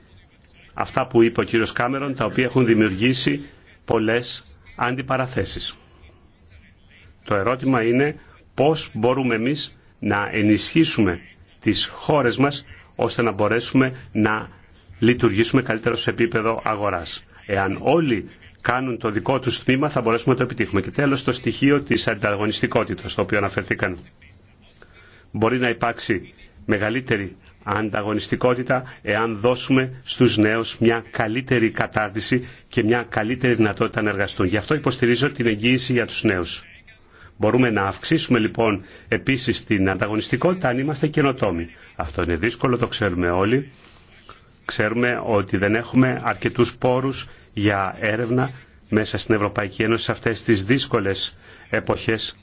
αυτά που είπε ο κύριος Κάμερον, τα οποία έχουν δημιουργήσει πολλές αντιπαραθέσεις. Το ερώτημα είναι πώς μπορούμε εμείς να ενισχύσουμε τις χώρες μας ώστε να μπορέσουμε να λειτουργήσουμε καλύτερο σε επίπεδο αγοράς. Εάν όλοι κάνουν το δικό τους τμήμα θα μπορέσουμε να το επιτύχουμε. Και τέλος το στοιχείο της ανταγωνιστικότητας το οποίο αναφερθήκαν. Μπορεί να υπάρξει μεγαλύτερη ανταγωνιστικότητα εάν δώσουμε στους νέους μια καλύτερη κατάρτιση και μια καλύτερη δυνατότητα να εργαστούν. Γι' αυτό υποστηρίζω την εγγύηση για τους νέους. Μπορούμε να αυξήσουμε λοιπόν επίσης την ανταγωνιστικότητα αν είμαστε καινοτόμοι. Αυτό είναι δύσκολο, το ξέρουμε όλοι. Ξέρουμε ότι δεν έχουμε αρκετούς πόρους για έρευνα μέσα στην Ευρωπαϊκή Ένωση σε αυτές τις δύσκολες εποχές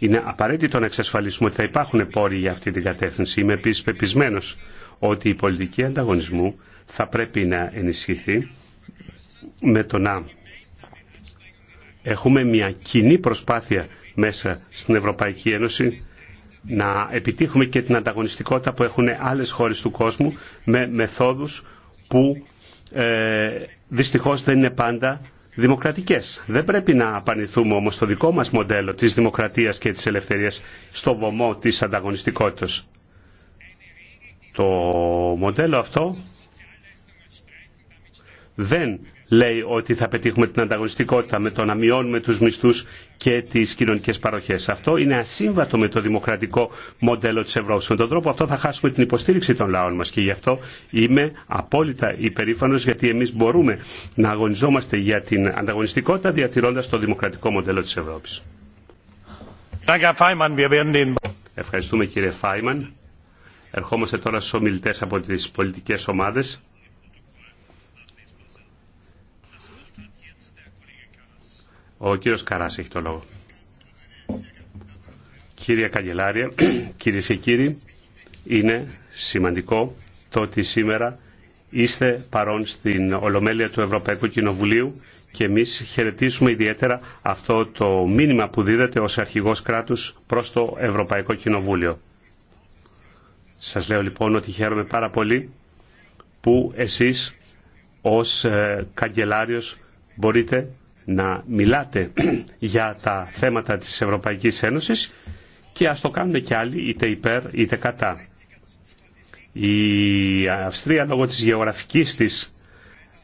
είναι απαραίτητο να εξασφαλίσουμε ότι θα υπάρχουν πόροι για αυτή την κατεύθυνση. Είμαι επίσης πεπισμένος ότι η πολιτική ανταγωνισμού θα πρέπει να ενισχυθεί με το να έχουμε μια κοινή προσπάθεια μέσα στην Ευρωπαϊκή Ένωση να επιτύχουμε και την ανταγωνιστικότητα που έχουν άλλες χώρες του κόσμου με μεθόδους που ε, δυστυχώς δεν είναι πάντα δημοκρατικές. Δεν πρέπει να απανηθούμε όμως το δικό μας μοντέλο της δημοκρατίας και της ελευθερίας στο βωμό της ανταγωνιστικότητας. Το μοντέλο αυτό δεν λέει ότι θα πετύχουμε την ανταγωνιστικότητα με το να μειώνουμε τους μισθούς και τις κοινωνικέ παροχές. Αυτό είναι ασύμβατο με το δημοκρατικό μοντέλο της Ευρώπη. Με τον τρόπο αυτό θα χάσουμε την υποστήριξη των λαών μας και γι' αυτό είμαι απόλυτα υπερήφανο, γιατί εμείς μπορούμε να αγωνιζόμαστε για την ανταγωνιστικότητα διατηρώντας το δημοκρατικό μοντέλο της Ευρώπης. Ευχαριστούμε κύριε Φάιμαν. Ερχόμαστε τώρα στου ομιλητέ από τι πολιτικέ ομάδε Ο κύριος Καράς έχει το λόγο. Κύριε Καγκελάρια, κύριε και κύριοι, είναι σημαντικό το ότι σήμερα είστε παρόν στην Ολομέλεια του Ευρωπαϊκού Κοινοβουλίου και εμείς χαιρετήσουμε ιδιαίτερα αυτό το μήνυμα που δίδετε ως αρχηγός κράτους προς το Ευρωπαϊκό Κοινοβούλιο. Σας λέω λοιπόν ότι χαίρομαι πάρα πολύ που εσείς ως ε, καγκελάριος μπορείτε να μιλάτε για τα θέματα της Ευρωπαϊκής Ένωσης και ας το κάνουμε και άλλοι είτε υπέρ είτε κατά. Η Αυστρία λόγω της γεωγραφικής της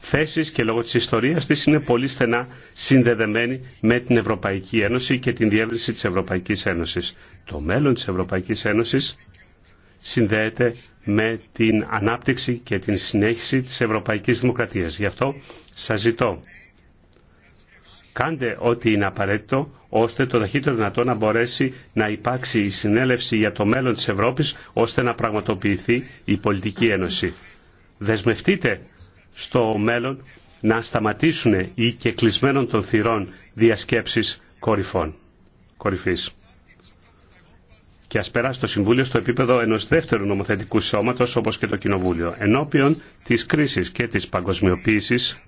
θέσης και λόγω της ιστορίας της είναι πολύ στενά συνδεδεμένη με την Ευρωπαϊκή Ένωση και την διεύρυνση της Ευρωπαϊκής Ένωσης. Το μέλλον της Ευρωπαϊκής Ένωσης συνδέεται με την ανάπτυξη και την συνέχιση της Ευρωπαϊκής Δημοκρατίας. Γι' αυτό σας ζητώ Κάντε ό,τι είναι απαραίτητο ώστε το ταχύτερο δυνατό να μπορέσει να υπάρξει η συνέλευση για το μέλλον της Ευρώπης ώστε να πραγματοποιηθεί η πολιτική ένωση. Δεσμευτείτε στο μέλλον να σταματήσουν οι κεκλεισμένων των θυρών διασκέψεις κορυφών, κορυφής. Και ας περάσει το Συμβούλιο στο επίπεδο ενός δεύτερου νομοθετικού σώματος όπως και το Κοινοβούλιο. Ενώπιον της κρίσης και της παγκοσμιοποίησης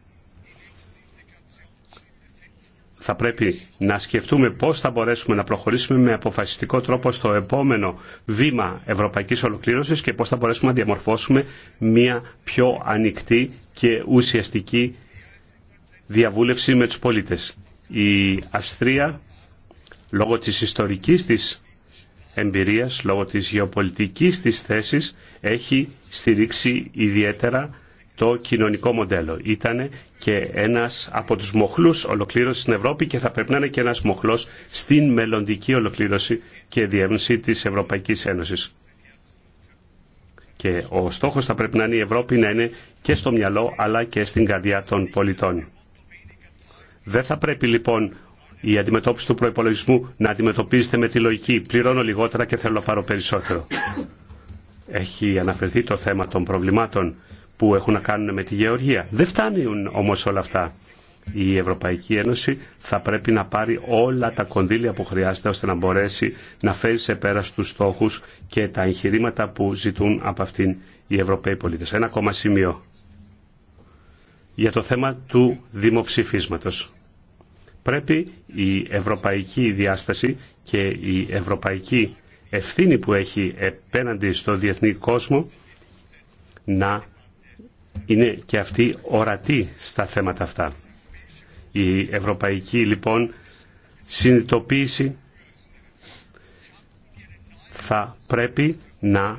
θα πρέπει να σκεφτούμε πώς θα μπορέσουμε να προχωρήσουμε με αποφασιστικό τρόπο στο επόμενο βήμα ευρωπαϊκής ολοκλήρωσης και πώς θα μπορέσουμε να διαμορφώσουμε μια πιο ανοιχτή και ουσιαστική διαβούλευση με τους πολίτες. Η Αυστρία, λόγω της ιστορικής της εμπειρίας, λόγω της γεωπολιτικής της θέσης, έχει στηρίξει ιδιαίτερα το κοινωνικό μοντέλο. Ήταν και ένας από τους μοχλούς ολοκλήρωση στην Ευρώπη και θα πρέπει να είναι και ένας μοχλός στην μελλοντική ολοκλήρωση και διεύνηση της Ευρωπαϊκής Ένωσης. Και ο στόχος θα πρέπει να είναι η Ευρώπη να είναι και στο μυαλό αλλά και στην καρδιά των πολιτών. Δεν θα πρέπει λοιπόν η αντιμετώπιση του προπολογισμού να αντιμετωπίζεται με τη λογική πληρώνω λιγότερα και θέλω να πάρω περισσότερο. Έχει αναφερθεί το θέμα των προβλημάτων που έχουν να κάνουν με τη γεωργία. Δεν φτάνουν όμως όλα αυτά. Η Ευρωπαϊκή Ένωση θα πρέπει να πάρει όλα τα κονδύλια που χρειάζεται ώστε να μπορέσει να φέρει σε πέρα στους στόχους και τα εγχειρήματα που ζητούν από αυτήν οι Ευρωπαίοι πολίτες. Ένα ακόμα σημείο για το θέμα του δημοψηφίσματος. Πρέπει η ευρωπαϊκή διάσταση και η ευρωπαϊκή ευθύνη που έχει επέναντι στο διεθνή κόσμο να είναι και αυτή ορατή στα θέματα αυτά. Η ευρωπαϊκή λοιπόν συνειδητοποίηση θα πρέπει να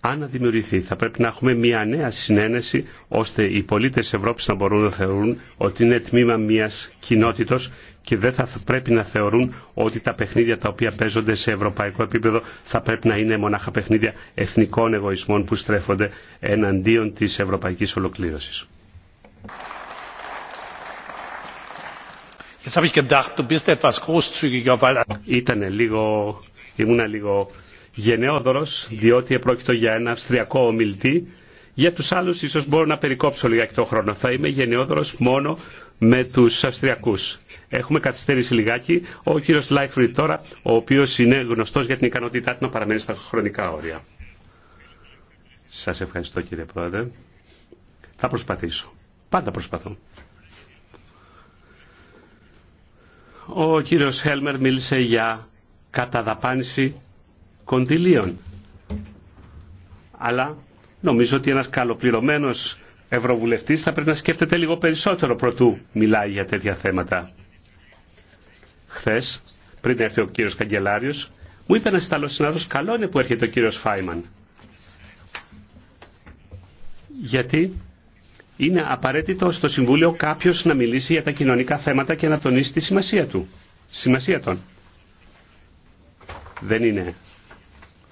αναδημιουργηθεί. Θα πρέπει να έχουμε μια νέα συνένεση ώστε οι πολίτες της Ευρώπης να μπορούν να θεωρούν ότι είναι τμήμα μιας κοινότητος και δεν θα πρέπει να θεωρούν ότι τα παιχνίδια τα οποία παίζονται σε ευρωπαϊκό επίπεδο θα πρέπει να είναι μονάχα παιχνίδια εθνικών εγωισμών που στρέφονται εναντίον της ευρωπαϊκής ολοκλήρωσης. Ήτανε λίγο, ήμουνα λίγο γενναιόδωρος, διότι επρόκειτο για ένα αυστριακό ομιλητή. Για τους άλλους ίσως μπορώ να περικόψω λιγάκι το χρόνο. Θα είμαι γενναιόδωρος μόνο με τους αυστριακούς. Έχουμε καθυστέρηση λιγάκι. Ο κύριο Λάιφρυντ τώρα, ο οποίο είναι γνωστό για την ικανότητά του να παραμένει στα χρονικά όρια. Σα ευχαριστώ κύριε Πρόεδρε. Θα προσπαθήσω. Πάντα προσπαθώ. Ο κύριος Χέλμερ μίλησε για καταδαπάνηση κοντιλίων. Αλλά νομίζω ότι ένας καλοπληρωμένος ευρωβουλευτής θα πρέπει να σκέφτεται λίγο περισσότερο προτού μιλάει για τέτοια θέματα χθε, πριν έρθει ο κύριο Καγκελάριο, μου είπε ένα Ιταλό συνάδελφο, καλό είναι που έρχεται ο κύριο Φάιμαν. Γιατί είναι απαραίτητο στο Συμβούλιο κάποιο να μιλήσει για τα κοινωνικά θέματα και να τονίσει τη σημασία του. Σημασία των. Δεν είναι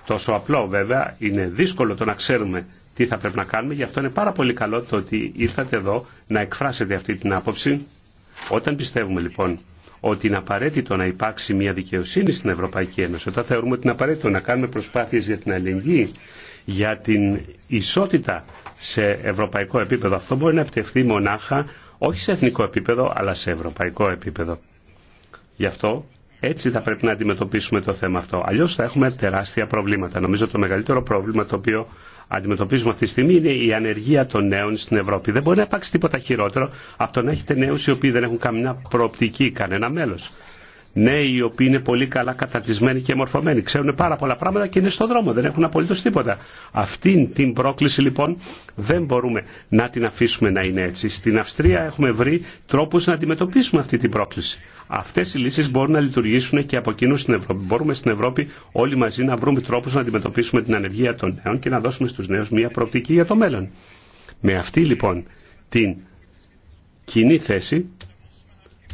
τόσο απλό βέβαια, είναι δύσκολο το να ξέρουμε τι θα πρέπει να κάνουμε, γι' αυτό είναι πάρα πολύ καλό το ότι ήρθατε εδώ να εκφράσετε αυτή την άποψη. Όταν πιστεύουμε λοιπόν ότι είναι απαραίτητο να υπάρξει μια δικαιοσύνη στην Ευρωπαϊκή Ένωση, όταν θεωρούμε ότι είναι απαραίτητο να κάνουμε προσπάθειες για την αλληλεγγύη, για την ισότητα σε ευρωπαϊκό επίπεδο, αυτό μπορεί να επιτευχθεί μονάχα όχι σε εθνικό επίπεδο, αλλά σε ευρωπαϊκό επίπεδο. Γι' αυτό έτσι θα πρέπει να αντιμετωπίσουμε το θέμα αυτό. Αλλιώς θα έχουμε τεράστια προβλήματα. Νομίζω το μεγαλύτερο πρόβλημα το οποίο αντιμετωπίζουμε αυτή τη στιγμή είναι η ανεργία των νέων στην Ευρώπη. Δεν μπορεί να υπάρξει τίποτα χειρότερο από το να έχετε νέου οι οποίοι δεν έχουν καμιά προοπτική, κανένα μέλο. Νέοι οι οποίοι είναι πολύ καλά καταρτισμένοι και μορφωμένοι, ξέρουν πάρα πολλά πράγματα και είναι στον δρόμο, δεν έχουν απολύτω τίποτα. Αυτή την πρόκληση λοιπόν δεν μπορούμε να την αφήσουμε να είναι έτσι. Στην Αυστρία έχουμε βρει τρόπου να αντιμετωπίσουμε αυτή την πρόκληση. Αυτέ οι λύσει μπορούν να λειτουργήσουν και από κοινού στην Ευρώπη. Μπορούμε στην Ευρώπη όλοι μαζί να βρούμε τρόπου να αντιμετωπίσουμε την ανεργία των νέων και να δώσουμε στου νέου μια προοπτική για το μέλλον. Με αυτή λοιπόν την κοινή θέση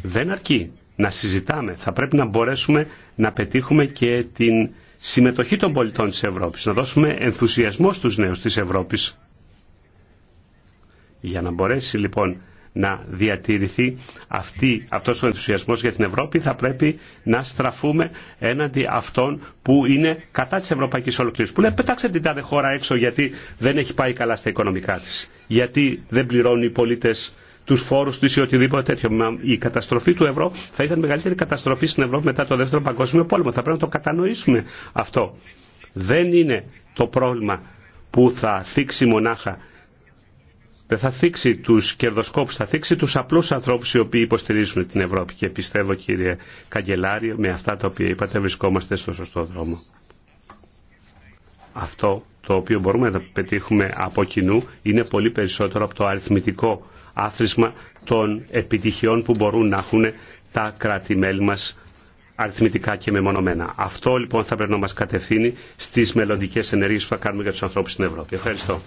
δεν αρκεί να συζητάμε. Θα πρέπει να μπορέσουμε να πετύχουμε και την συμμετοχή των πολιτών της Ευρώπης, να δώσουμε ενθουσιασμό στους νέους της Ευρώπης. Για να μπορέσει λοιπόν να διατηρηθεί αυτή, αυτός ο ενθουσιασμός για την Ευρώπη θα πρέπει να στραφούμε έναντι αυτών που είναι κατά της ευρωπαϊκής ολοκλήρωσης. Που λένε πετάξτε την τάδε χώρα έξω γιατί δεν έχει πάει καλά στα οικονομικά της. Γιατί δεν πληρώνουν οι πολίτες τους φόρους τους ή οτιδήποτε τέτοιο. Η καταστροφή του ευρώ θα ήταν μεγαλύτερη καταστροφή στην Ευρώπη μετά το δεύτερο παγκόσμιο πόλεμο. Θα πρέπει να το κατανοήσουμε αυτό. Δεν είναι το πρόβλημα που θα θίξει μονάχα δεν θα θίξει του κερδοσκόπου, θα θίξει του απλού ανθρώπου οι οποίοι υποστηρίζουν την Ευρώπη. Και πιστεύω κύριε Καγκελάριο, με αυτά τα οποία είπατε βρισκόμαστε στο σωστό δρόμο. Αυτό το οποίο μπορούμε να πετύχουμε από κοινού είναι πολύ περισσότερο από το αριθμητικό άθροισμα των επιτυχιών που μπορούν να έχουν τα κράτη-μέλη μας αριθμητικά και μεμονωμένα. Αυτό λοιπόν θα πρέπει να μας κατευθύνει στις μελλοντικέ ενέργειες που θα κάνουμε για τους ανθρώπους στην Ευρώπη. Ευχαριστώ.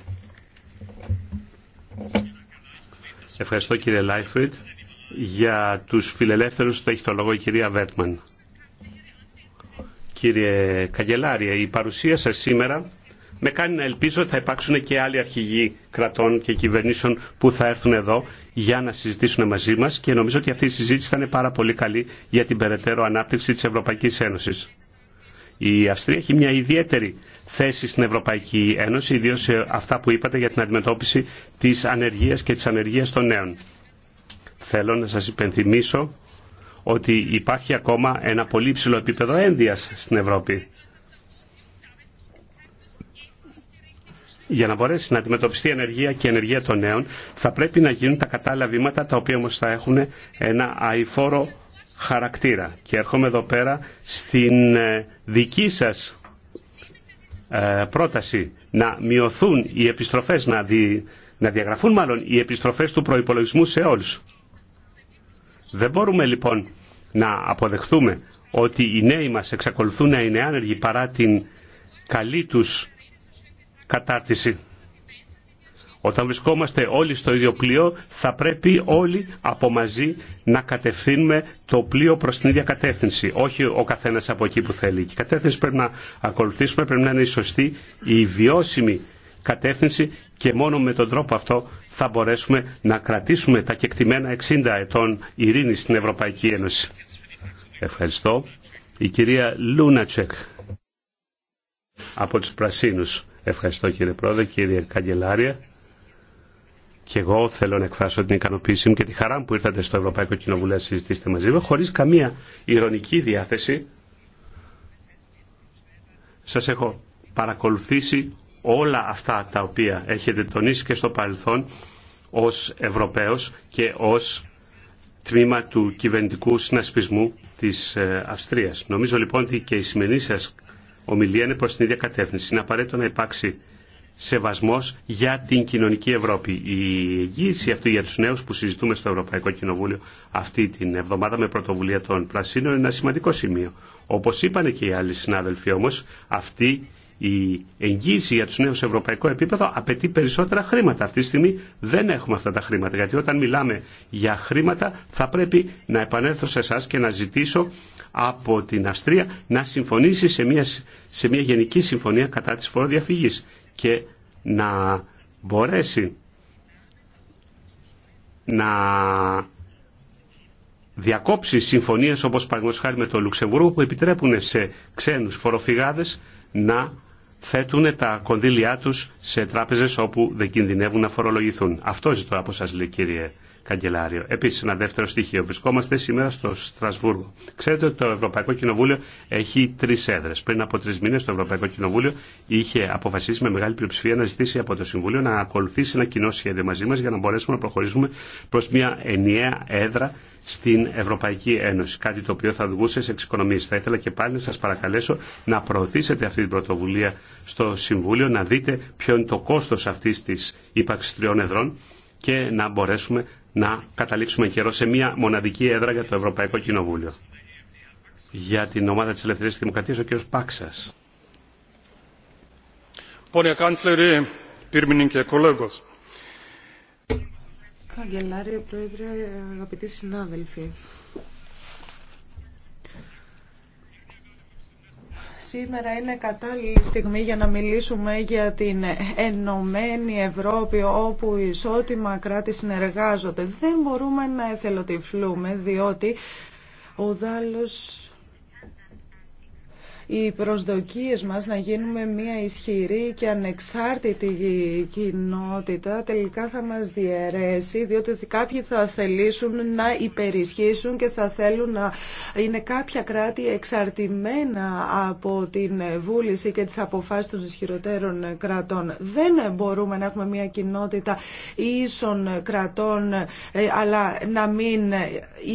Ευχαριστώ κύριε Λάιφρυντ. Για τους φιλελεύθερους το έχει το λόγο η κυρία Βέρτμαν. Κύριε Καγκελάρια, η παρουσία σας σήμερα με κάνει να ελπίζω ότι θα υπάρξουν και άλλοι αρχηγοί κρατών και κυβερνήσεων που θα έρθουν εδώ για να συζητήσουν μαζί μας και νομίζω ότι αυτή η συζήτηση θα είναι πάρα πολύ καλή για την περαιτέρω ανάπτυξη της Ευρωπαϊκής Ένωσης. Η Αυστρία έχει μια ιδιαίτερη θέση στην Ευρωπαϊκή Ένωση, ιδίω σε αυτά που είπατε για την αντιμετώπιση της ανεργία και της ανεργία των νέων. Θέλω να σας υπενθυμίσω ότι υπάρχει ακόμα ένα πολύ ψηλό επίπεδο ένδυας στην Ευρώπη. για να μπορέσει να αντιμετωπιστεί η ανεργία και η ενεργεία των νέων, θα πρέπει να γίνουν τα κατάλληλα βήματα, τα οποία όμω θα έχουν ένα αηφόρο χαρακτήρα. Και έρχομαι εδώ πέρα στην ε, δική σας ε, πρόταση να μειωθούν οι επιστροφές, να, να διαγραφούν μάλλον οι επιστροφές του προϋπολογισμού σε όλους. Δεν μπορούμε λοιπόν να αποδεχθούμε ότι οι νέοι μας εξακολουθούν να είναι άνεργοι παρά την καλή τους κατάρτιση. Όταν βρισκόμαστε όλοι στο ίδιο πλοίο, θα πρέπει όλοι από μαζί να κατευθύνουμε το πλοίο προς την ίδια κατεύθυνση, όχι ο καθένας από εκεί που θέλει. η κατεύθυνση πρέπει να ακολουθήσουμε, πρέπει να είναι η σωστή, η βιώσιμη κατεύθυνση και μόνο με τον τρόπο αυτό θα μπορέσουμε να κρατήσουμε τα κεκτημένα 60 ετών ειρήνη στην Ευρωπαϊκή Ένωση. Ευχαριστώ. Η κυρία Λούνατσεκ από τους Πρασίνους. Ευχαριστώ κύριε Πρόεδρε, κύριε Καγκελάρια. Και εγώ θέλω να εκφράσω την ικανοποίησή μου και τη χαρά μου που ήρθατε στο Ευρωπαϊκό Κοινοβούλιο να συζητήσετε μαζί μου, χωρί καμία ηρωνική διάθεση. Σα έχω παρακολουθήσει όλα αυτά τα οποία έχετε τονίσει και στο παρελθόν ω Ευρωπαίος και ω τμήμα του κυβερνητικού συνασπισμού τη ε, Αυστρία. Νομίζω λοιπόν ότι και η σημερινή σα ομιλία είναι προ την ίδια κατεύθυνση. Είναι απαραίτητο να υπάρξει σεβασμός για την κοινωνική Ευρώπη. Η εγγύηση αυτή για τους νέους που συζητούμε στο Ευρωπαϊκό Κοινοβούλιο αυτή την εβδομάδα με πρωτοβουλία των πλασίνων είναι ένα σημαντικό σημείο. Όπως είπαν και οι άλλοι συνάδελφοι όμως, αυτή η εγγύηση για τους νέους σε ευρωπαϊκό επίπεδο απαιτεί περισσότερα χρήματα. Αυτή τη στιγμή δεν έχουμε αυτά τα χρήματα, γιατί όταν μιλάμε για χρήματα θα πρέπει να επανέλθω σε εσά και να ζητήσω από την Αυστρία να συμφωνήσει σε μια, σε μια γενική συμφωνία κατά της φοροδιαφυγής και να μπορέσει να διακόψει συμφωνίες όπως παραδείγματος χάρη με το Λουξεμβούργο που επιτρέπουν σε ξένους φοροφυγάδες να θέτουν τα κονδύλια τους σε τράπεζες όπου δεν κινδυνεύουν να φορολογηθούν. Αυτό ζητώ από σας λέει κύριε καγκελάριο. Επίση, ένα δεύτερο στοιχείο. Βρισκόμαστε σήμερα στο Στρασβούργο. Ξέρετε ότι το Ευρωπαϊκό Κοινοβούλιο έχει τρει έδρε. Πριν από τρει μήνε, το Ευρωπαϊκό Κοινοβούλιο είχε αποφασίσει με μεγάλη πλειοψηφία να ζητήσει από το Συμβούλιο να ακολουθήσει ένα κοινό σχέδιο μαζί μα για να μπορέσουμε να προχωρήσουμε προ μια ενιαία έδρα στην Ευρωπαϊκή Ένωση. Κάτι το οποίο θα οδηγούσε σε εξοικονομίε. Θα ήθελα και πάλι να σα παρακαλέσω να προωθήσετε αυτή την πρωτοβουλία στο Συμβούλιο, να δείτε ποιο είναι το κόστο αυτή τη ύπαρξη τριών εδρών και να μπορέσουμε να καταλήξουμε καιρό σε μια μοναδική έδρα για το Ευρωπαϊκό Κοινοβούλιο. Για την ομάδα της Ελευθερίας της Δημοκρατίας, ο κ. Πάξας.
Καγκελάριο Πρόεδρε, αγαπητοί συνάδελφοι. Σήμερα είναι κατάλληλη στιγμή για να μιλήσουμε για την ενωμένη Ευρώπη όπου ισότιμα κράτη συνεργάζονται. Δεν μπορούμε να εθελοτυφλούμε διότι ο Δάλος οι προσδοκίες μας να γίνουμε μια ισχυρή και ανεξάρτητη κοινότητα τελικά θα μας διαιρέσει διότι κάποιοι θα θελήσουν να υπερισχύσουν και θα θέλουν να είναι κάποια κράτη εξαρτημένα από την βούληση και τις αποφάσεις των ισχυροτέρων κρατών. Δεν μπορούμε να έχουμε μια κοινότητα ίσων κρατών ε, αλλά να μην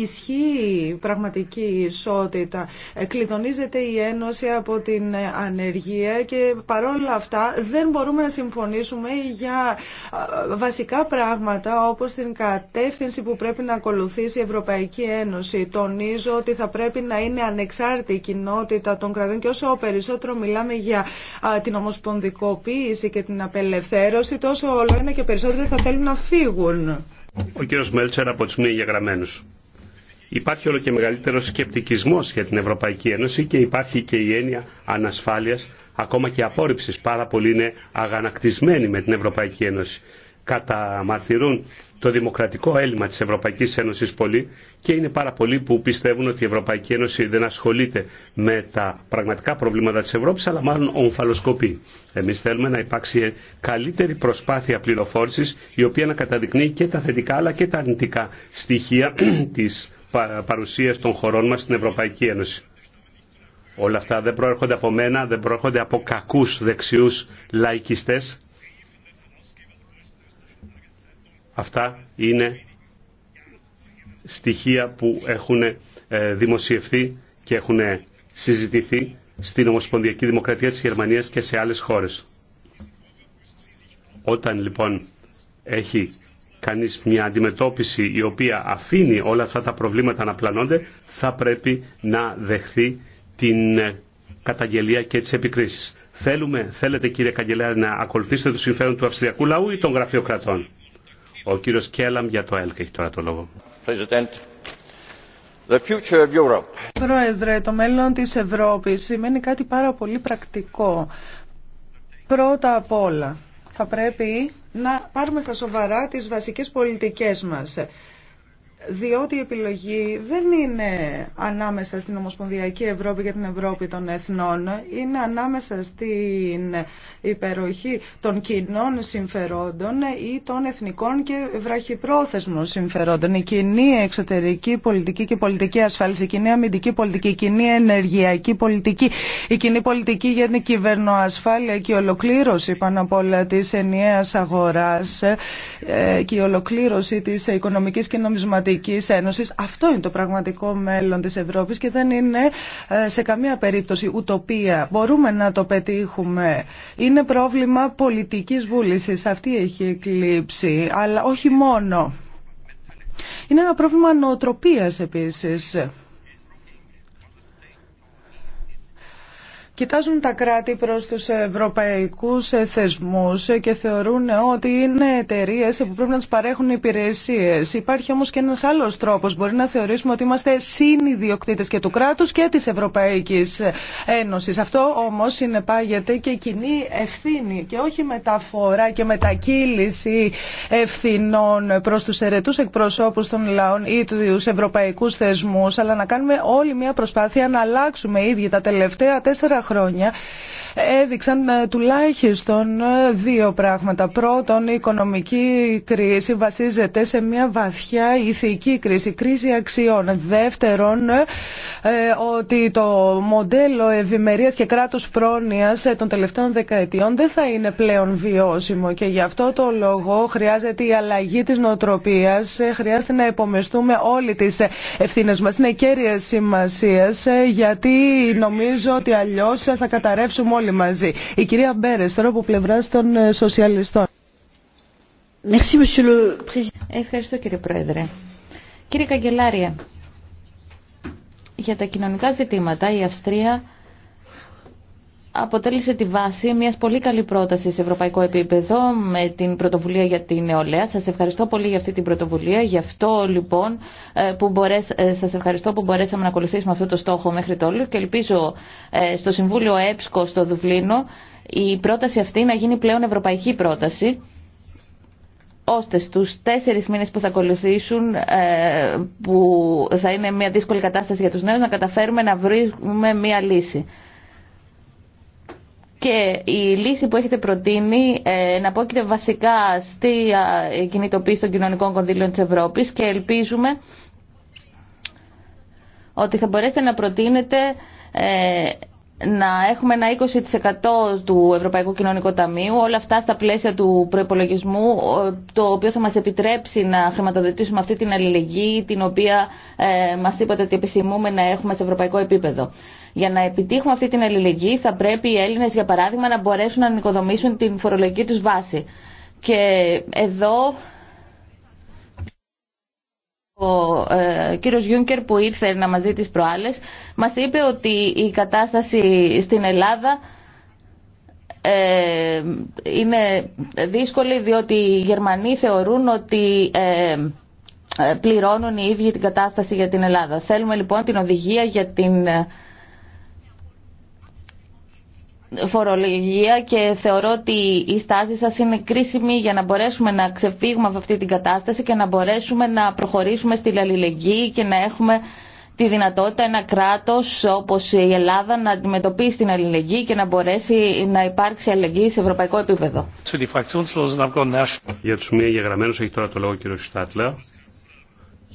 ισχύει πραγματική ισότητα. Ε, κλειδονίζεται η Ένωση από την ανεργία και παρόλα αυτά δεν μπορούμε να συμφωνήσουμε για βασικά πράγματα όπως την κατεύθυνση που πρέπει να ακολουθήσει η Ευρωπαϊκή Ένωση. Τονίζω ότι θα πρέπει να είναι ανεξάρτητη η κοινότητα των κρατών και όσο περισσότερο μιλάμε για την ομοσπονδικοποίηση και την απελευθέρωση τόσο όλο ένα και περισσότερο θα θέλουν να φύγουν.
Ο κύριος Μέλτσερ από Υπάρχει όλο και μεγαλύτερο σκεπτικισμό για την Ευρωπαϊκή Ένωση και υπάρχει και η έννοια ανασφάλεια, ακόμα και απόρριψη. Πάρα πολλοί είναι αγανακτισμένοι με την Ευρωπαϊκή Ένωση. Καταμαρτυρούν το δημοκρατικό έλλειμμα τη Ευρωπαϊκή Ένωση πολύ και είναι πάρα πολλοί που πιστεύουν ότι η Ευρωπαϊκή Ένωση δεν ασχολείται με τα πραγματικά προβλήματα τη Ευρώπη, αλλά μάλλον ομφαλοσκοπεί. Εμεί θέλουμε να υπάρξει καλύτερη προσπάθεια πληροφόρηση, η οποία να καταδεικνύει και τα θετικά αλλά και τα αρνητικά στοιχεία τη παρουσίες των χωρών μας στην Ευρωπαϊκή Ένωση. Όλα αυτά δεν προέρχονται από μένα, δεν προέρχονται από κακούς δεξιούς λαϊκιστές. Αυτά είναι στοιχεία που έχουν ε, δημοσιευθεί και έχουν συζητηθεί στην Ομοσπονδιακή Δημοκρατία της Γερμανίας και σε άλλες χώρες. Όταν λοιπόν έχει κανείς μια αντιμετώπιση η οποία αφήνει όλα αυτά τα προβλήματα να πλανώνται, θα πρέπει να δεχθεί την ε, καταγγελία και τις επικρίσεις. Θέλουμε, θέλετε κύριε Καγγελέα να ακολουθήσετε το συμφέρον του αυστριακού λαού ή των γραφειοκρατών. Ο κύριος Κέλαμ για το ΕΛΚ έχει τώρα το λόγο. The future of Europe.
Πρόεδρε, το μέλλον της Ευρώπης σημαίνει κάτι πάρα πολύ πρακτικό. Πρώτα απ' όλα, θα πρέπει να πάρουμε στα σοβαρά τις βασικές πολιτικές μας διότι η επιλογή δεν είναι ανάμεσα στην Ομοσπονδιακή Ευρώπη για την Ευρώπη των Εθνών, είναι ανάμεσα στην υπεροχή των κοινών συμφερόντων ή των εθνικών και βραχυπρόθεσμων συμφερόντων. Η κοινή εξωτερική πολιτική και πολιτική ασφάλιση, η κοινή αμυντική πολιτική, η κοινή ενεργειακή πολιτική, η κοινή πολιτική για την κυβερνοασφάλεια και η ολοκλήρωση πάνω απ' όλα της ενιαίας αγοράς ε, και η ολοκλήρωση της οικονομική και νομισματικής αυτό είναι το πραγματικό μέλλον τη Ευρώπη και δεν είναι ε, σε καμία περίπτωση ουτοπία. Μπορούμε να το πετύχουμε. Είναι πρόβλημα πολιτική βούλησης. Αυτή έχει εκλείψει, αλλά όχι μόνο. Είναι ένα πρόβλημα νοοτροπίας επίσης. Κοιτάζουν τα κράτη προς τους ευρωπαϊκούς θεσμούς και θεωρούν ότι είναι εταιρείε που πρέπει να τους παρέχουν υπηρεσίες. Υπάρχει όμως και ένας άλλος τρόπος. Μπορεί να θεωρήσουμε ότι είμαστε συνειδιοκτήτες και του κράτους και της Ευρωπαϊκής Ένωσης. Αυτό όμως συνεπάγεται και κοινή ευθύνη και όχι μεταφορά και μετακύληση ευθυνών προς τους ερετούς εκπροσώπους των λαών ή τους ευρωπαϊκούς θεσμούς, αλλά να κάνουμε όλη μια προσπάθεια να αλλάξουμε ίδιοι τα τελευταία τέσσερα χρόνια έδειξαν ε, τουλάχιστον ε, δύο πράγματα. Πρώτον, η οικονομική κρίση βασίζεται σε μια βαθιά ηθική κρίση, κρίση αξιών. Δεύτερον, ε, ότι το μοντέλο ευημερία και κράτου πρόνοια των τελευταίων δεκαετιών δεν θα είναι πλέον βιώσιμο και γι' αυτό το λόγο χρειάζεται η αλλαγή τη νοοτροπία, χρειάζεται να επομεστούμε όλοι τι ευθύνε μα. Είναι κέρια σημασία γιατί νομίζω ότι όσα θα καταρρεύσουμε όλοι μαζί. Η κυρία Μπέρε, τώρα από πλευρά των ε, σοσιαλιστών.
Ευχαριστώ κύριε Πρόεδρε. Κύριε Καγκελάρια, για τα κοινωνικά ζητήματα η Αυστρία αποτέλεσε τη βάση μια πολύ καλή πρόταση σε ευρωπαϊκό επίπεδο με την πρωτοβουλία για την νεολαία. Σα ευχαριστώ πολύ για αυτή την πρωτοβουλία. Γι' αυτό λοιπόν ε, που μπορέσ... Ε, σας ευχαριστώ που μπορέσαμε να ακολουθήσουμε αυτό το στόχο μέχρι τώρα και ελπίζω ε, στο Συμβούλιο ΕΠΣΚΟ στο Δουβλίνο η πρόταση αυτή να γίνει πλέον ευρωπαϊκή πρόταση ώστε στους τέσσερις μήνες που θα ακολουθήσουν, που θα είναι μια δύσκολη κατάσταση για τους νέους, να καταφέρουμε να βρούμε μια λύση και η λύση που έχετε προτείνει ε, να πόκειται βασικά στη ε, κινητοποίηση των κοινωνικών κονδύλων της Ευρώπης και ελπίζουμε ότι θα μπορέσετε να προτείνετε ε, να έχουμε ένα 20% του Ευρωπαϊκού Κοινωνικού Ταμείου, όλα αυτά στα πλαίσια του προπολογισμού, το οποίο θα μας επιτρέψει να χρηματοδοτήσουμε αυτή την αλληλεγγύη, την οποία ε, μας είπατε ότι επιθυμούμε να έχουμε σε ευρωπαϊκό επίπεδο. Για να επιτύχουμε αυτή την αλληλεγγύη θα πρέπει οι Έλληνες, για παράδειγμα, να μπορέσουν να νοικοδομήσουν την φορολογική τους βάση. Και εδώ ο ε, κύριος που ήρθε να μαζί δει τις προάλλες μας είπε ότι η κατάσταση στην Ελλάδα ε, είναι δύσκολη διότι οι Γερμανοί θεωρούν ότι ε, ε, πληρώνουν οι ίδιοι την κατάσταση για την Ελλάδα. Θέλουμε λοιπόν την οδηγία για την ε, φορολογία και θεωρώ ότι η στάση σας είναι κρίσιμη για να μπορέσουμε να ξεφύγουμε από αυτή την κατάσταση και να μπορέσουμε να προχωρήσουμε στη αλληλεγγύη και να έχουμε τη δυνατότητα ένα κράτος όπως η Ελλάδα να αντιμετωπίσει την αλληλεγγύη και να μπορέσει να υπάρξει αλληλεγγύη σε ευρωπαϊκό επίπεδο.
Για τους μία έχει τώρα το λόγο ο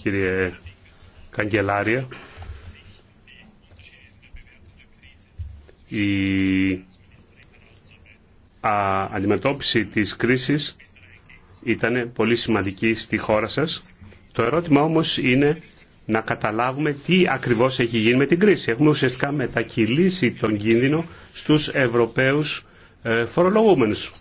Κύριε Καγκελάρια. η αντιμετώπιση της κρίσης ήταν πολύ σημαντική στη χώρα σας. Το ερώτημα όμως είναι να καταλάβουμε τι ακριβώς έχει γίνει με την κρίση. Έχουμε ουσιαστικά μετακυλήσει τον κίνδυνο στους Ευρωπαίους ε, φορολογούμενους.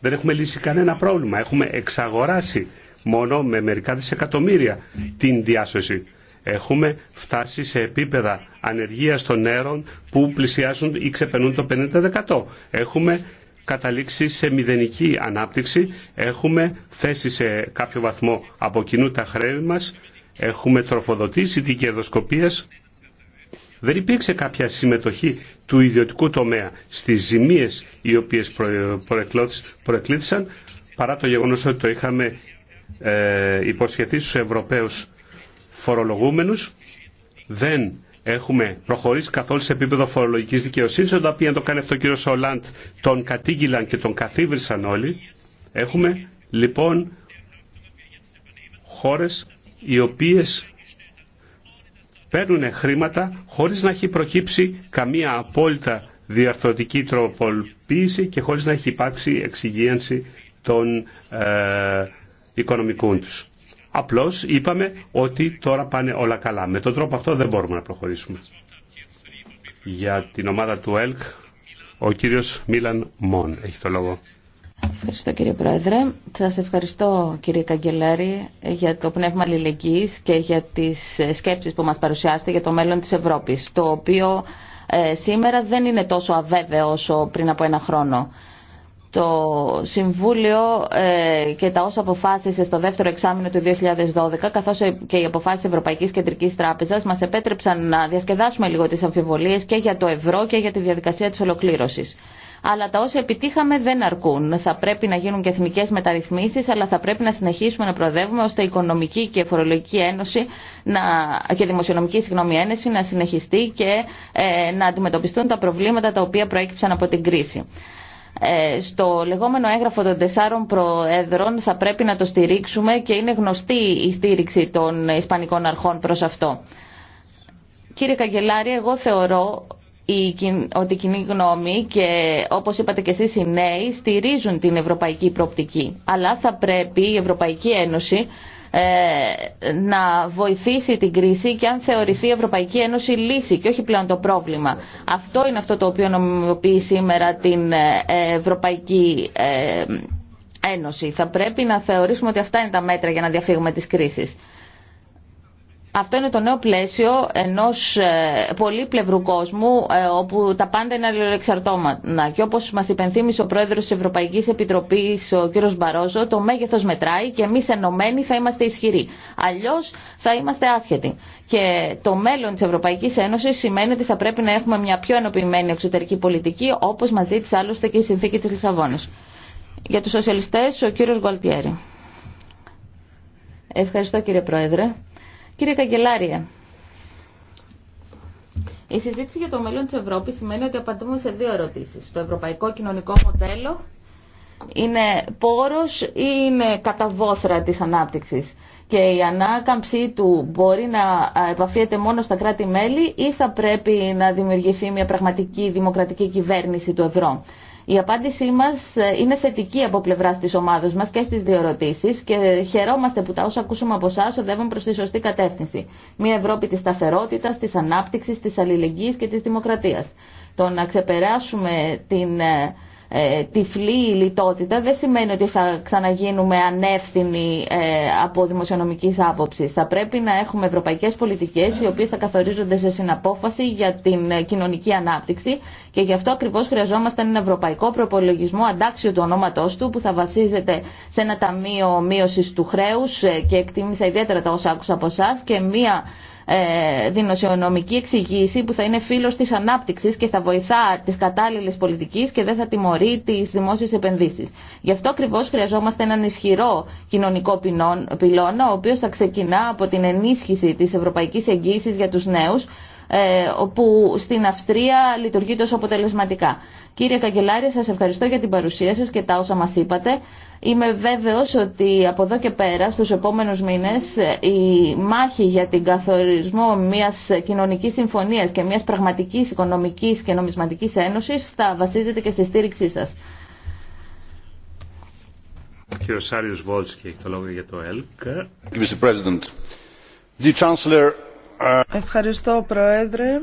Δεν έχουμε λύσει κανένα πρόβλημα. Έχουμε εξαγοράσει μόνο με μερικά δισεκατομμύρια την διάσωση. Έχουμε φτάσει σε επίπεδα ανεργίας των νέων που πλησιάζουν ή ξεπερνούν το 50%. Έχουμε καταλήξει σε μηδενική ανάπτυξη. Έχουμε θέσει σε κάποιο βαθμό από κοινού τα χρέη μας. Έχουμε τροφοδοτήσει την κερδοσκοπία δεν υπήρξε κάποια συμμετοχή του ιδιωτικού τομέα στις ζημίες οι οποίες προεκλήθησαν παρά το γεγονός ότι το είχαμε ε, υποσχεθεί στους Ευρωπαίους φορολογούμενους, δεν έχουμε προχωρήσει καθόλου σε επίπεδο φορολογικής δικαιοσύνης, όταν να το κάνει αυτό ο κύριος Ολάντ, τον κατήγγυλαν και τον καθίβρισαν όλοι. Έχουμε λοιπόν χώρες οι οποίες παίρνουν χρήματα χωρίς να έχει προκύψει καμία απόλυτα διαρθρωτική τροποποίηση και χωρίς να έχει υπάρξει εξυγίανση των ε, οικονομικών τους. Απλώς είπαμε ότι τώρα πάνε όλα καλά. Με τον τρόπο αυτό δεν μπορούμε να προχωρήσουμε. Για την ομάδα του ΕΛΚ, ο κύριος Μίλαν Μον έχει το λόγο.
Ευχαριστώ κύριε Πρόεδρε. Σας ευχαριστώ κύριε Καγκελάρη για το πνεύμα αλληλεγγύης και για τις ε, σκέψεις που μας παρουσιάσετε για το μέλλον της Ευρώπης, το οποίο ε, σήμερα δεν είναι τόσο αβέβαιο όσο πριν από ένα χρόνο το Συμβούλιο ε, και τα όσα αποφάσισε στο δεύτερο εξάμεινο του 2012, καθώς ε, και οι αποφάσεις Ευρωπαϊκής Κεντρικής Τράπεζας, μας επέτρεψαν να διασκεδάσουμε λίγο τις αμφιβολίες και για το ευρώ και για τη διαδικασία της ολοκλήρωσης. Αλλά τα όσα επιτύχαμε δεν αρκούν. Θα πρέπει να γίνουν και εθνικέ μεταρρυθμίσει, αλλά θα πρέπει να συνεχίσουμε να προοδεύουμε ώστε η οικονομική και φορολογική ένωση να, και δημοσιονομική συγγνώμη, ένωση να συνεχιστεί και ε, να αντιμετωπιστούν τα προβλήματα τα οποία προέκυψαν από την κρίση. Ε, στο λεγόμενο έγγραφο των τεσσάρων προέδρων θα πρέπει να το στηρίξουμε και είναι γνωστή η στήριξη των Ισπανικών αρχών προς αυτό. Κύριε Καγκελάρη, εγώ θεωρώ ότι η κοινή γνώμη και όπως είπατε και εσείς οι νέοι στηρίζουν την ευρωπαϊκή προοπτική. Αλλά θα πρέπει η Ευρωπαϊκή Ένωση ε, να βοηθήσει την κρίση και αν θεωρηθεί η Ευρωπαϊκή Ένωση λύση και όχι πλέον το πρόβλημα. Αυτό είναι αυτό το οποίο νομιμοποιεί σήμερα την ε, Ευρωπαϊκή ε, Ένωση. Θα πρέπει να θεωρήσουμε ότι αυτά είναι τα μέτρα για να διαφύγουμε τις κρίσεις. Αυτό είναι το νέο πλαίσιο ενός ε, πολύπλευρου κόσμου ε, όπου τα πάντα είναι αλληλεξαρτώματα. Και όπω μα υπενθύμισε ο Πρόεδρο τη Ευρωπαϊκή Επιτροπή, ο κ. Μπαρόζο, το μέγεθο μετράει και εμεί ενωμένοι θα είμαστε ισχυροί. Αλλιώ θα είμαστε άσχετοι. Και το μέλλον τη Ευρωπαϊκή Ένωση σημαίνει ότι θα πρέπει να έχουμε μια πιο ενοποιημένη εξωτερική πολιτική όπω μας ζήτησε άλλωστε και η συνθήκη τη Λισαβόνα. Για του σοσιαλιστέ, ο κ. Γκουαλτιέρη. Ευχαριστώ κύριε Πρόεδρε. Κύριε Καγκελάρια, η συζήτηση για το μέλλον της Ευρώπης σημαίνει ότι απαντούμε σε δύο ερωτήσεις. Το ευρωπαϊκό κοινωνικό μοντέλο είναι πόρος ή είναι καταβόθρα της ανάπτυξης και η ανάκαμψή του μπορεί να επαφίεται μόνο στα κράτη-μέλη ή θα πρέπει να δημιουργηθεί μια πραγματική δημοκρατική κυβέρνηση του ευρώ. Η απάντησή μας ε, είναι θετική από πλευρά τη ομάδα μας και στις δύο και χαιρόμαστε που τα όσα ακούσαμε από εσά οδεύουν προς τη σωστή κατεύθυνση. Μια Ευρώπη της σταθερότητας, της ανάπτυξης, της αλληλεγγύης και της δημοκρατίας. Το να ξεπεράσουμε την ε, ε, τυφλή λιτότητα δεν σημαίνει ότι θα ξαναγίνουμε ανεύθυνοι ε, από δημοσιονομική άποψη. Θα πρέπει να έχουμε ευρωπαϊκέ πολιτικέ οι οποίε θα καθορίζονται σε συναπόφαση για την ε, κοινωνική ανάπτυξη και γι' αυτό ακριβώ χρειαζόμαστε έναν ευρωπαϊκό προπολογισμό αντάξιο του ονόματό του που θα βασίζεται σε ένα ταμείο μείωση του χρέους και εκτίμησα ιδιαίτερα τα όσα άκουσα από εσά και μία ε, δημοσιονομική εξηγήση που θα είναι φίλος τη ανάπτυξη και θα βοηθά τις κατάλληλε πολιτική και δεν θα τιμωρεί τι δημόσιε επενδύσει. Γι' αυτό ακριβώ χρειαζόμαστε έναν ισχυρό κοινωνικό πυλώνα, ο οποίος θα ξεκινά από την ενίσχυση τη ευρωπαϊκής εγγύησης για τους νέους, ε, όπου στην Αυστρία λειτουργεί τόσο αποτελεσματικά. Κύριε Καγκελάρη, σας ευχαριστώ για την παρουσία σας και τα όσα μας είπατε. Είμαι βέβαιος ότι από εδώ και πέρα, στους επόμενους μήνες, ε, η μάχη για την καθορισμό μιας κοινωνικής συμφωνίας και μιας πραγματικής οικονομικής και νομισματικής ένωσης θα βασίζεται και στη στήριξή σας.
Κύριο το λόγο για το ΕΛΚ. Uh,
Ευχαριστώ, Πρόεδρε.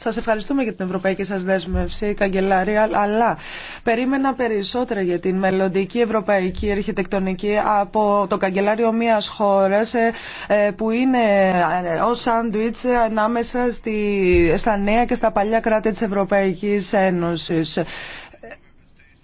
Σας ευχαριστούμε για την ευρωπαϊκή σας δέσμευση, καγκελάρια, αλλά περίμενα περισσότερα για την μελλοντική ευρωπαϊκή αρχιτεκτονική από το καγκελάριο μιας χώρας ε, ε, που είναι ως ε, σάντουιτς ανάμεσα στη, στα νέα και στα παλιά κράτη της Ευρωπαϊκής Ένωσης.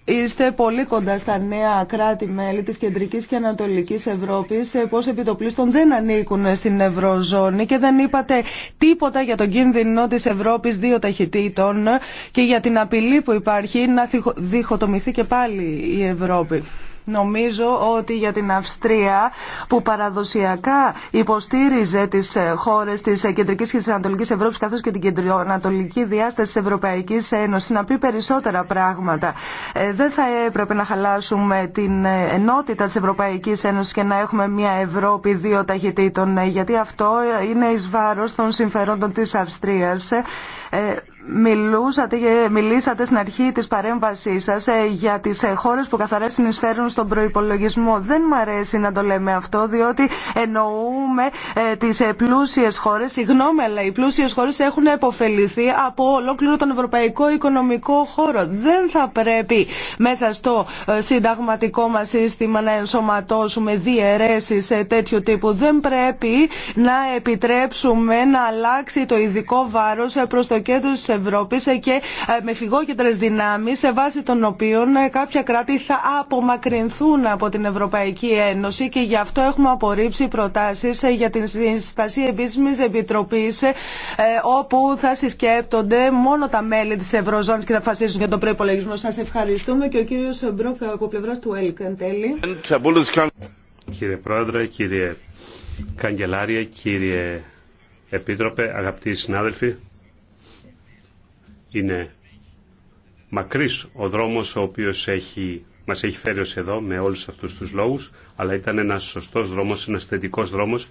Είστε πολύ κοντά στα νέα κράτη-μέλη της Κεντρικής και Ανατολικής Ευρώπης, ε, πώς επιτοπλίστων δεν ανήκουν στην Ευρωζώνη και δεν είπατε τίποτα για τον κίνδυνο της Ευρώπης δύο ταχυτήτων και για την απειλή που υπάρχει να διχοτομηθεί και πάλι η Ευρώπη. Νομίζω ότι για την Αυστρία που παραδοσιακά υποστήριζε τις ε, χώρες της ε, Κεντρικής και της Ανατολικής Ευρώπης καθώς και την Κεντροανατολική διάσταση της Ευρωπαϊκής Ένωσης να πει περισσότερα πράγματα. Ε, δεν θα έπρεπε να χαλάσουμε την ενότητα της Ευρωπαϊκής Ένωσης και να έχουμε μια Ευρώπη δύο ταχυτήτων γιατί αυτό είναι εις βάρος των συμφερόντων της Αυστρίας. Μιλούσατε, μιλήσατε στην αρχή της παρέμβασής σας ε, για τις ε, χώρες που καθαρά συνεισφέρουν στον προϋπολογισμό. Δεν μου αρέσει να το λέμε αυτό, διότι εννοούμε ε, τις πλούσιες χώρες. Συγγνώμη, αλλά οι πλούσιες χώρες έχουν επωφεληθεί από ολόκληρο τον ευρωπαϊκό οικονομικό χώρο. Δεν θα πρέπει μέσα στο συνταγματικό μας σύστημα να ενσωματώσουμε διαιρέσεις τέτοιου τύπου. Δεν πρέπει να επιτρέψουμε να αλλάξει το ειδικό βάρος προς το κέντρο Ευρώπη ε, και ε, με φυγόκεντρε δυνάμει, σε βάση των οποίων ε, κάποια κράτη θα απομακρυνθούν από την Ευρωπαϊκή Ένωση και γι' αυτό έχουμε απορρίψει προτάσει για την συστασία επίσημη επιτροπή όπου θα συσκέπτονται μόνο τα μέλη τη Ευρωζώνη και θα φασίσουν για τον προπολογισμό. Σα ευχαριστούμε και ο κύριο Μπρόκ από πλευρά του ΕΛΚ εν τέλει.
Κύριε Πρόεδρε, κύριε Καγκελάρια, κύριε Επίτροπε, αγαπητοί συνάδελφοι, είναι μακρύς ο δρόμος ο οποίος έχει, μας έχει φέρει ως εδώ με όλους αυτούς τους λόγους, αλλά ήταν ένας σωστός δρόμος, ένας θετικός δρόμος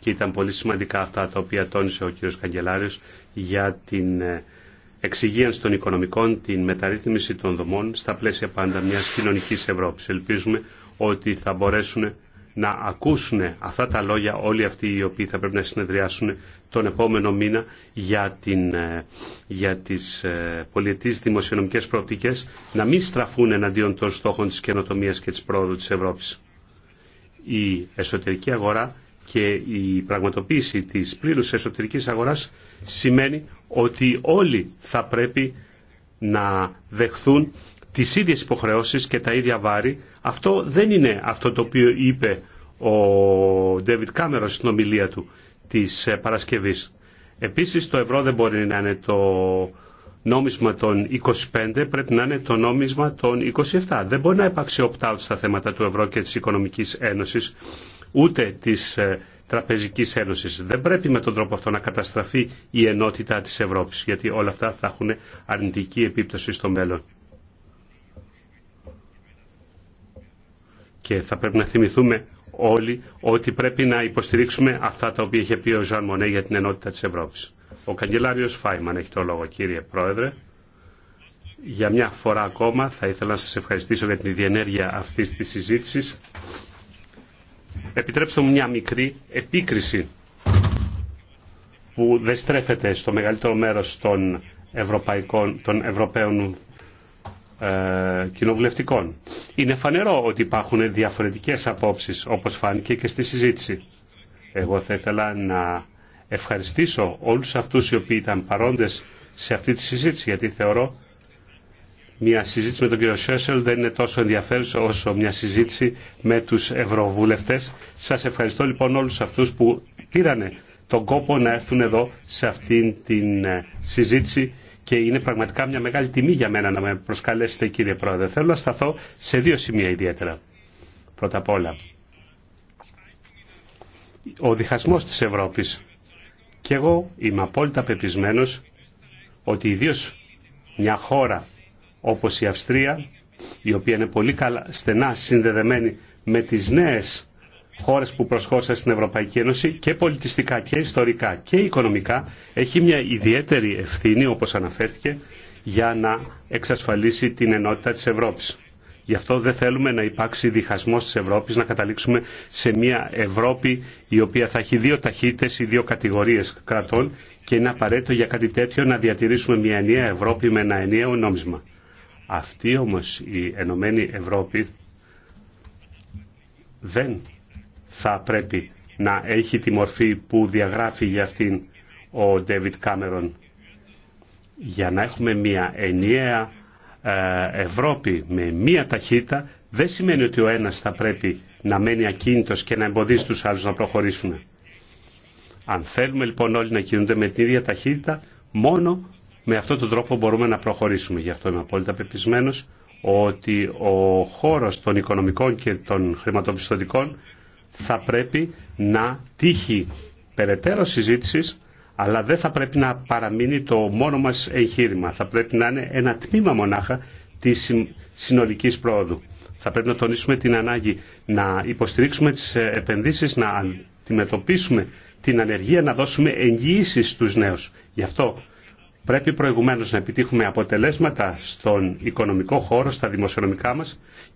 και ήταν πολύ σημαντικά αυτά τα οποία τόνισε ο κ. Καγκελάριος για την ε, εξυγίανση των οικονομικών, την μεταρρύθμιση των δομών στα πλαίσια πάντα μιας κοινωνικής Ευρώπης. Ελπίζουμε ότι θα μπορέσουν να ακούσουν αυτά τα λόγια όλοι αυτοί οι οποίοι θα πρέπει να συνεδριάσουν τον επόμενο μήνα για, την, ε, για τις ε, πολιετής δημοσιονομικές προοπτικές να μην στραφούν εναντίον των στόχων της καινοτομίας και της πρόοδου της Ευρώπης. Η εσωτερική αγορά και η πραγματοποίηση της πλήρους εσωτερικής αγοράς σημαίνει ότι όλοι θα πρέπει να δεχθούν τις ίδιες υποχρεώσεις και τα ίδια βάρη. Αυτό δεν είναι αυτό το οποίο είπε ο Ντέβιτ Κάμερο στην ομιλία του της ε, Παρασκευής. Επίσης το ευρώ δεν μπορεί να είναι το νόμισμα των 25, πρέπει να είναι το νόμισμα των 27. Δεν μπορεί να υπάρξει opt-out στα θέματα του ευρώ και της Οικονομικής Ένωσης, ούτε της ε, Τραπεζικής Ένωσης. Δεν πρέπει με τον τρόπο αυτό να καταστραφεί η ενότητα της Ευρώπης, γιατί όλα αυτά θα έχουν αρνητική επίπτωση στο μέλλον. Και θα πρέπει να θυμηθούμε όλοι ότι πρέπει να υποστηρίξουμε αυτά τα οποία είχε πει ο Ζαν Μονέ για την ενότητα της Ευρώπης. Ο καγκελάριος Φάιμαν έχει το λόγο κύριε Πρόεδρε. Για μια φορά ακόμα θα ήθελα να σας ευχαριστήσω για την διενέργεια αυτής της συζήτησης. Επιτρέψτε μου μια μικρή επίκριση που δεν στρέφεται στο μεγαλύτερο μέρος των, των Ευρωπαίων ε, κοινοβουλευτικών. Είναι φανερό ότι υπάρχουν διαφορετικές απόψεις, όπως φάνηκε και στη συζήτηση. Εγώ θα ήθελα να ευχαριστήσω όλους αυτούς οι οποίοι ήταν παρόντες σε αυτή τη συζήτηση, γιατί θεωρώ μια συζήτηση με τον κύριο Σέσελ δεν είναι τόσο ενδιαφέρουσα όσο μια συζήτηση με τους ευρωβουλευτές. Σας ευχαριστώ λοιπόν όλους αυτούς που πήρανε τον κόπο να έρθουν εδώ σε αυτήν την ε, συζήτηση και είναι πραγματικά μια μεγάλη τιμή για μένα να με προσκαλέσετε κύριε Πρόεδρε. Θέλω να σταθώ σε δύο σημεία ιδιαίτερα. Πρώτα απ' όλα, ο διχασμός της Ευρώπης. Και εγώ είμαι απόλυτα πεπισμένος ότι ιδίω μια χώρα όπως η Αυστρία, η οποία είναι πολύ καλά, στενά συνδεδεμένη με τις νέες χώρες που προσχώρησαν στην Ευρωπαϊκή Ένωση και πολιτιστικά και ιστορικά και οικονομικά έχει μια ιδιαίτερη ευθύνη όπως αναφέρθηκε για να εξασφαλίσει την ενότητα της Ευρώπης. Γι' αυτό δεν θέλουμε να υπάρξει διχασμός της Ευρώπης, να καταλήξουμε σε μια Ευρώπη η οποία θα έχει δύο ταχύτητες ή δύο κατηγορίες κρατών και είναι απαραίτητο για κάτι τέτοιο να διατηρήσουμε μια ενιαία Ευρώπη με ένα ενιαίο νόμισμα. Αυτή όμως η Ενωμένη Ευρώπη δεν θα πρέπει να έχει τη μορφή που διαγράφει για αυτήν ο Ντέβιτ Κάμερον. Για να έχουμε μια ενιαία ε, Ευρώπη με μία ταχύτητα δεν σημαίνει ότι ο ένας θα πρέπει να μένει ακίνητος και να εμποδίσει τους άλλους να προχωρήσουν. Αν θέλουμε λοιπόν όλοι να κινούνται με την ίδια ταχύτητα, μόνο με αυτόν τον τρόπο μπορούμε να προχωρήσουμε. Γι' αυτό είμαι απόλυτα πεπισμένος ότι ο χώρος των οικονομικών και των χρηματοπιστωτικών θα πρέπει να τύχει περαιτέρω συζήτηση, αλλά δεν θα πρέπει να παραμείνει το μόνο μας εγχείρημα. Θα πρέπει να είναι ένα τμήμα μονάχα της συνολική πρόοδου. Θα πρέπει να τονίσουμε την ανάγκη να υποστηρίξουμε τις ε, επενδύσεις, να αντιμετωπίσουμε την ανεργία, να δώσουμε εγγύησει στους νέους. Γι' αυτό πρέπει προηγουμένω να επιτύχουμε αποτελέσματα στον οικονομικό χώρο, στα δημοσιονομικά μα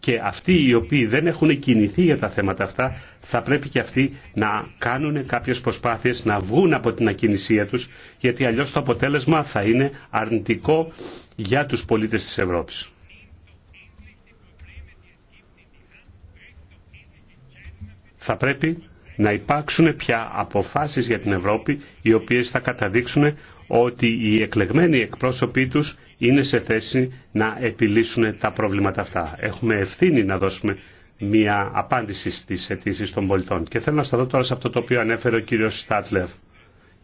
και αυτοί οι οποίοι δεν έχουν κινηθεί για τα θέματα αυτά θα πρέπει και αυτοί να κάνουν κάποιες προσπάθειες να βγουν από την ακινησία τους γιατί αλλιώς το αποτέλεσμα θα είναι αρνητικό για τους πολίτες της Ευρώπης. Θα πρέπει να υπάρξουν πια αποφάσεις για την Ευρώπη οι οποίες θα καταδείξουν ότι οι εκλεγμένοι εκπρόσωποι τους είναι σε θέση να επιλύσουν τα προβλήματα αυτά. Έχουμε ευθύνη να δώσουμε μια απάντηση στις αιτήσει των πολιτών. Και θέλω να σταθώ τώρα σε αυτό το οποίο ανέφερε ο κύριος Στάτλερ.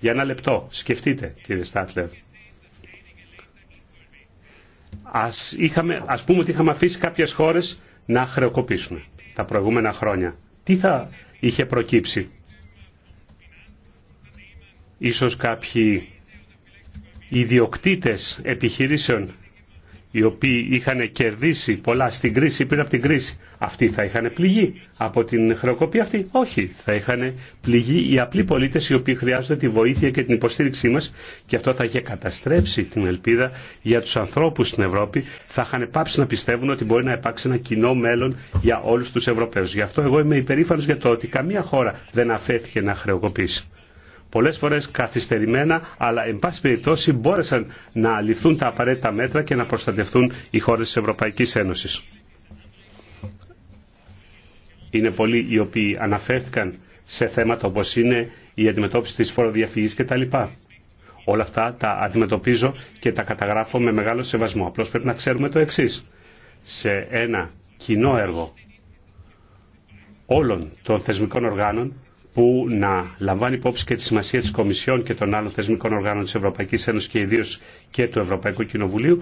Για ένα λεπτό, σκεφτείτε κύριε Στάτλερ. Ας, είχαμε, ας πούμε ότι είχαμε αφήσει κάποιες χώρες να χρεοκοπήσουν τα προηγούμενα χρόνια. Τι θα είχε προκύψει. Ίσως κάποιοι οι ιδιοκτήτες επιχειρήσεων οι οποίοι είχαν κερδίσει πολλά στην κρίση πριν από την κρίση, αυτοί θα είχαν πληγεί από την χρεοκοπία αυτή. Όχι, θα είχαν πληγεί οι απλοί πολίτες οι οποίοι χρειάζονται τη βοήθεια και την υποστήριξή μας και αυτό θα είχε καταστρέψει την ελπίδα για τους ανθρώπους στην Ευρώπη. Θα είχαν πάψει να πιστεύουν ότι μπορεί να υπάρξει ένα κοινό μέλλον για όλους τους Ευρωπαίους. Γι' αυτό εγώ είμαι υπερήφανος για το ότι καμία χώρα δεν αφέθηκε να χρεοκοπήσει πολλές φορές καθυστερημένα, αλλά εν πάση περιπτώσει μπόρεσαν να ληφθούν τα απαραίτητα μέτρα και να προστατευτούν οι χώρες της Ευρωπαϊκής Ένωσης. Είναι πολλοί οι οποίοι αναφέρθηκαν σε θέματα όπως είναι η αντιμετώπιση της φοροδιαφυγής κτλ. Όλα αυτά τα αντιμετωπίζω και τα καταγράφω με μεγάλο σεβασμό. Απλώς πρέπει να ξέρουμε το εξή: Σε ένα κοινό έργο όλων των θεσμικών οργάνων που να λαμβάνει υπόψη και τη σημασία της Κομισιόν και των άλλων θεσμικών οργάνων της Ευρωπαϊκής Ένωσης και ιδίω και του Ευρωπαϊκού Κοινοβουλίου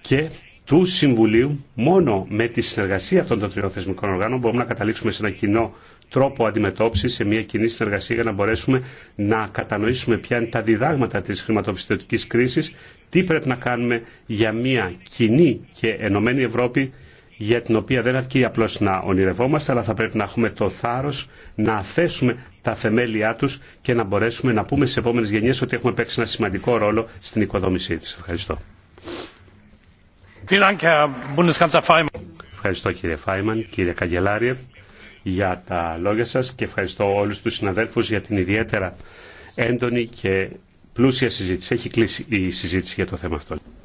και του Συμβουλίου. Μόνο με τη συνεργασία αυτών των τριών θεσμικών οργάνων μπορούμε να καταλήξουμε σε ένα κοινό τρόπο αντιμετώπισης, σε μια κοινή συνεργασία για να μπορέσουμε να κατανοήσουμε ποια είναι τα διδάγματα της χρηματοπιστωτικής κρίσης, τι πρέπει να κάνουμε για μια κοινή και ενωμένη Ευρώπη για την οποία δεν αρκεί απλώς να ονειρευόμαστε, αλλά θα πρέπει να έχουμε το θάρρος να θέσουμε τα θεμέλια τους και να μπορέσουμε να πούμε στις επόμενες γενιές ότι έχουμε παίξει ένα σημαντικό ρόλο στην οικοδόμησή της. Ευχαριστώ. Ευχαριστώ κύριε Φάιμαν, κύριε Καγκελάριε για τα λόγια σας και ευχαριστώ όλους τους συναδέλφους για την ιδιαίτερα έντονη και πλούσια συζήτηση. Έχει κλείσει η συζήτηση για το θέμα αυτό.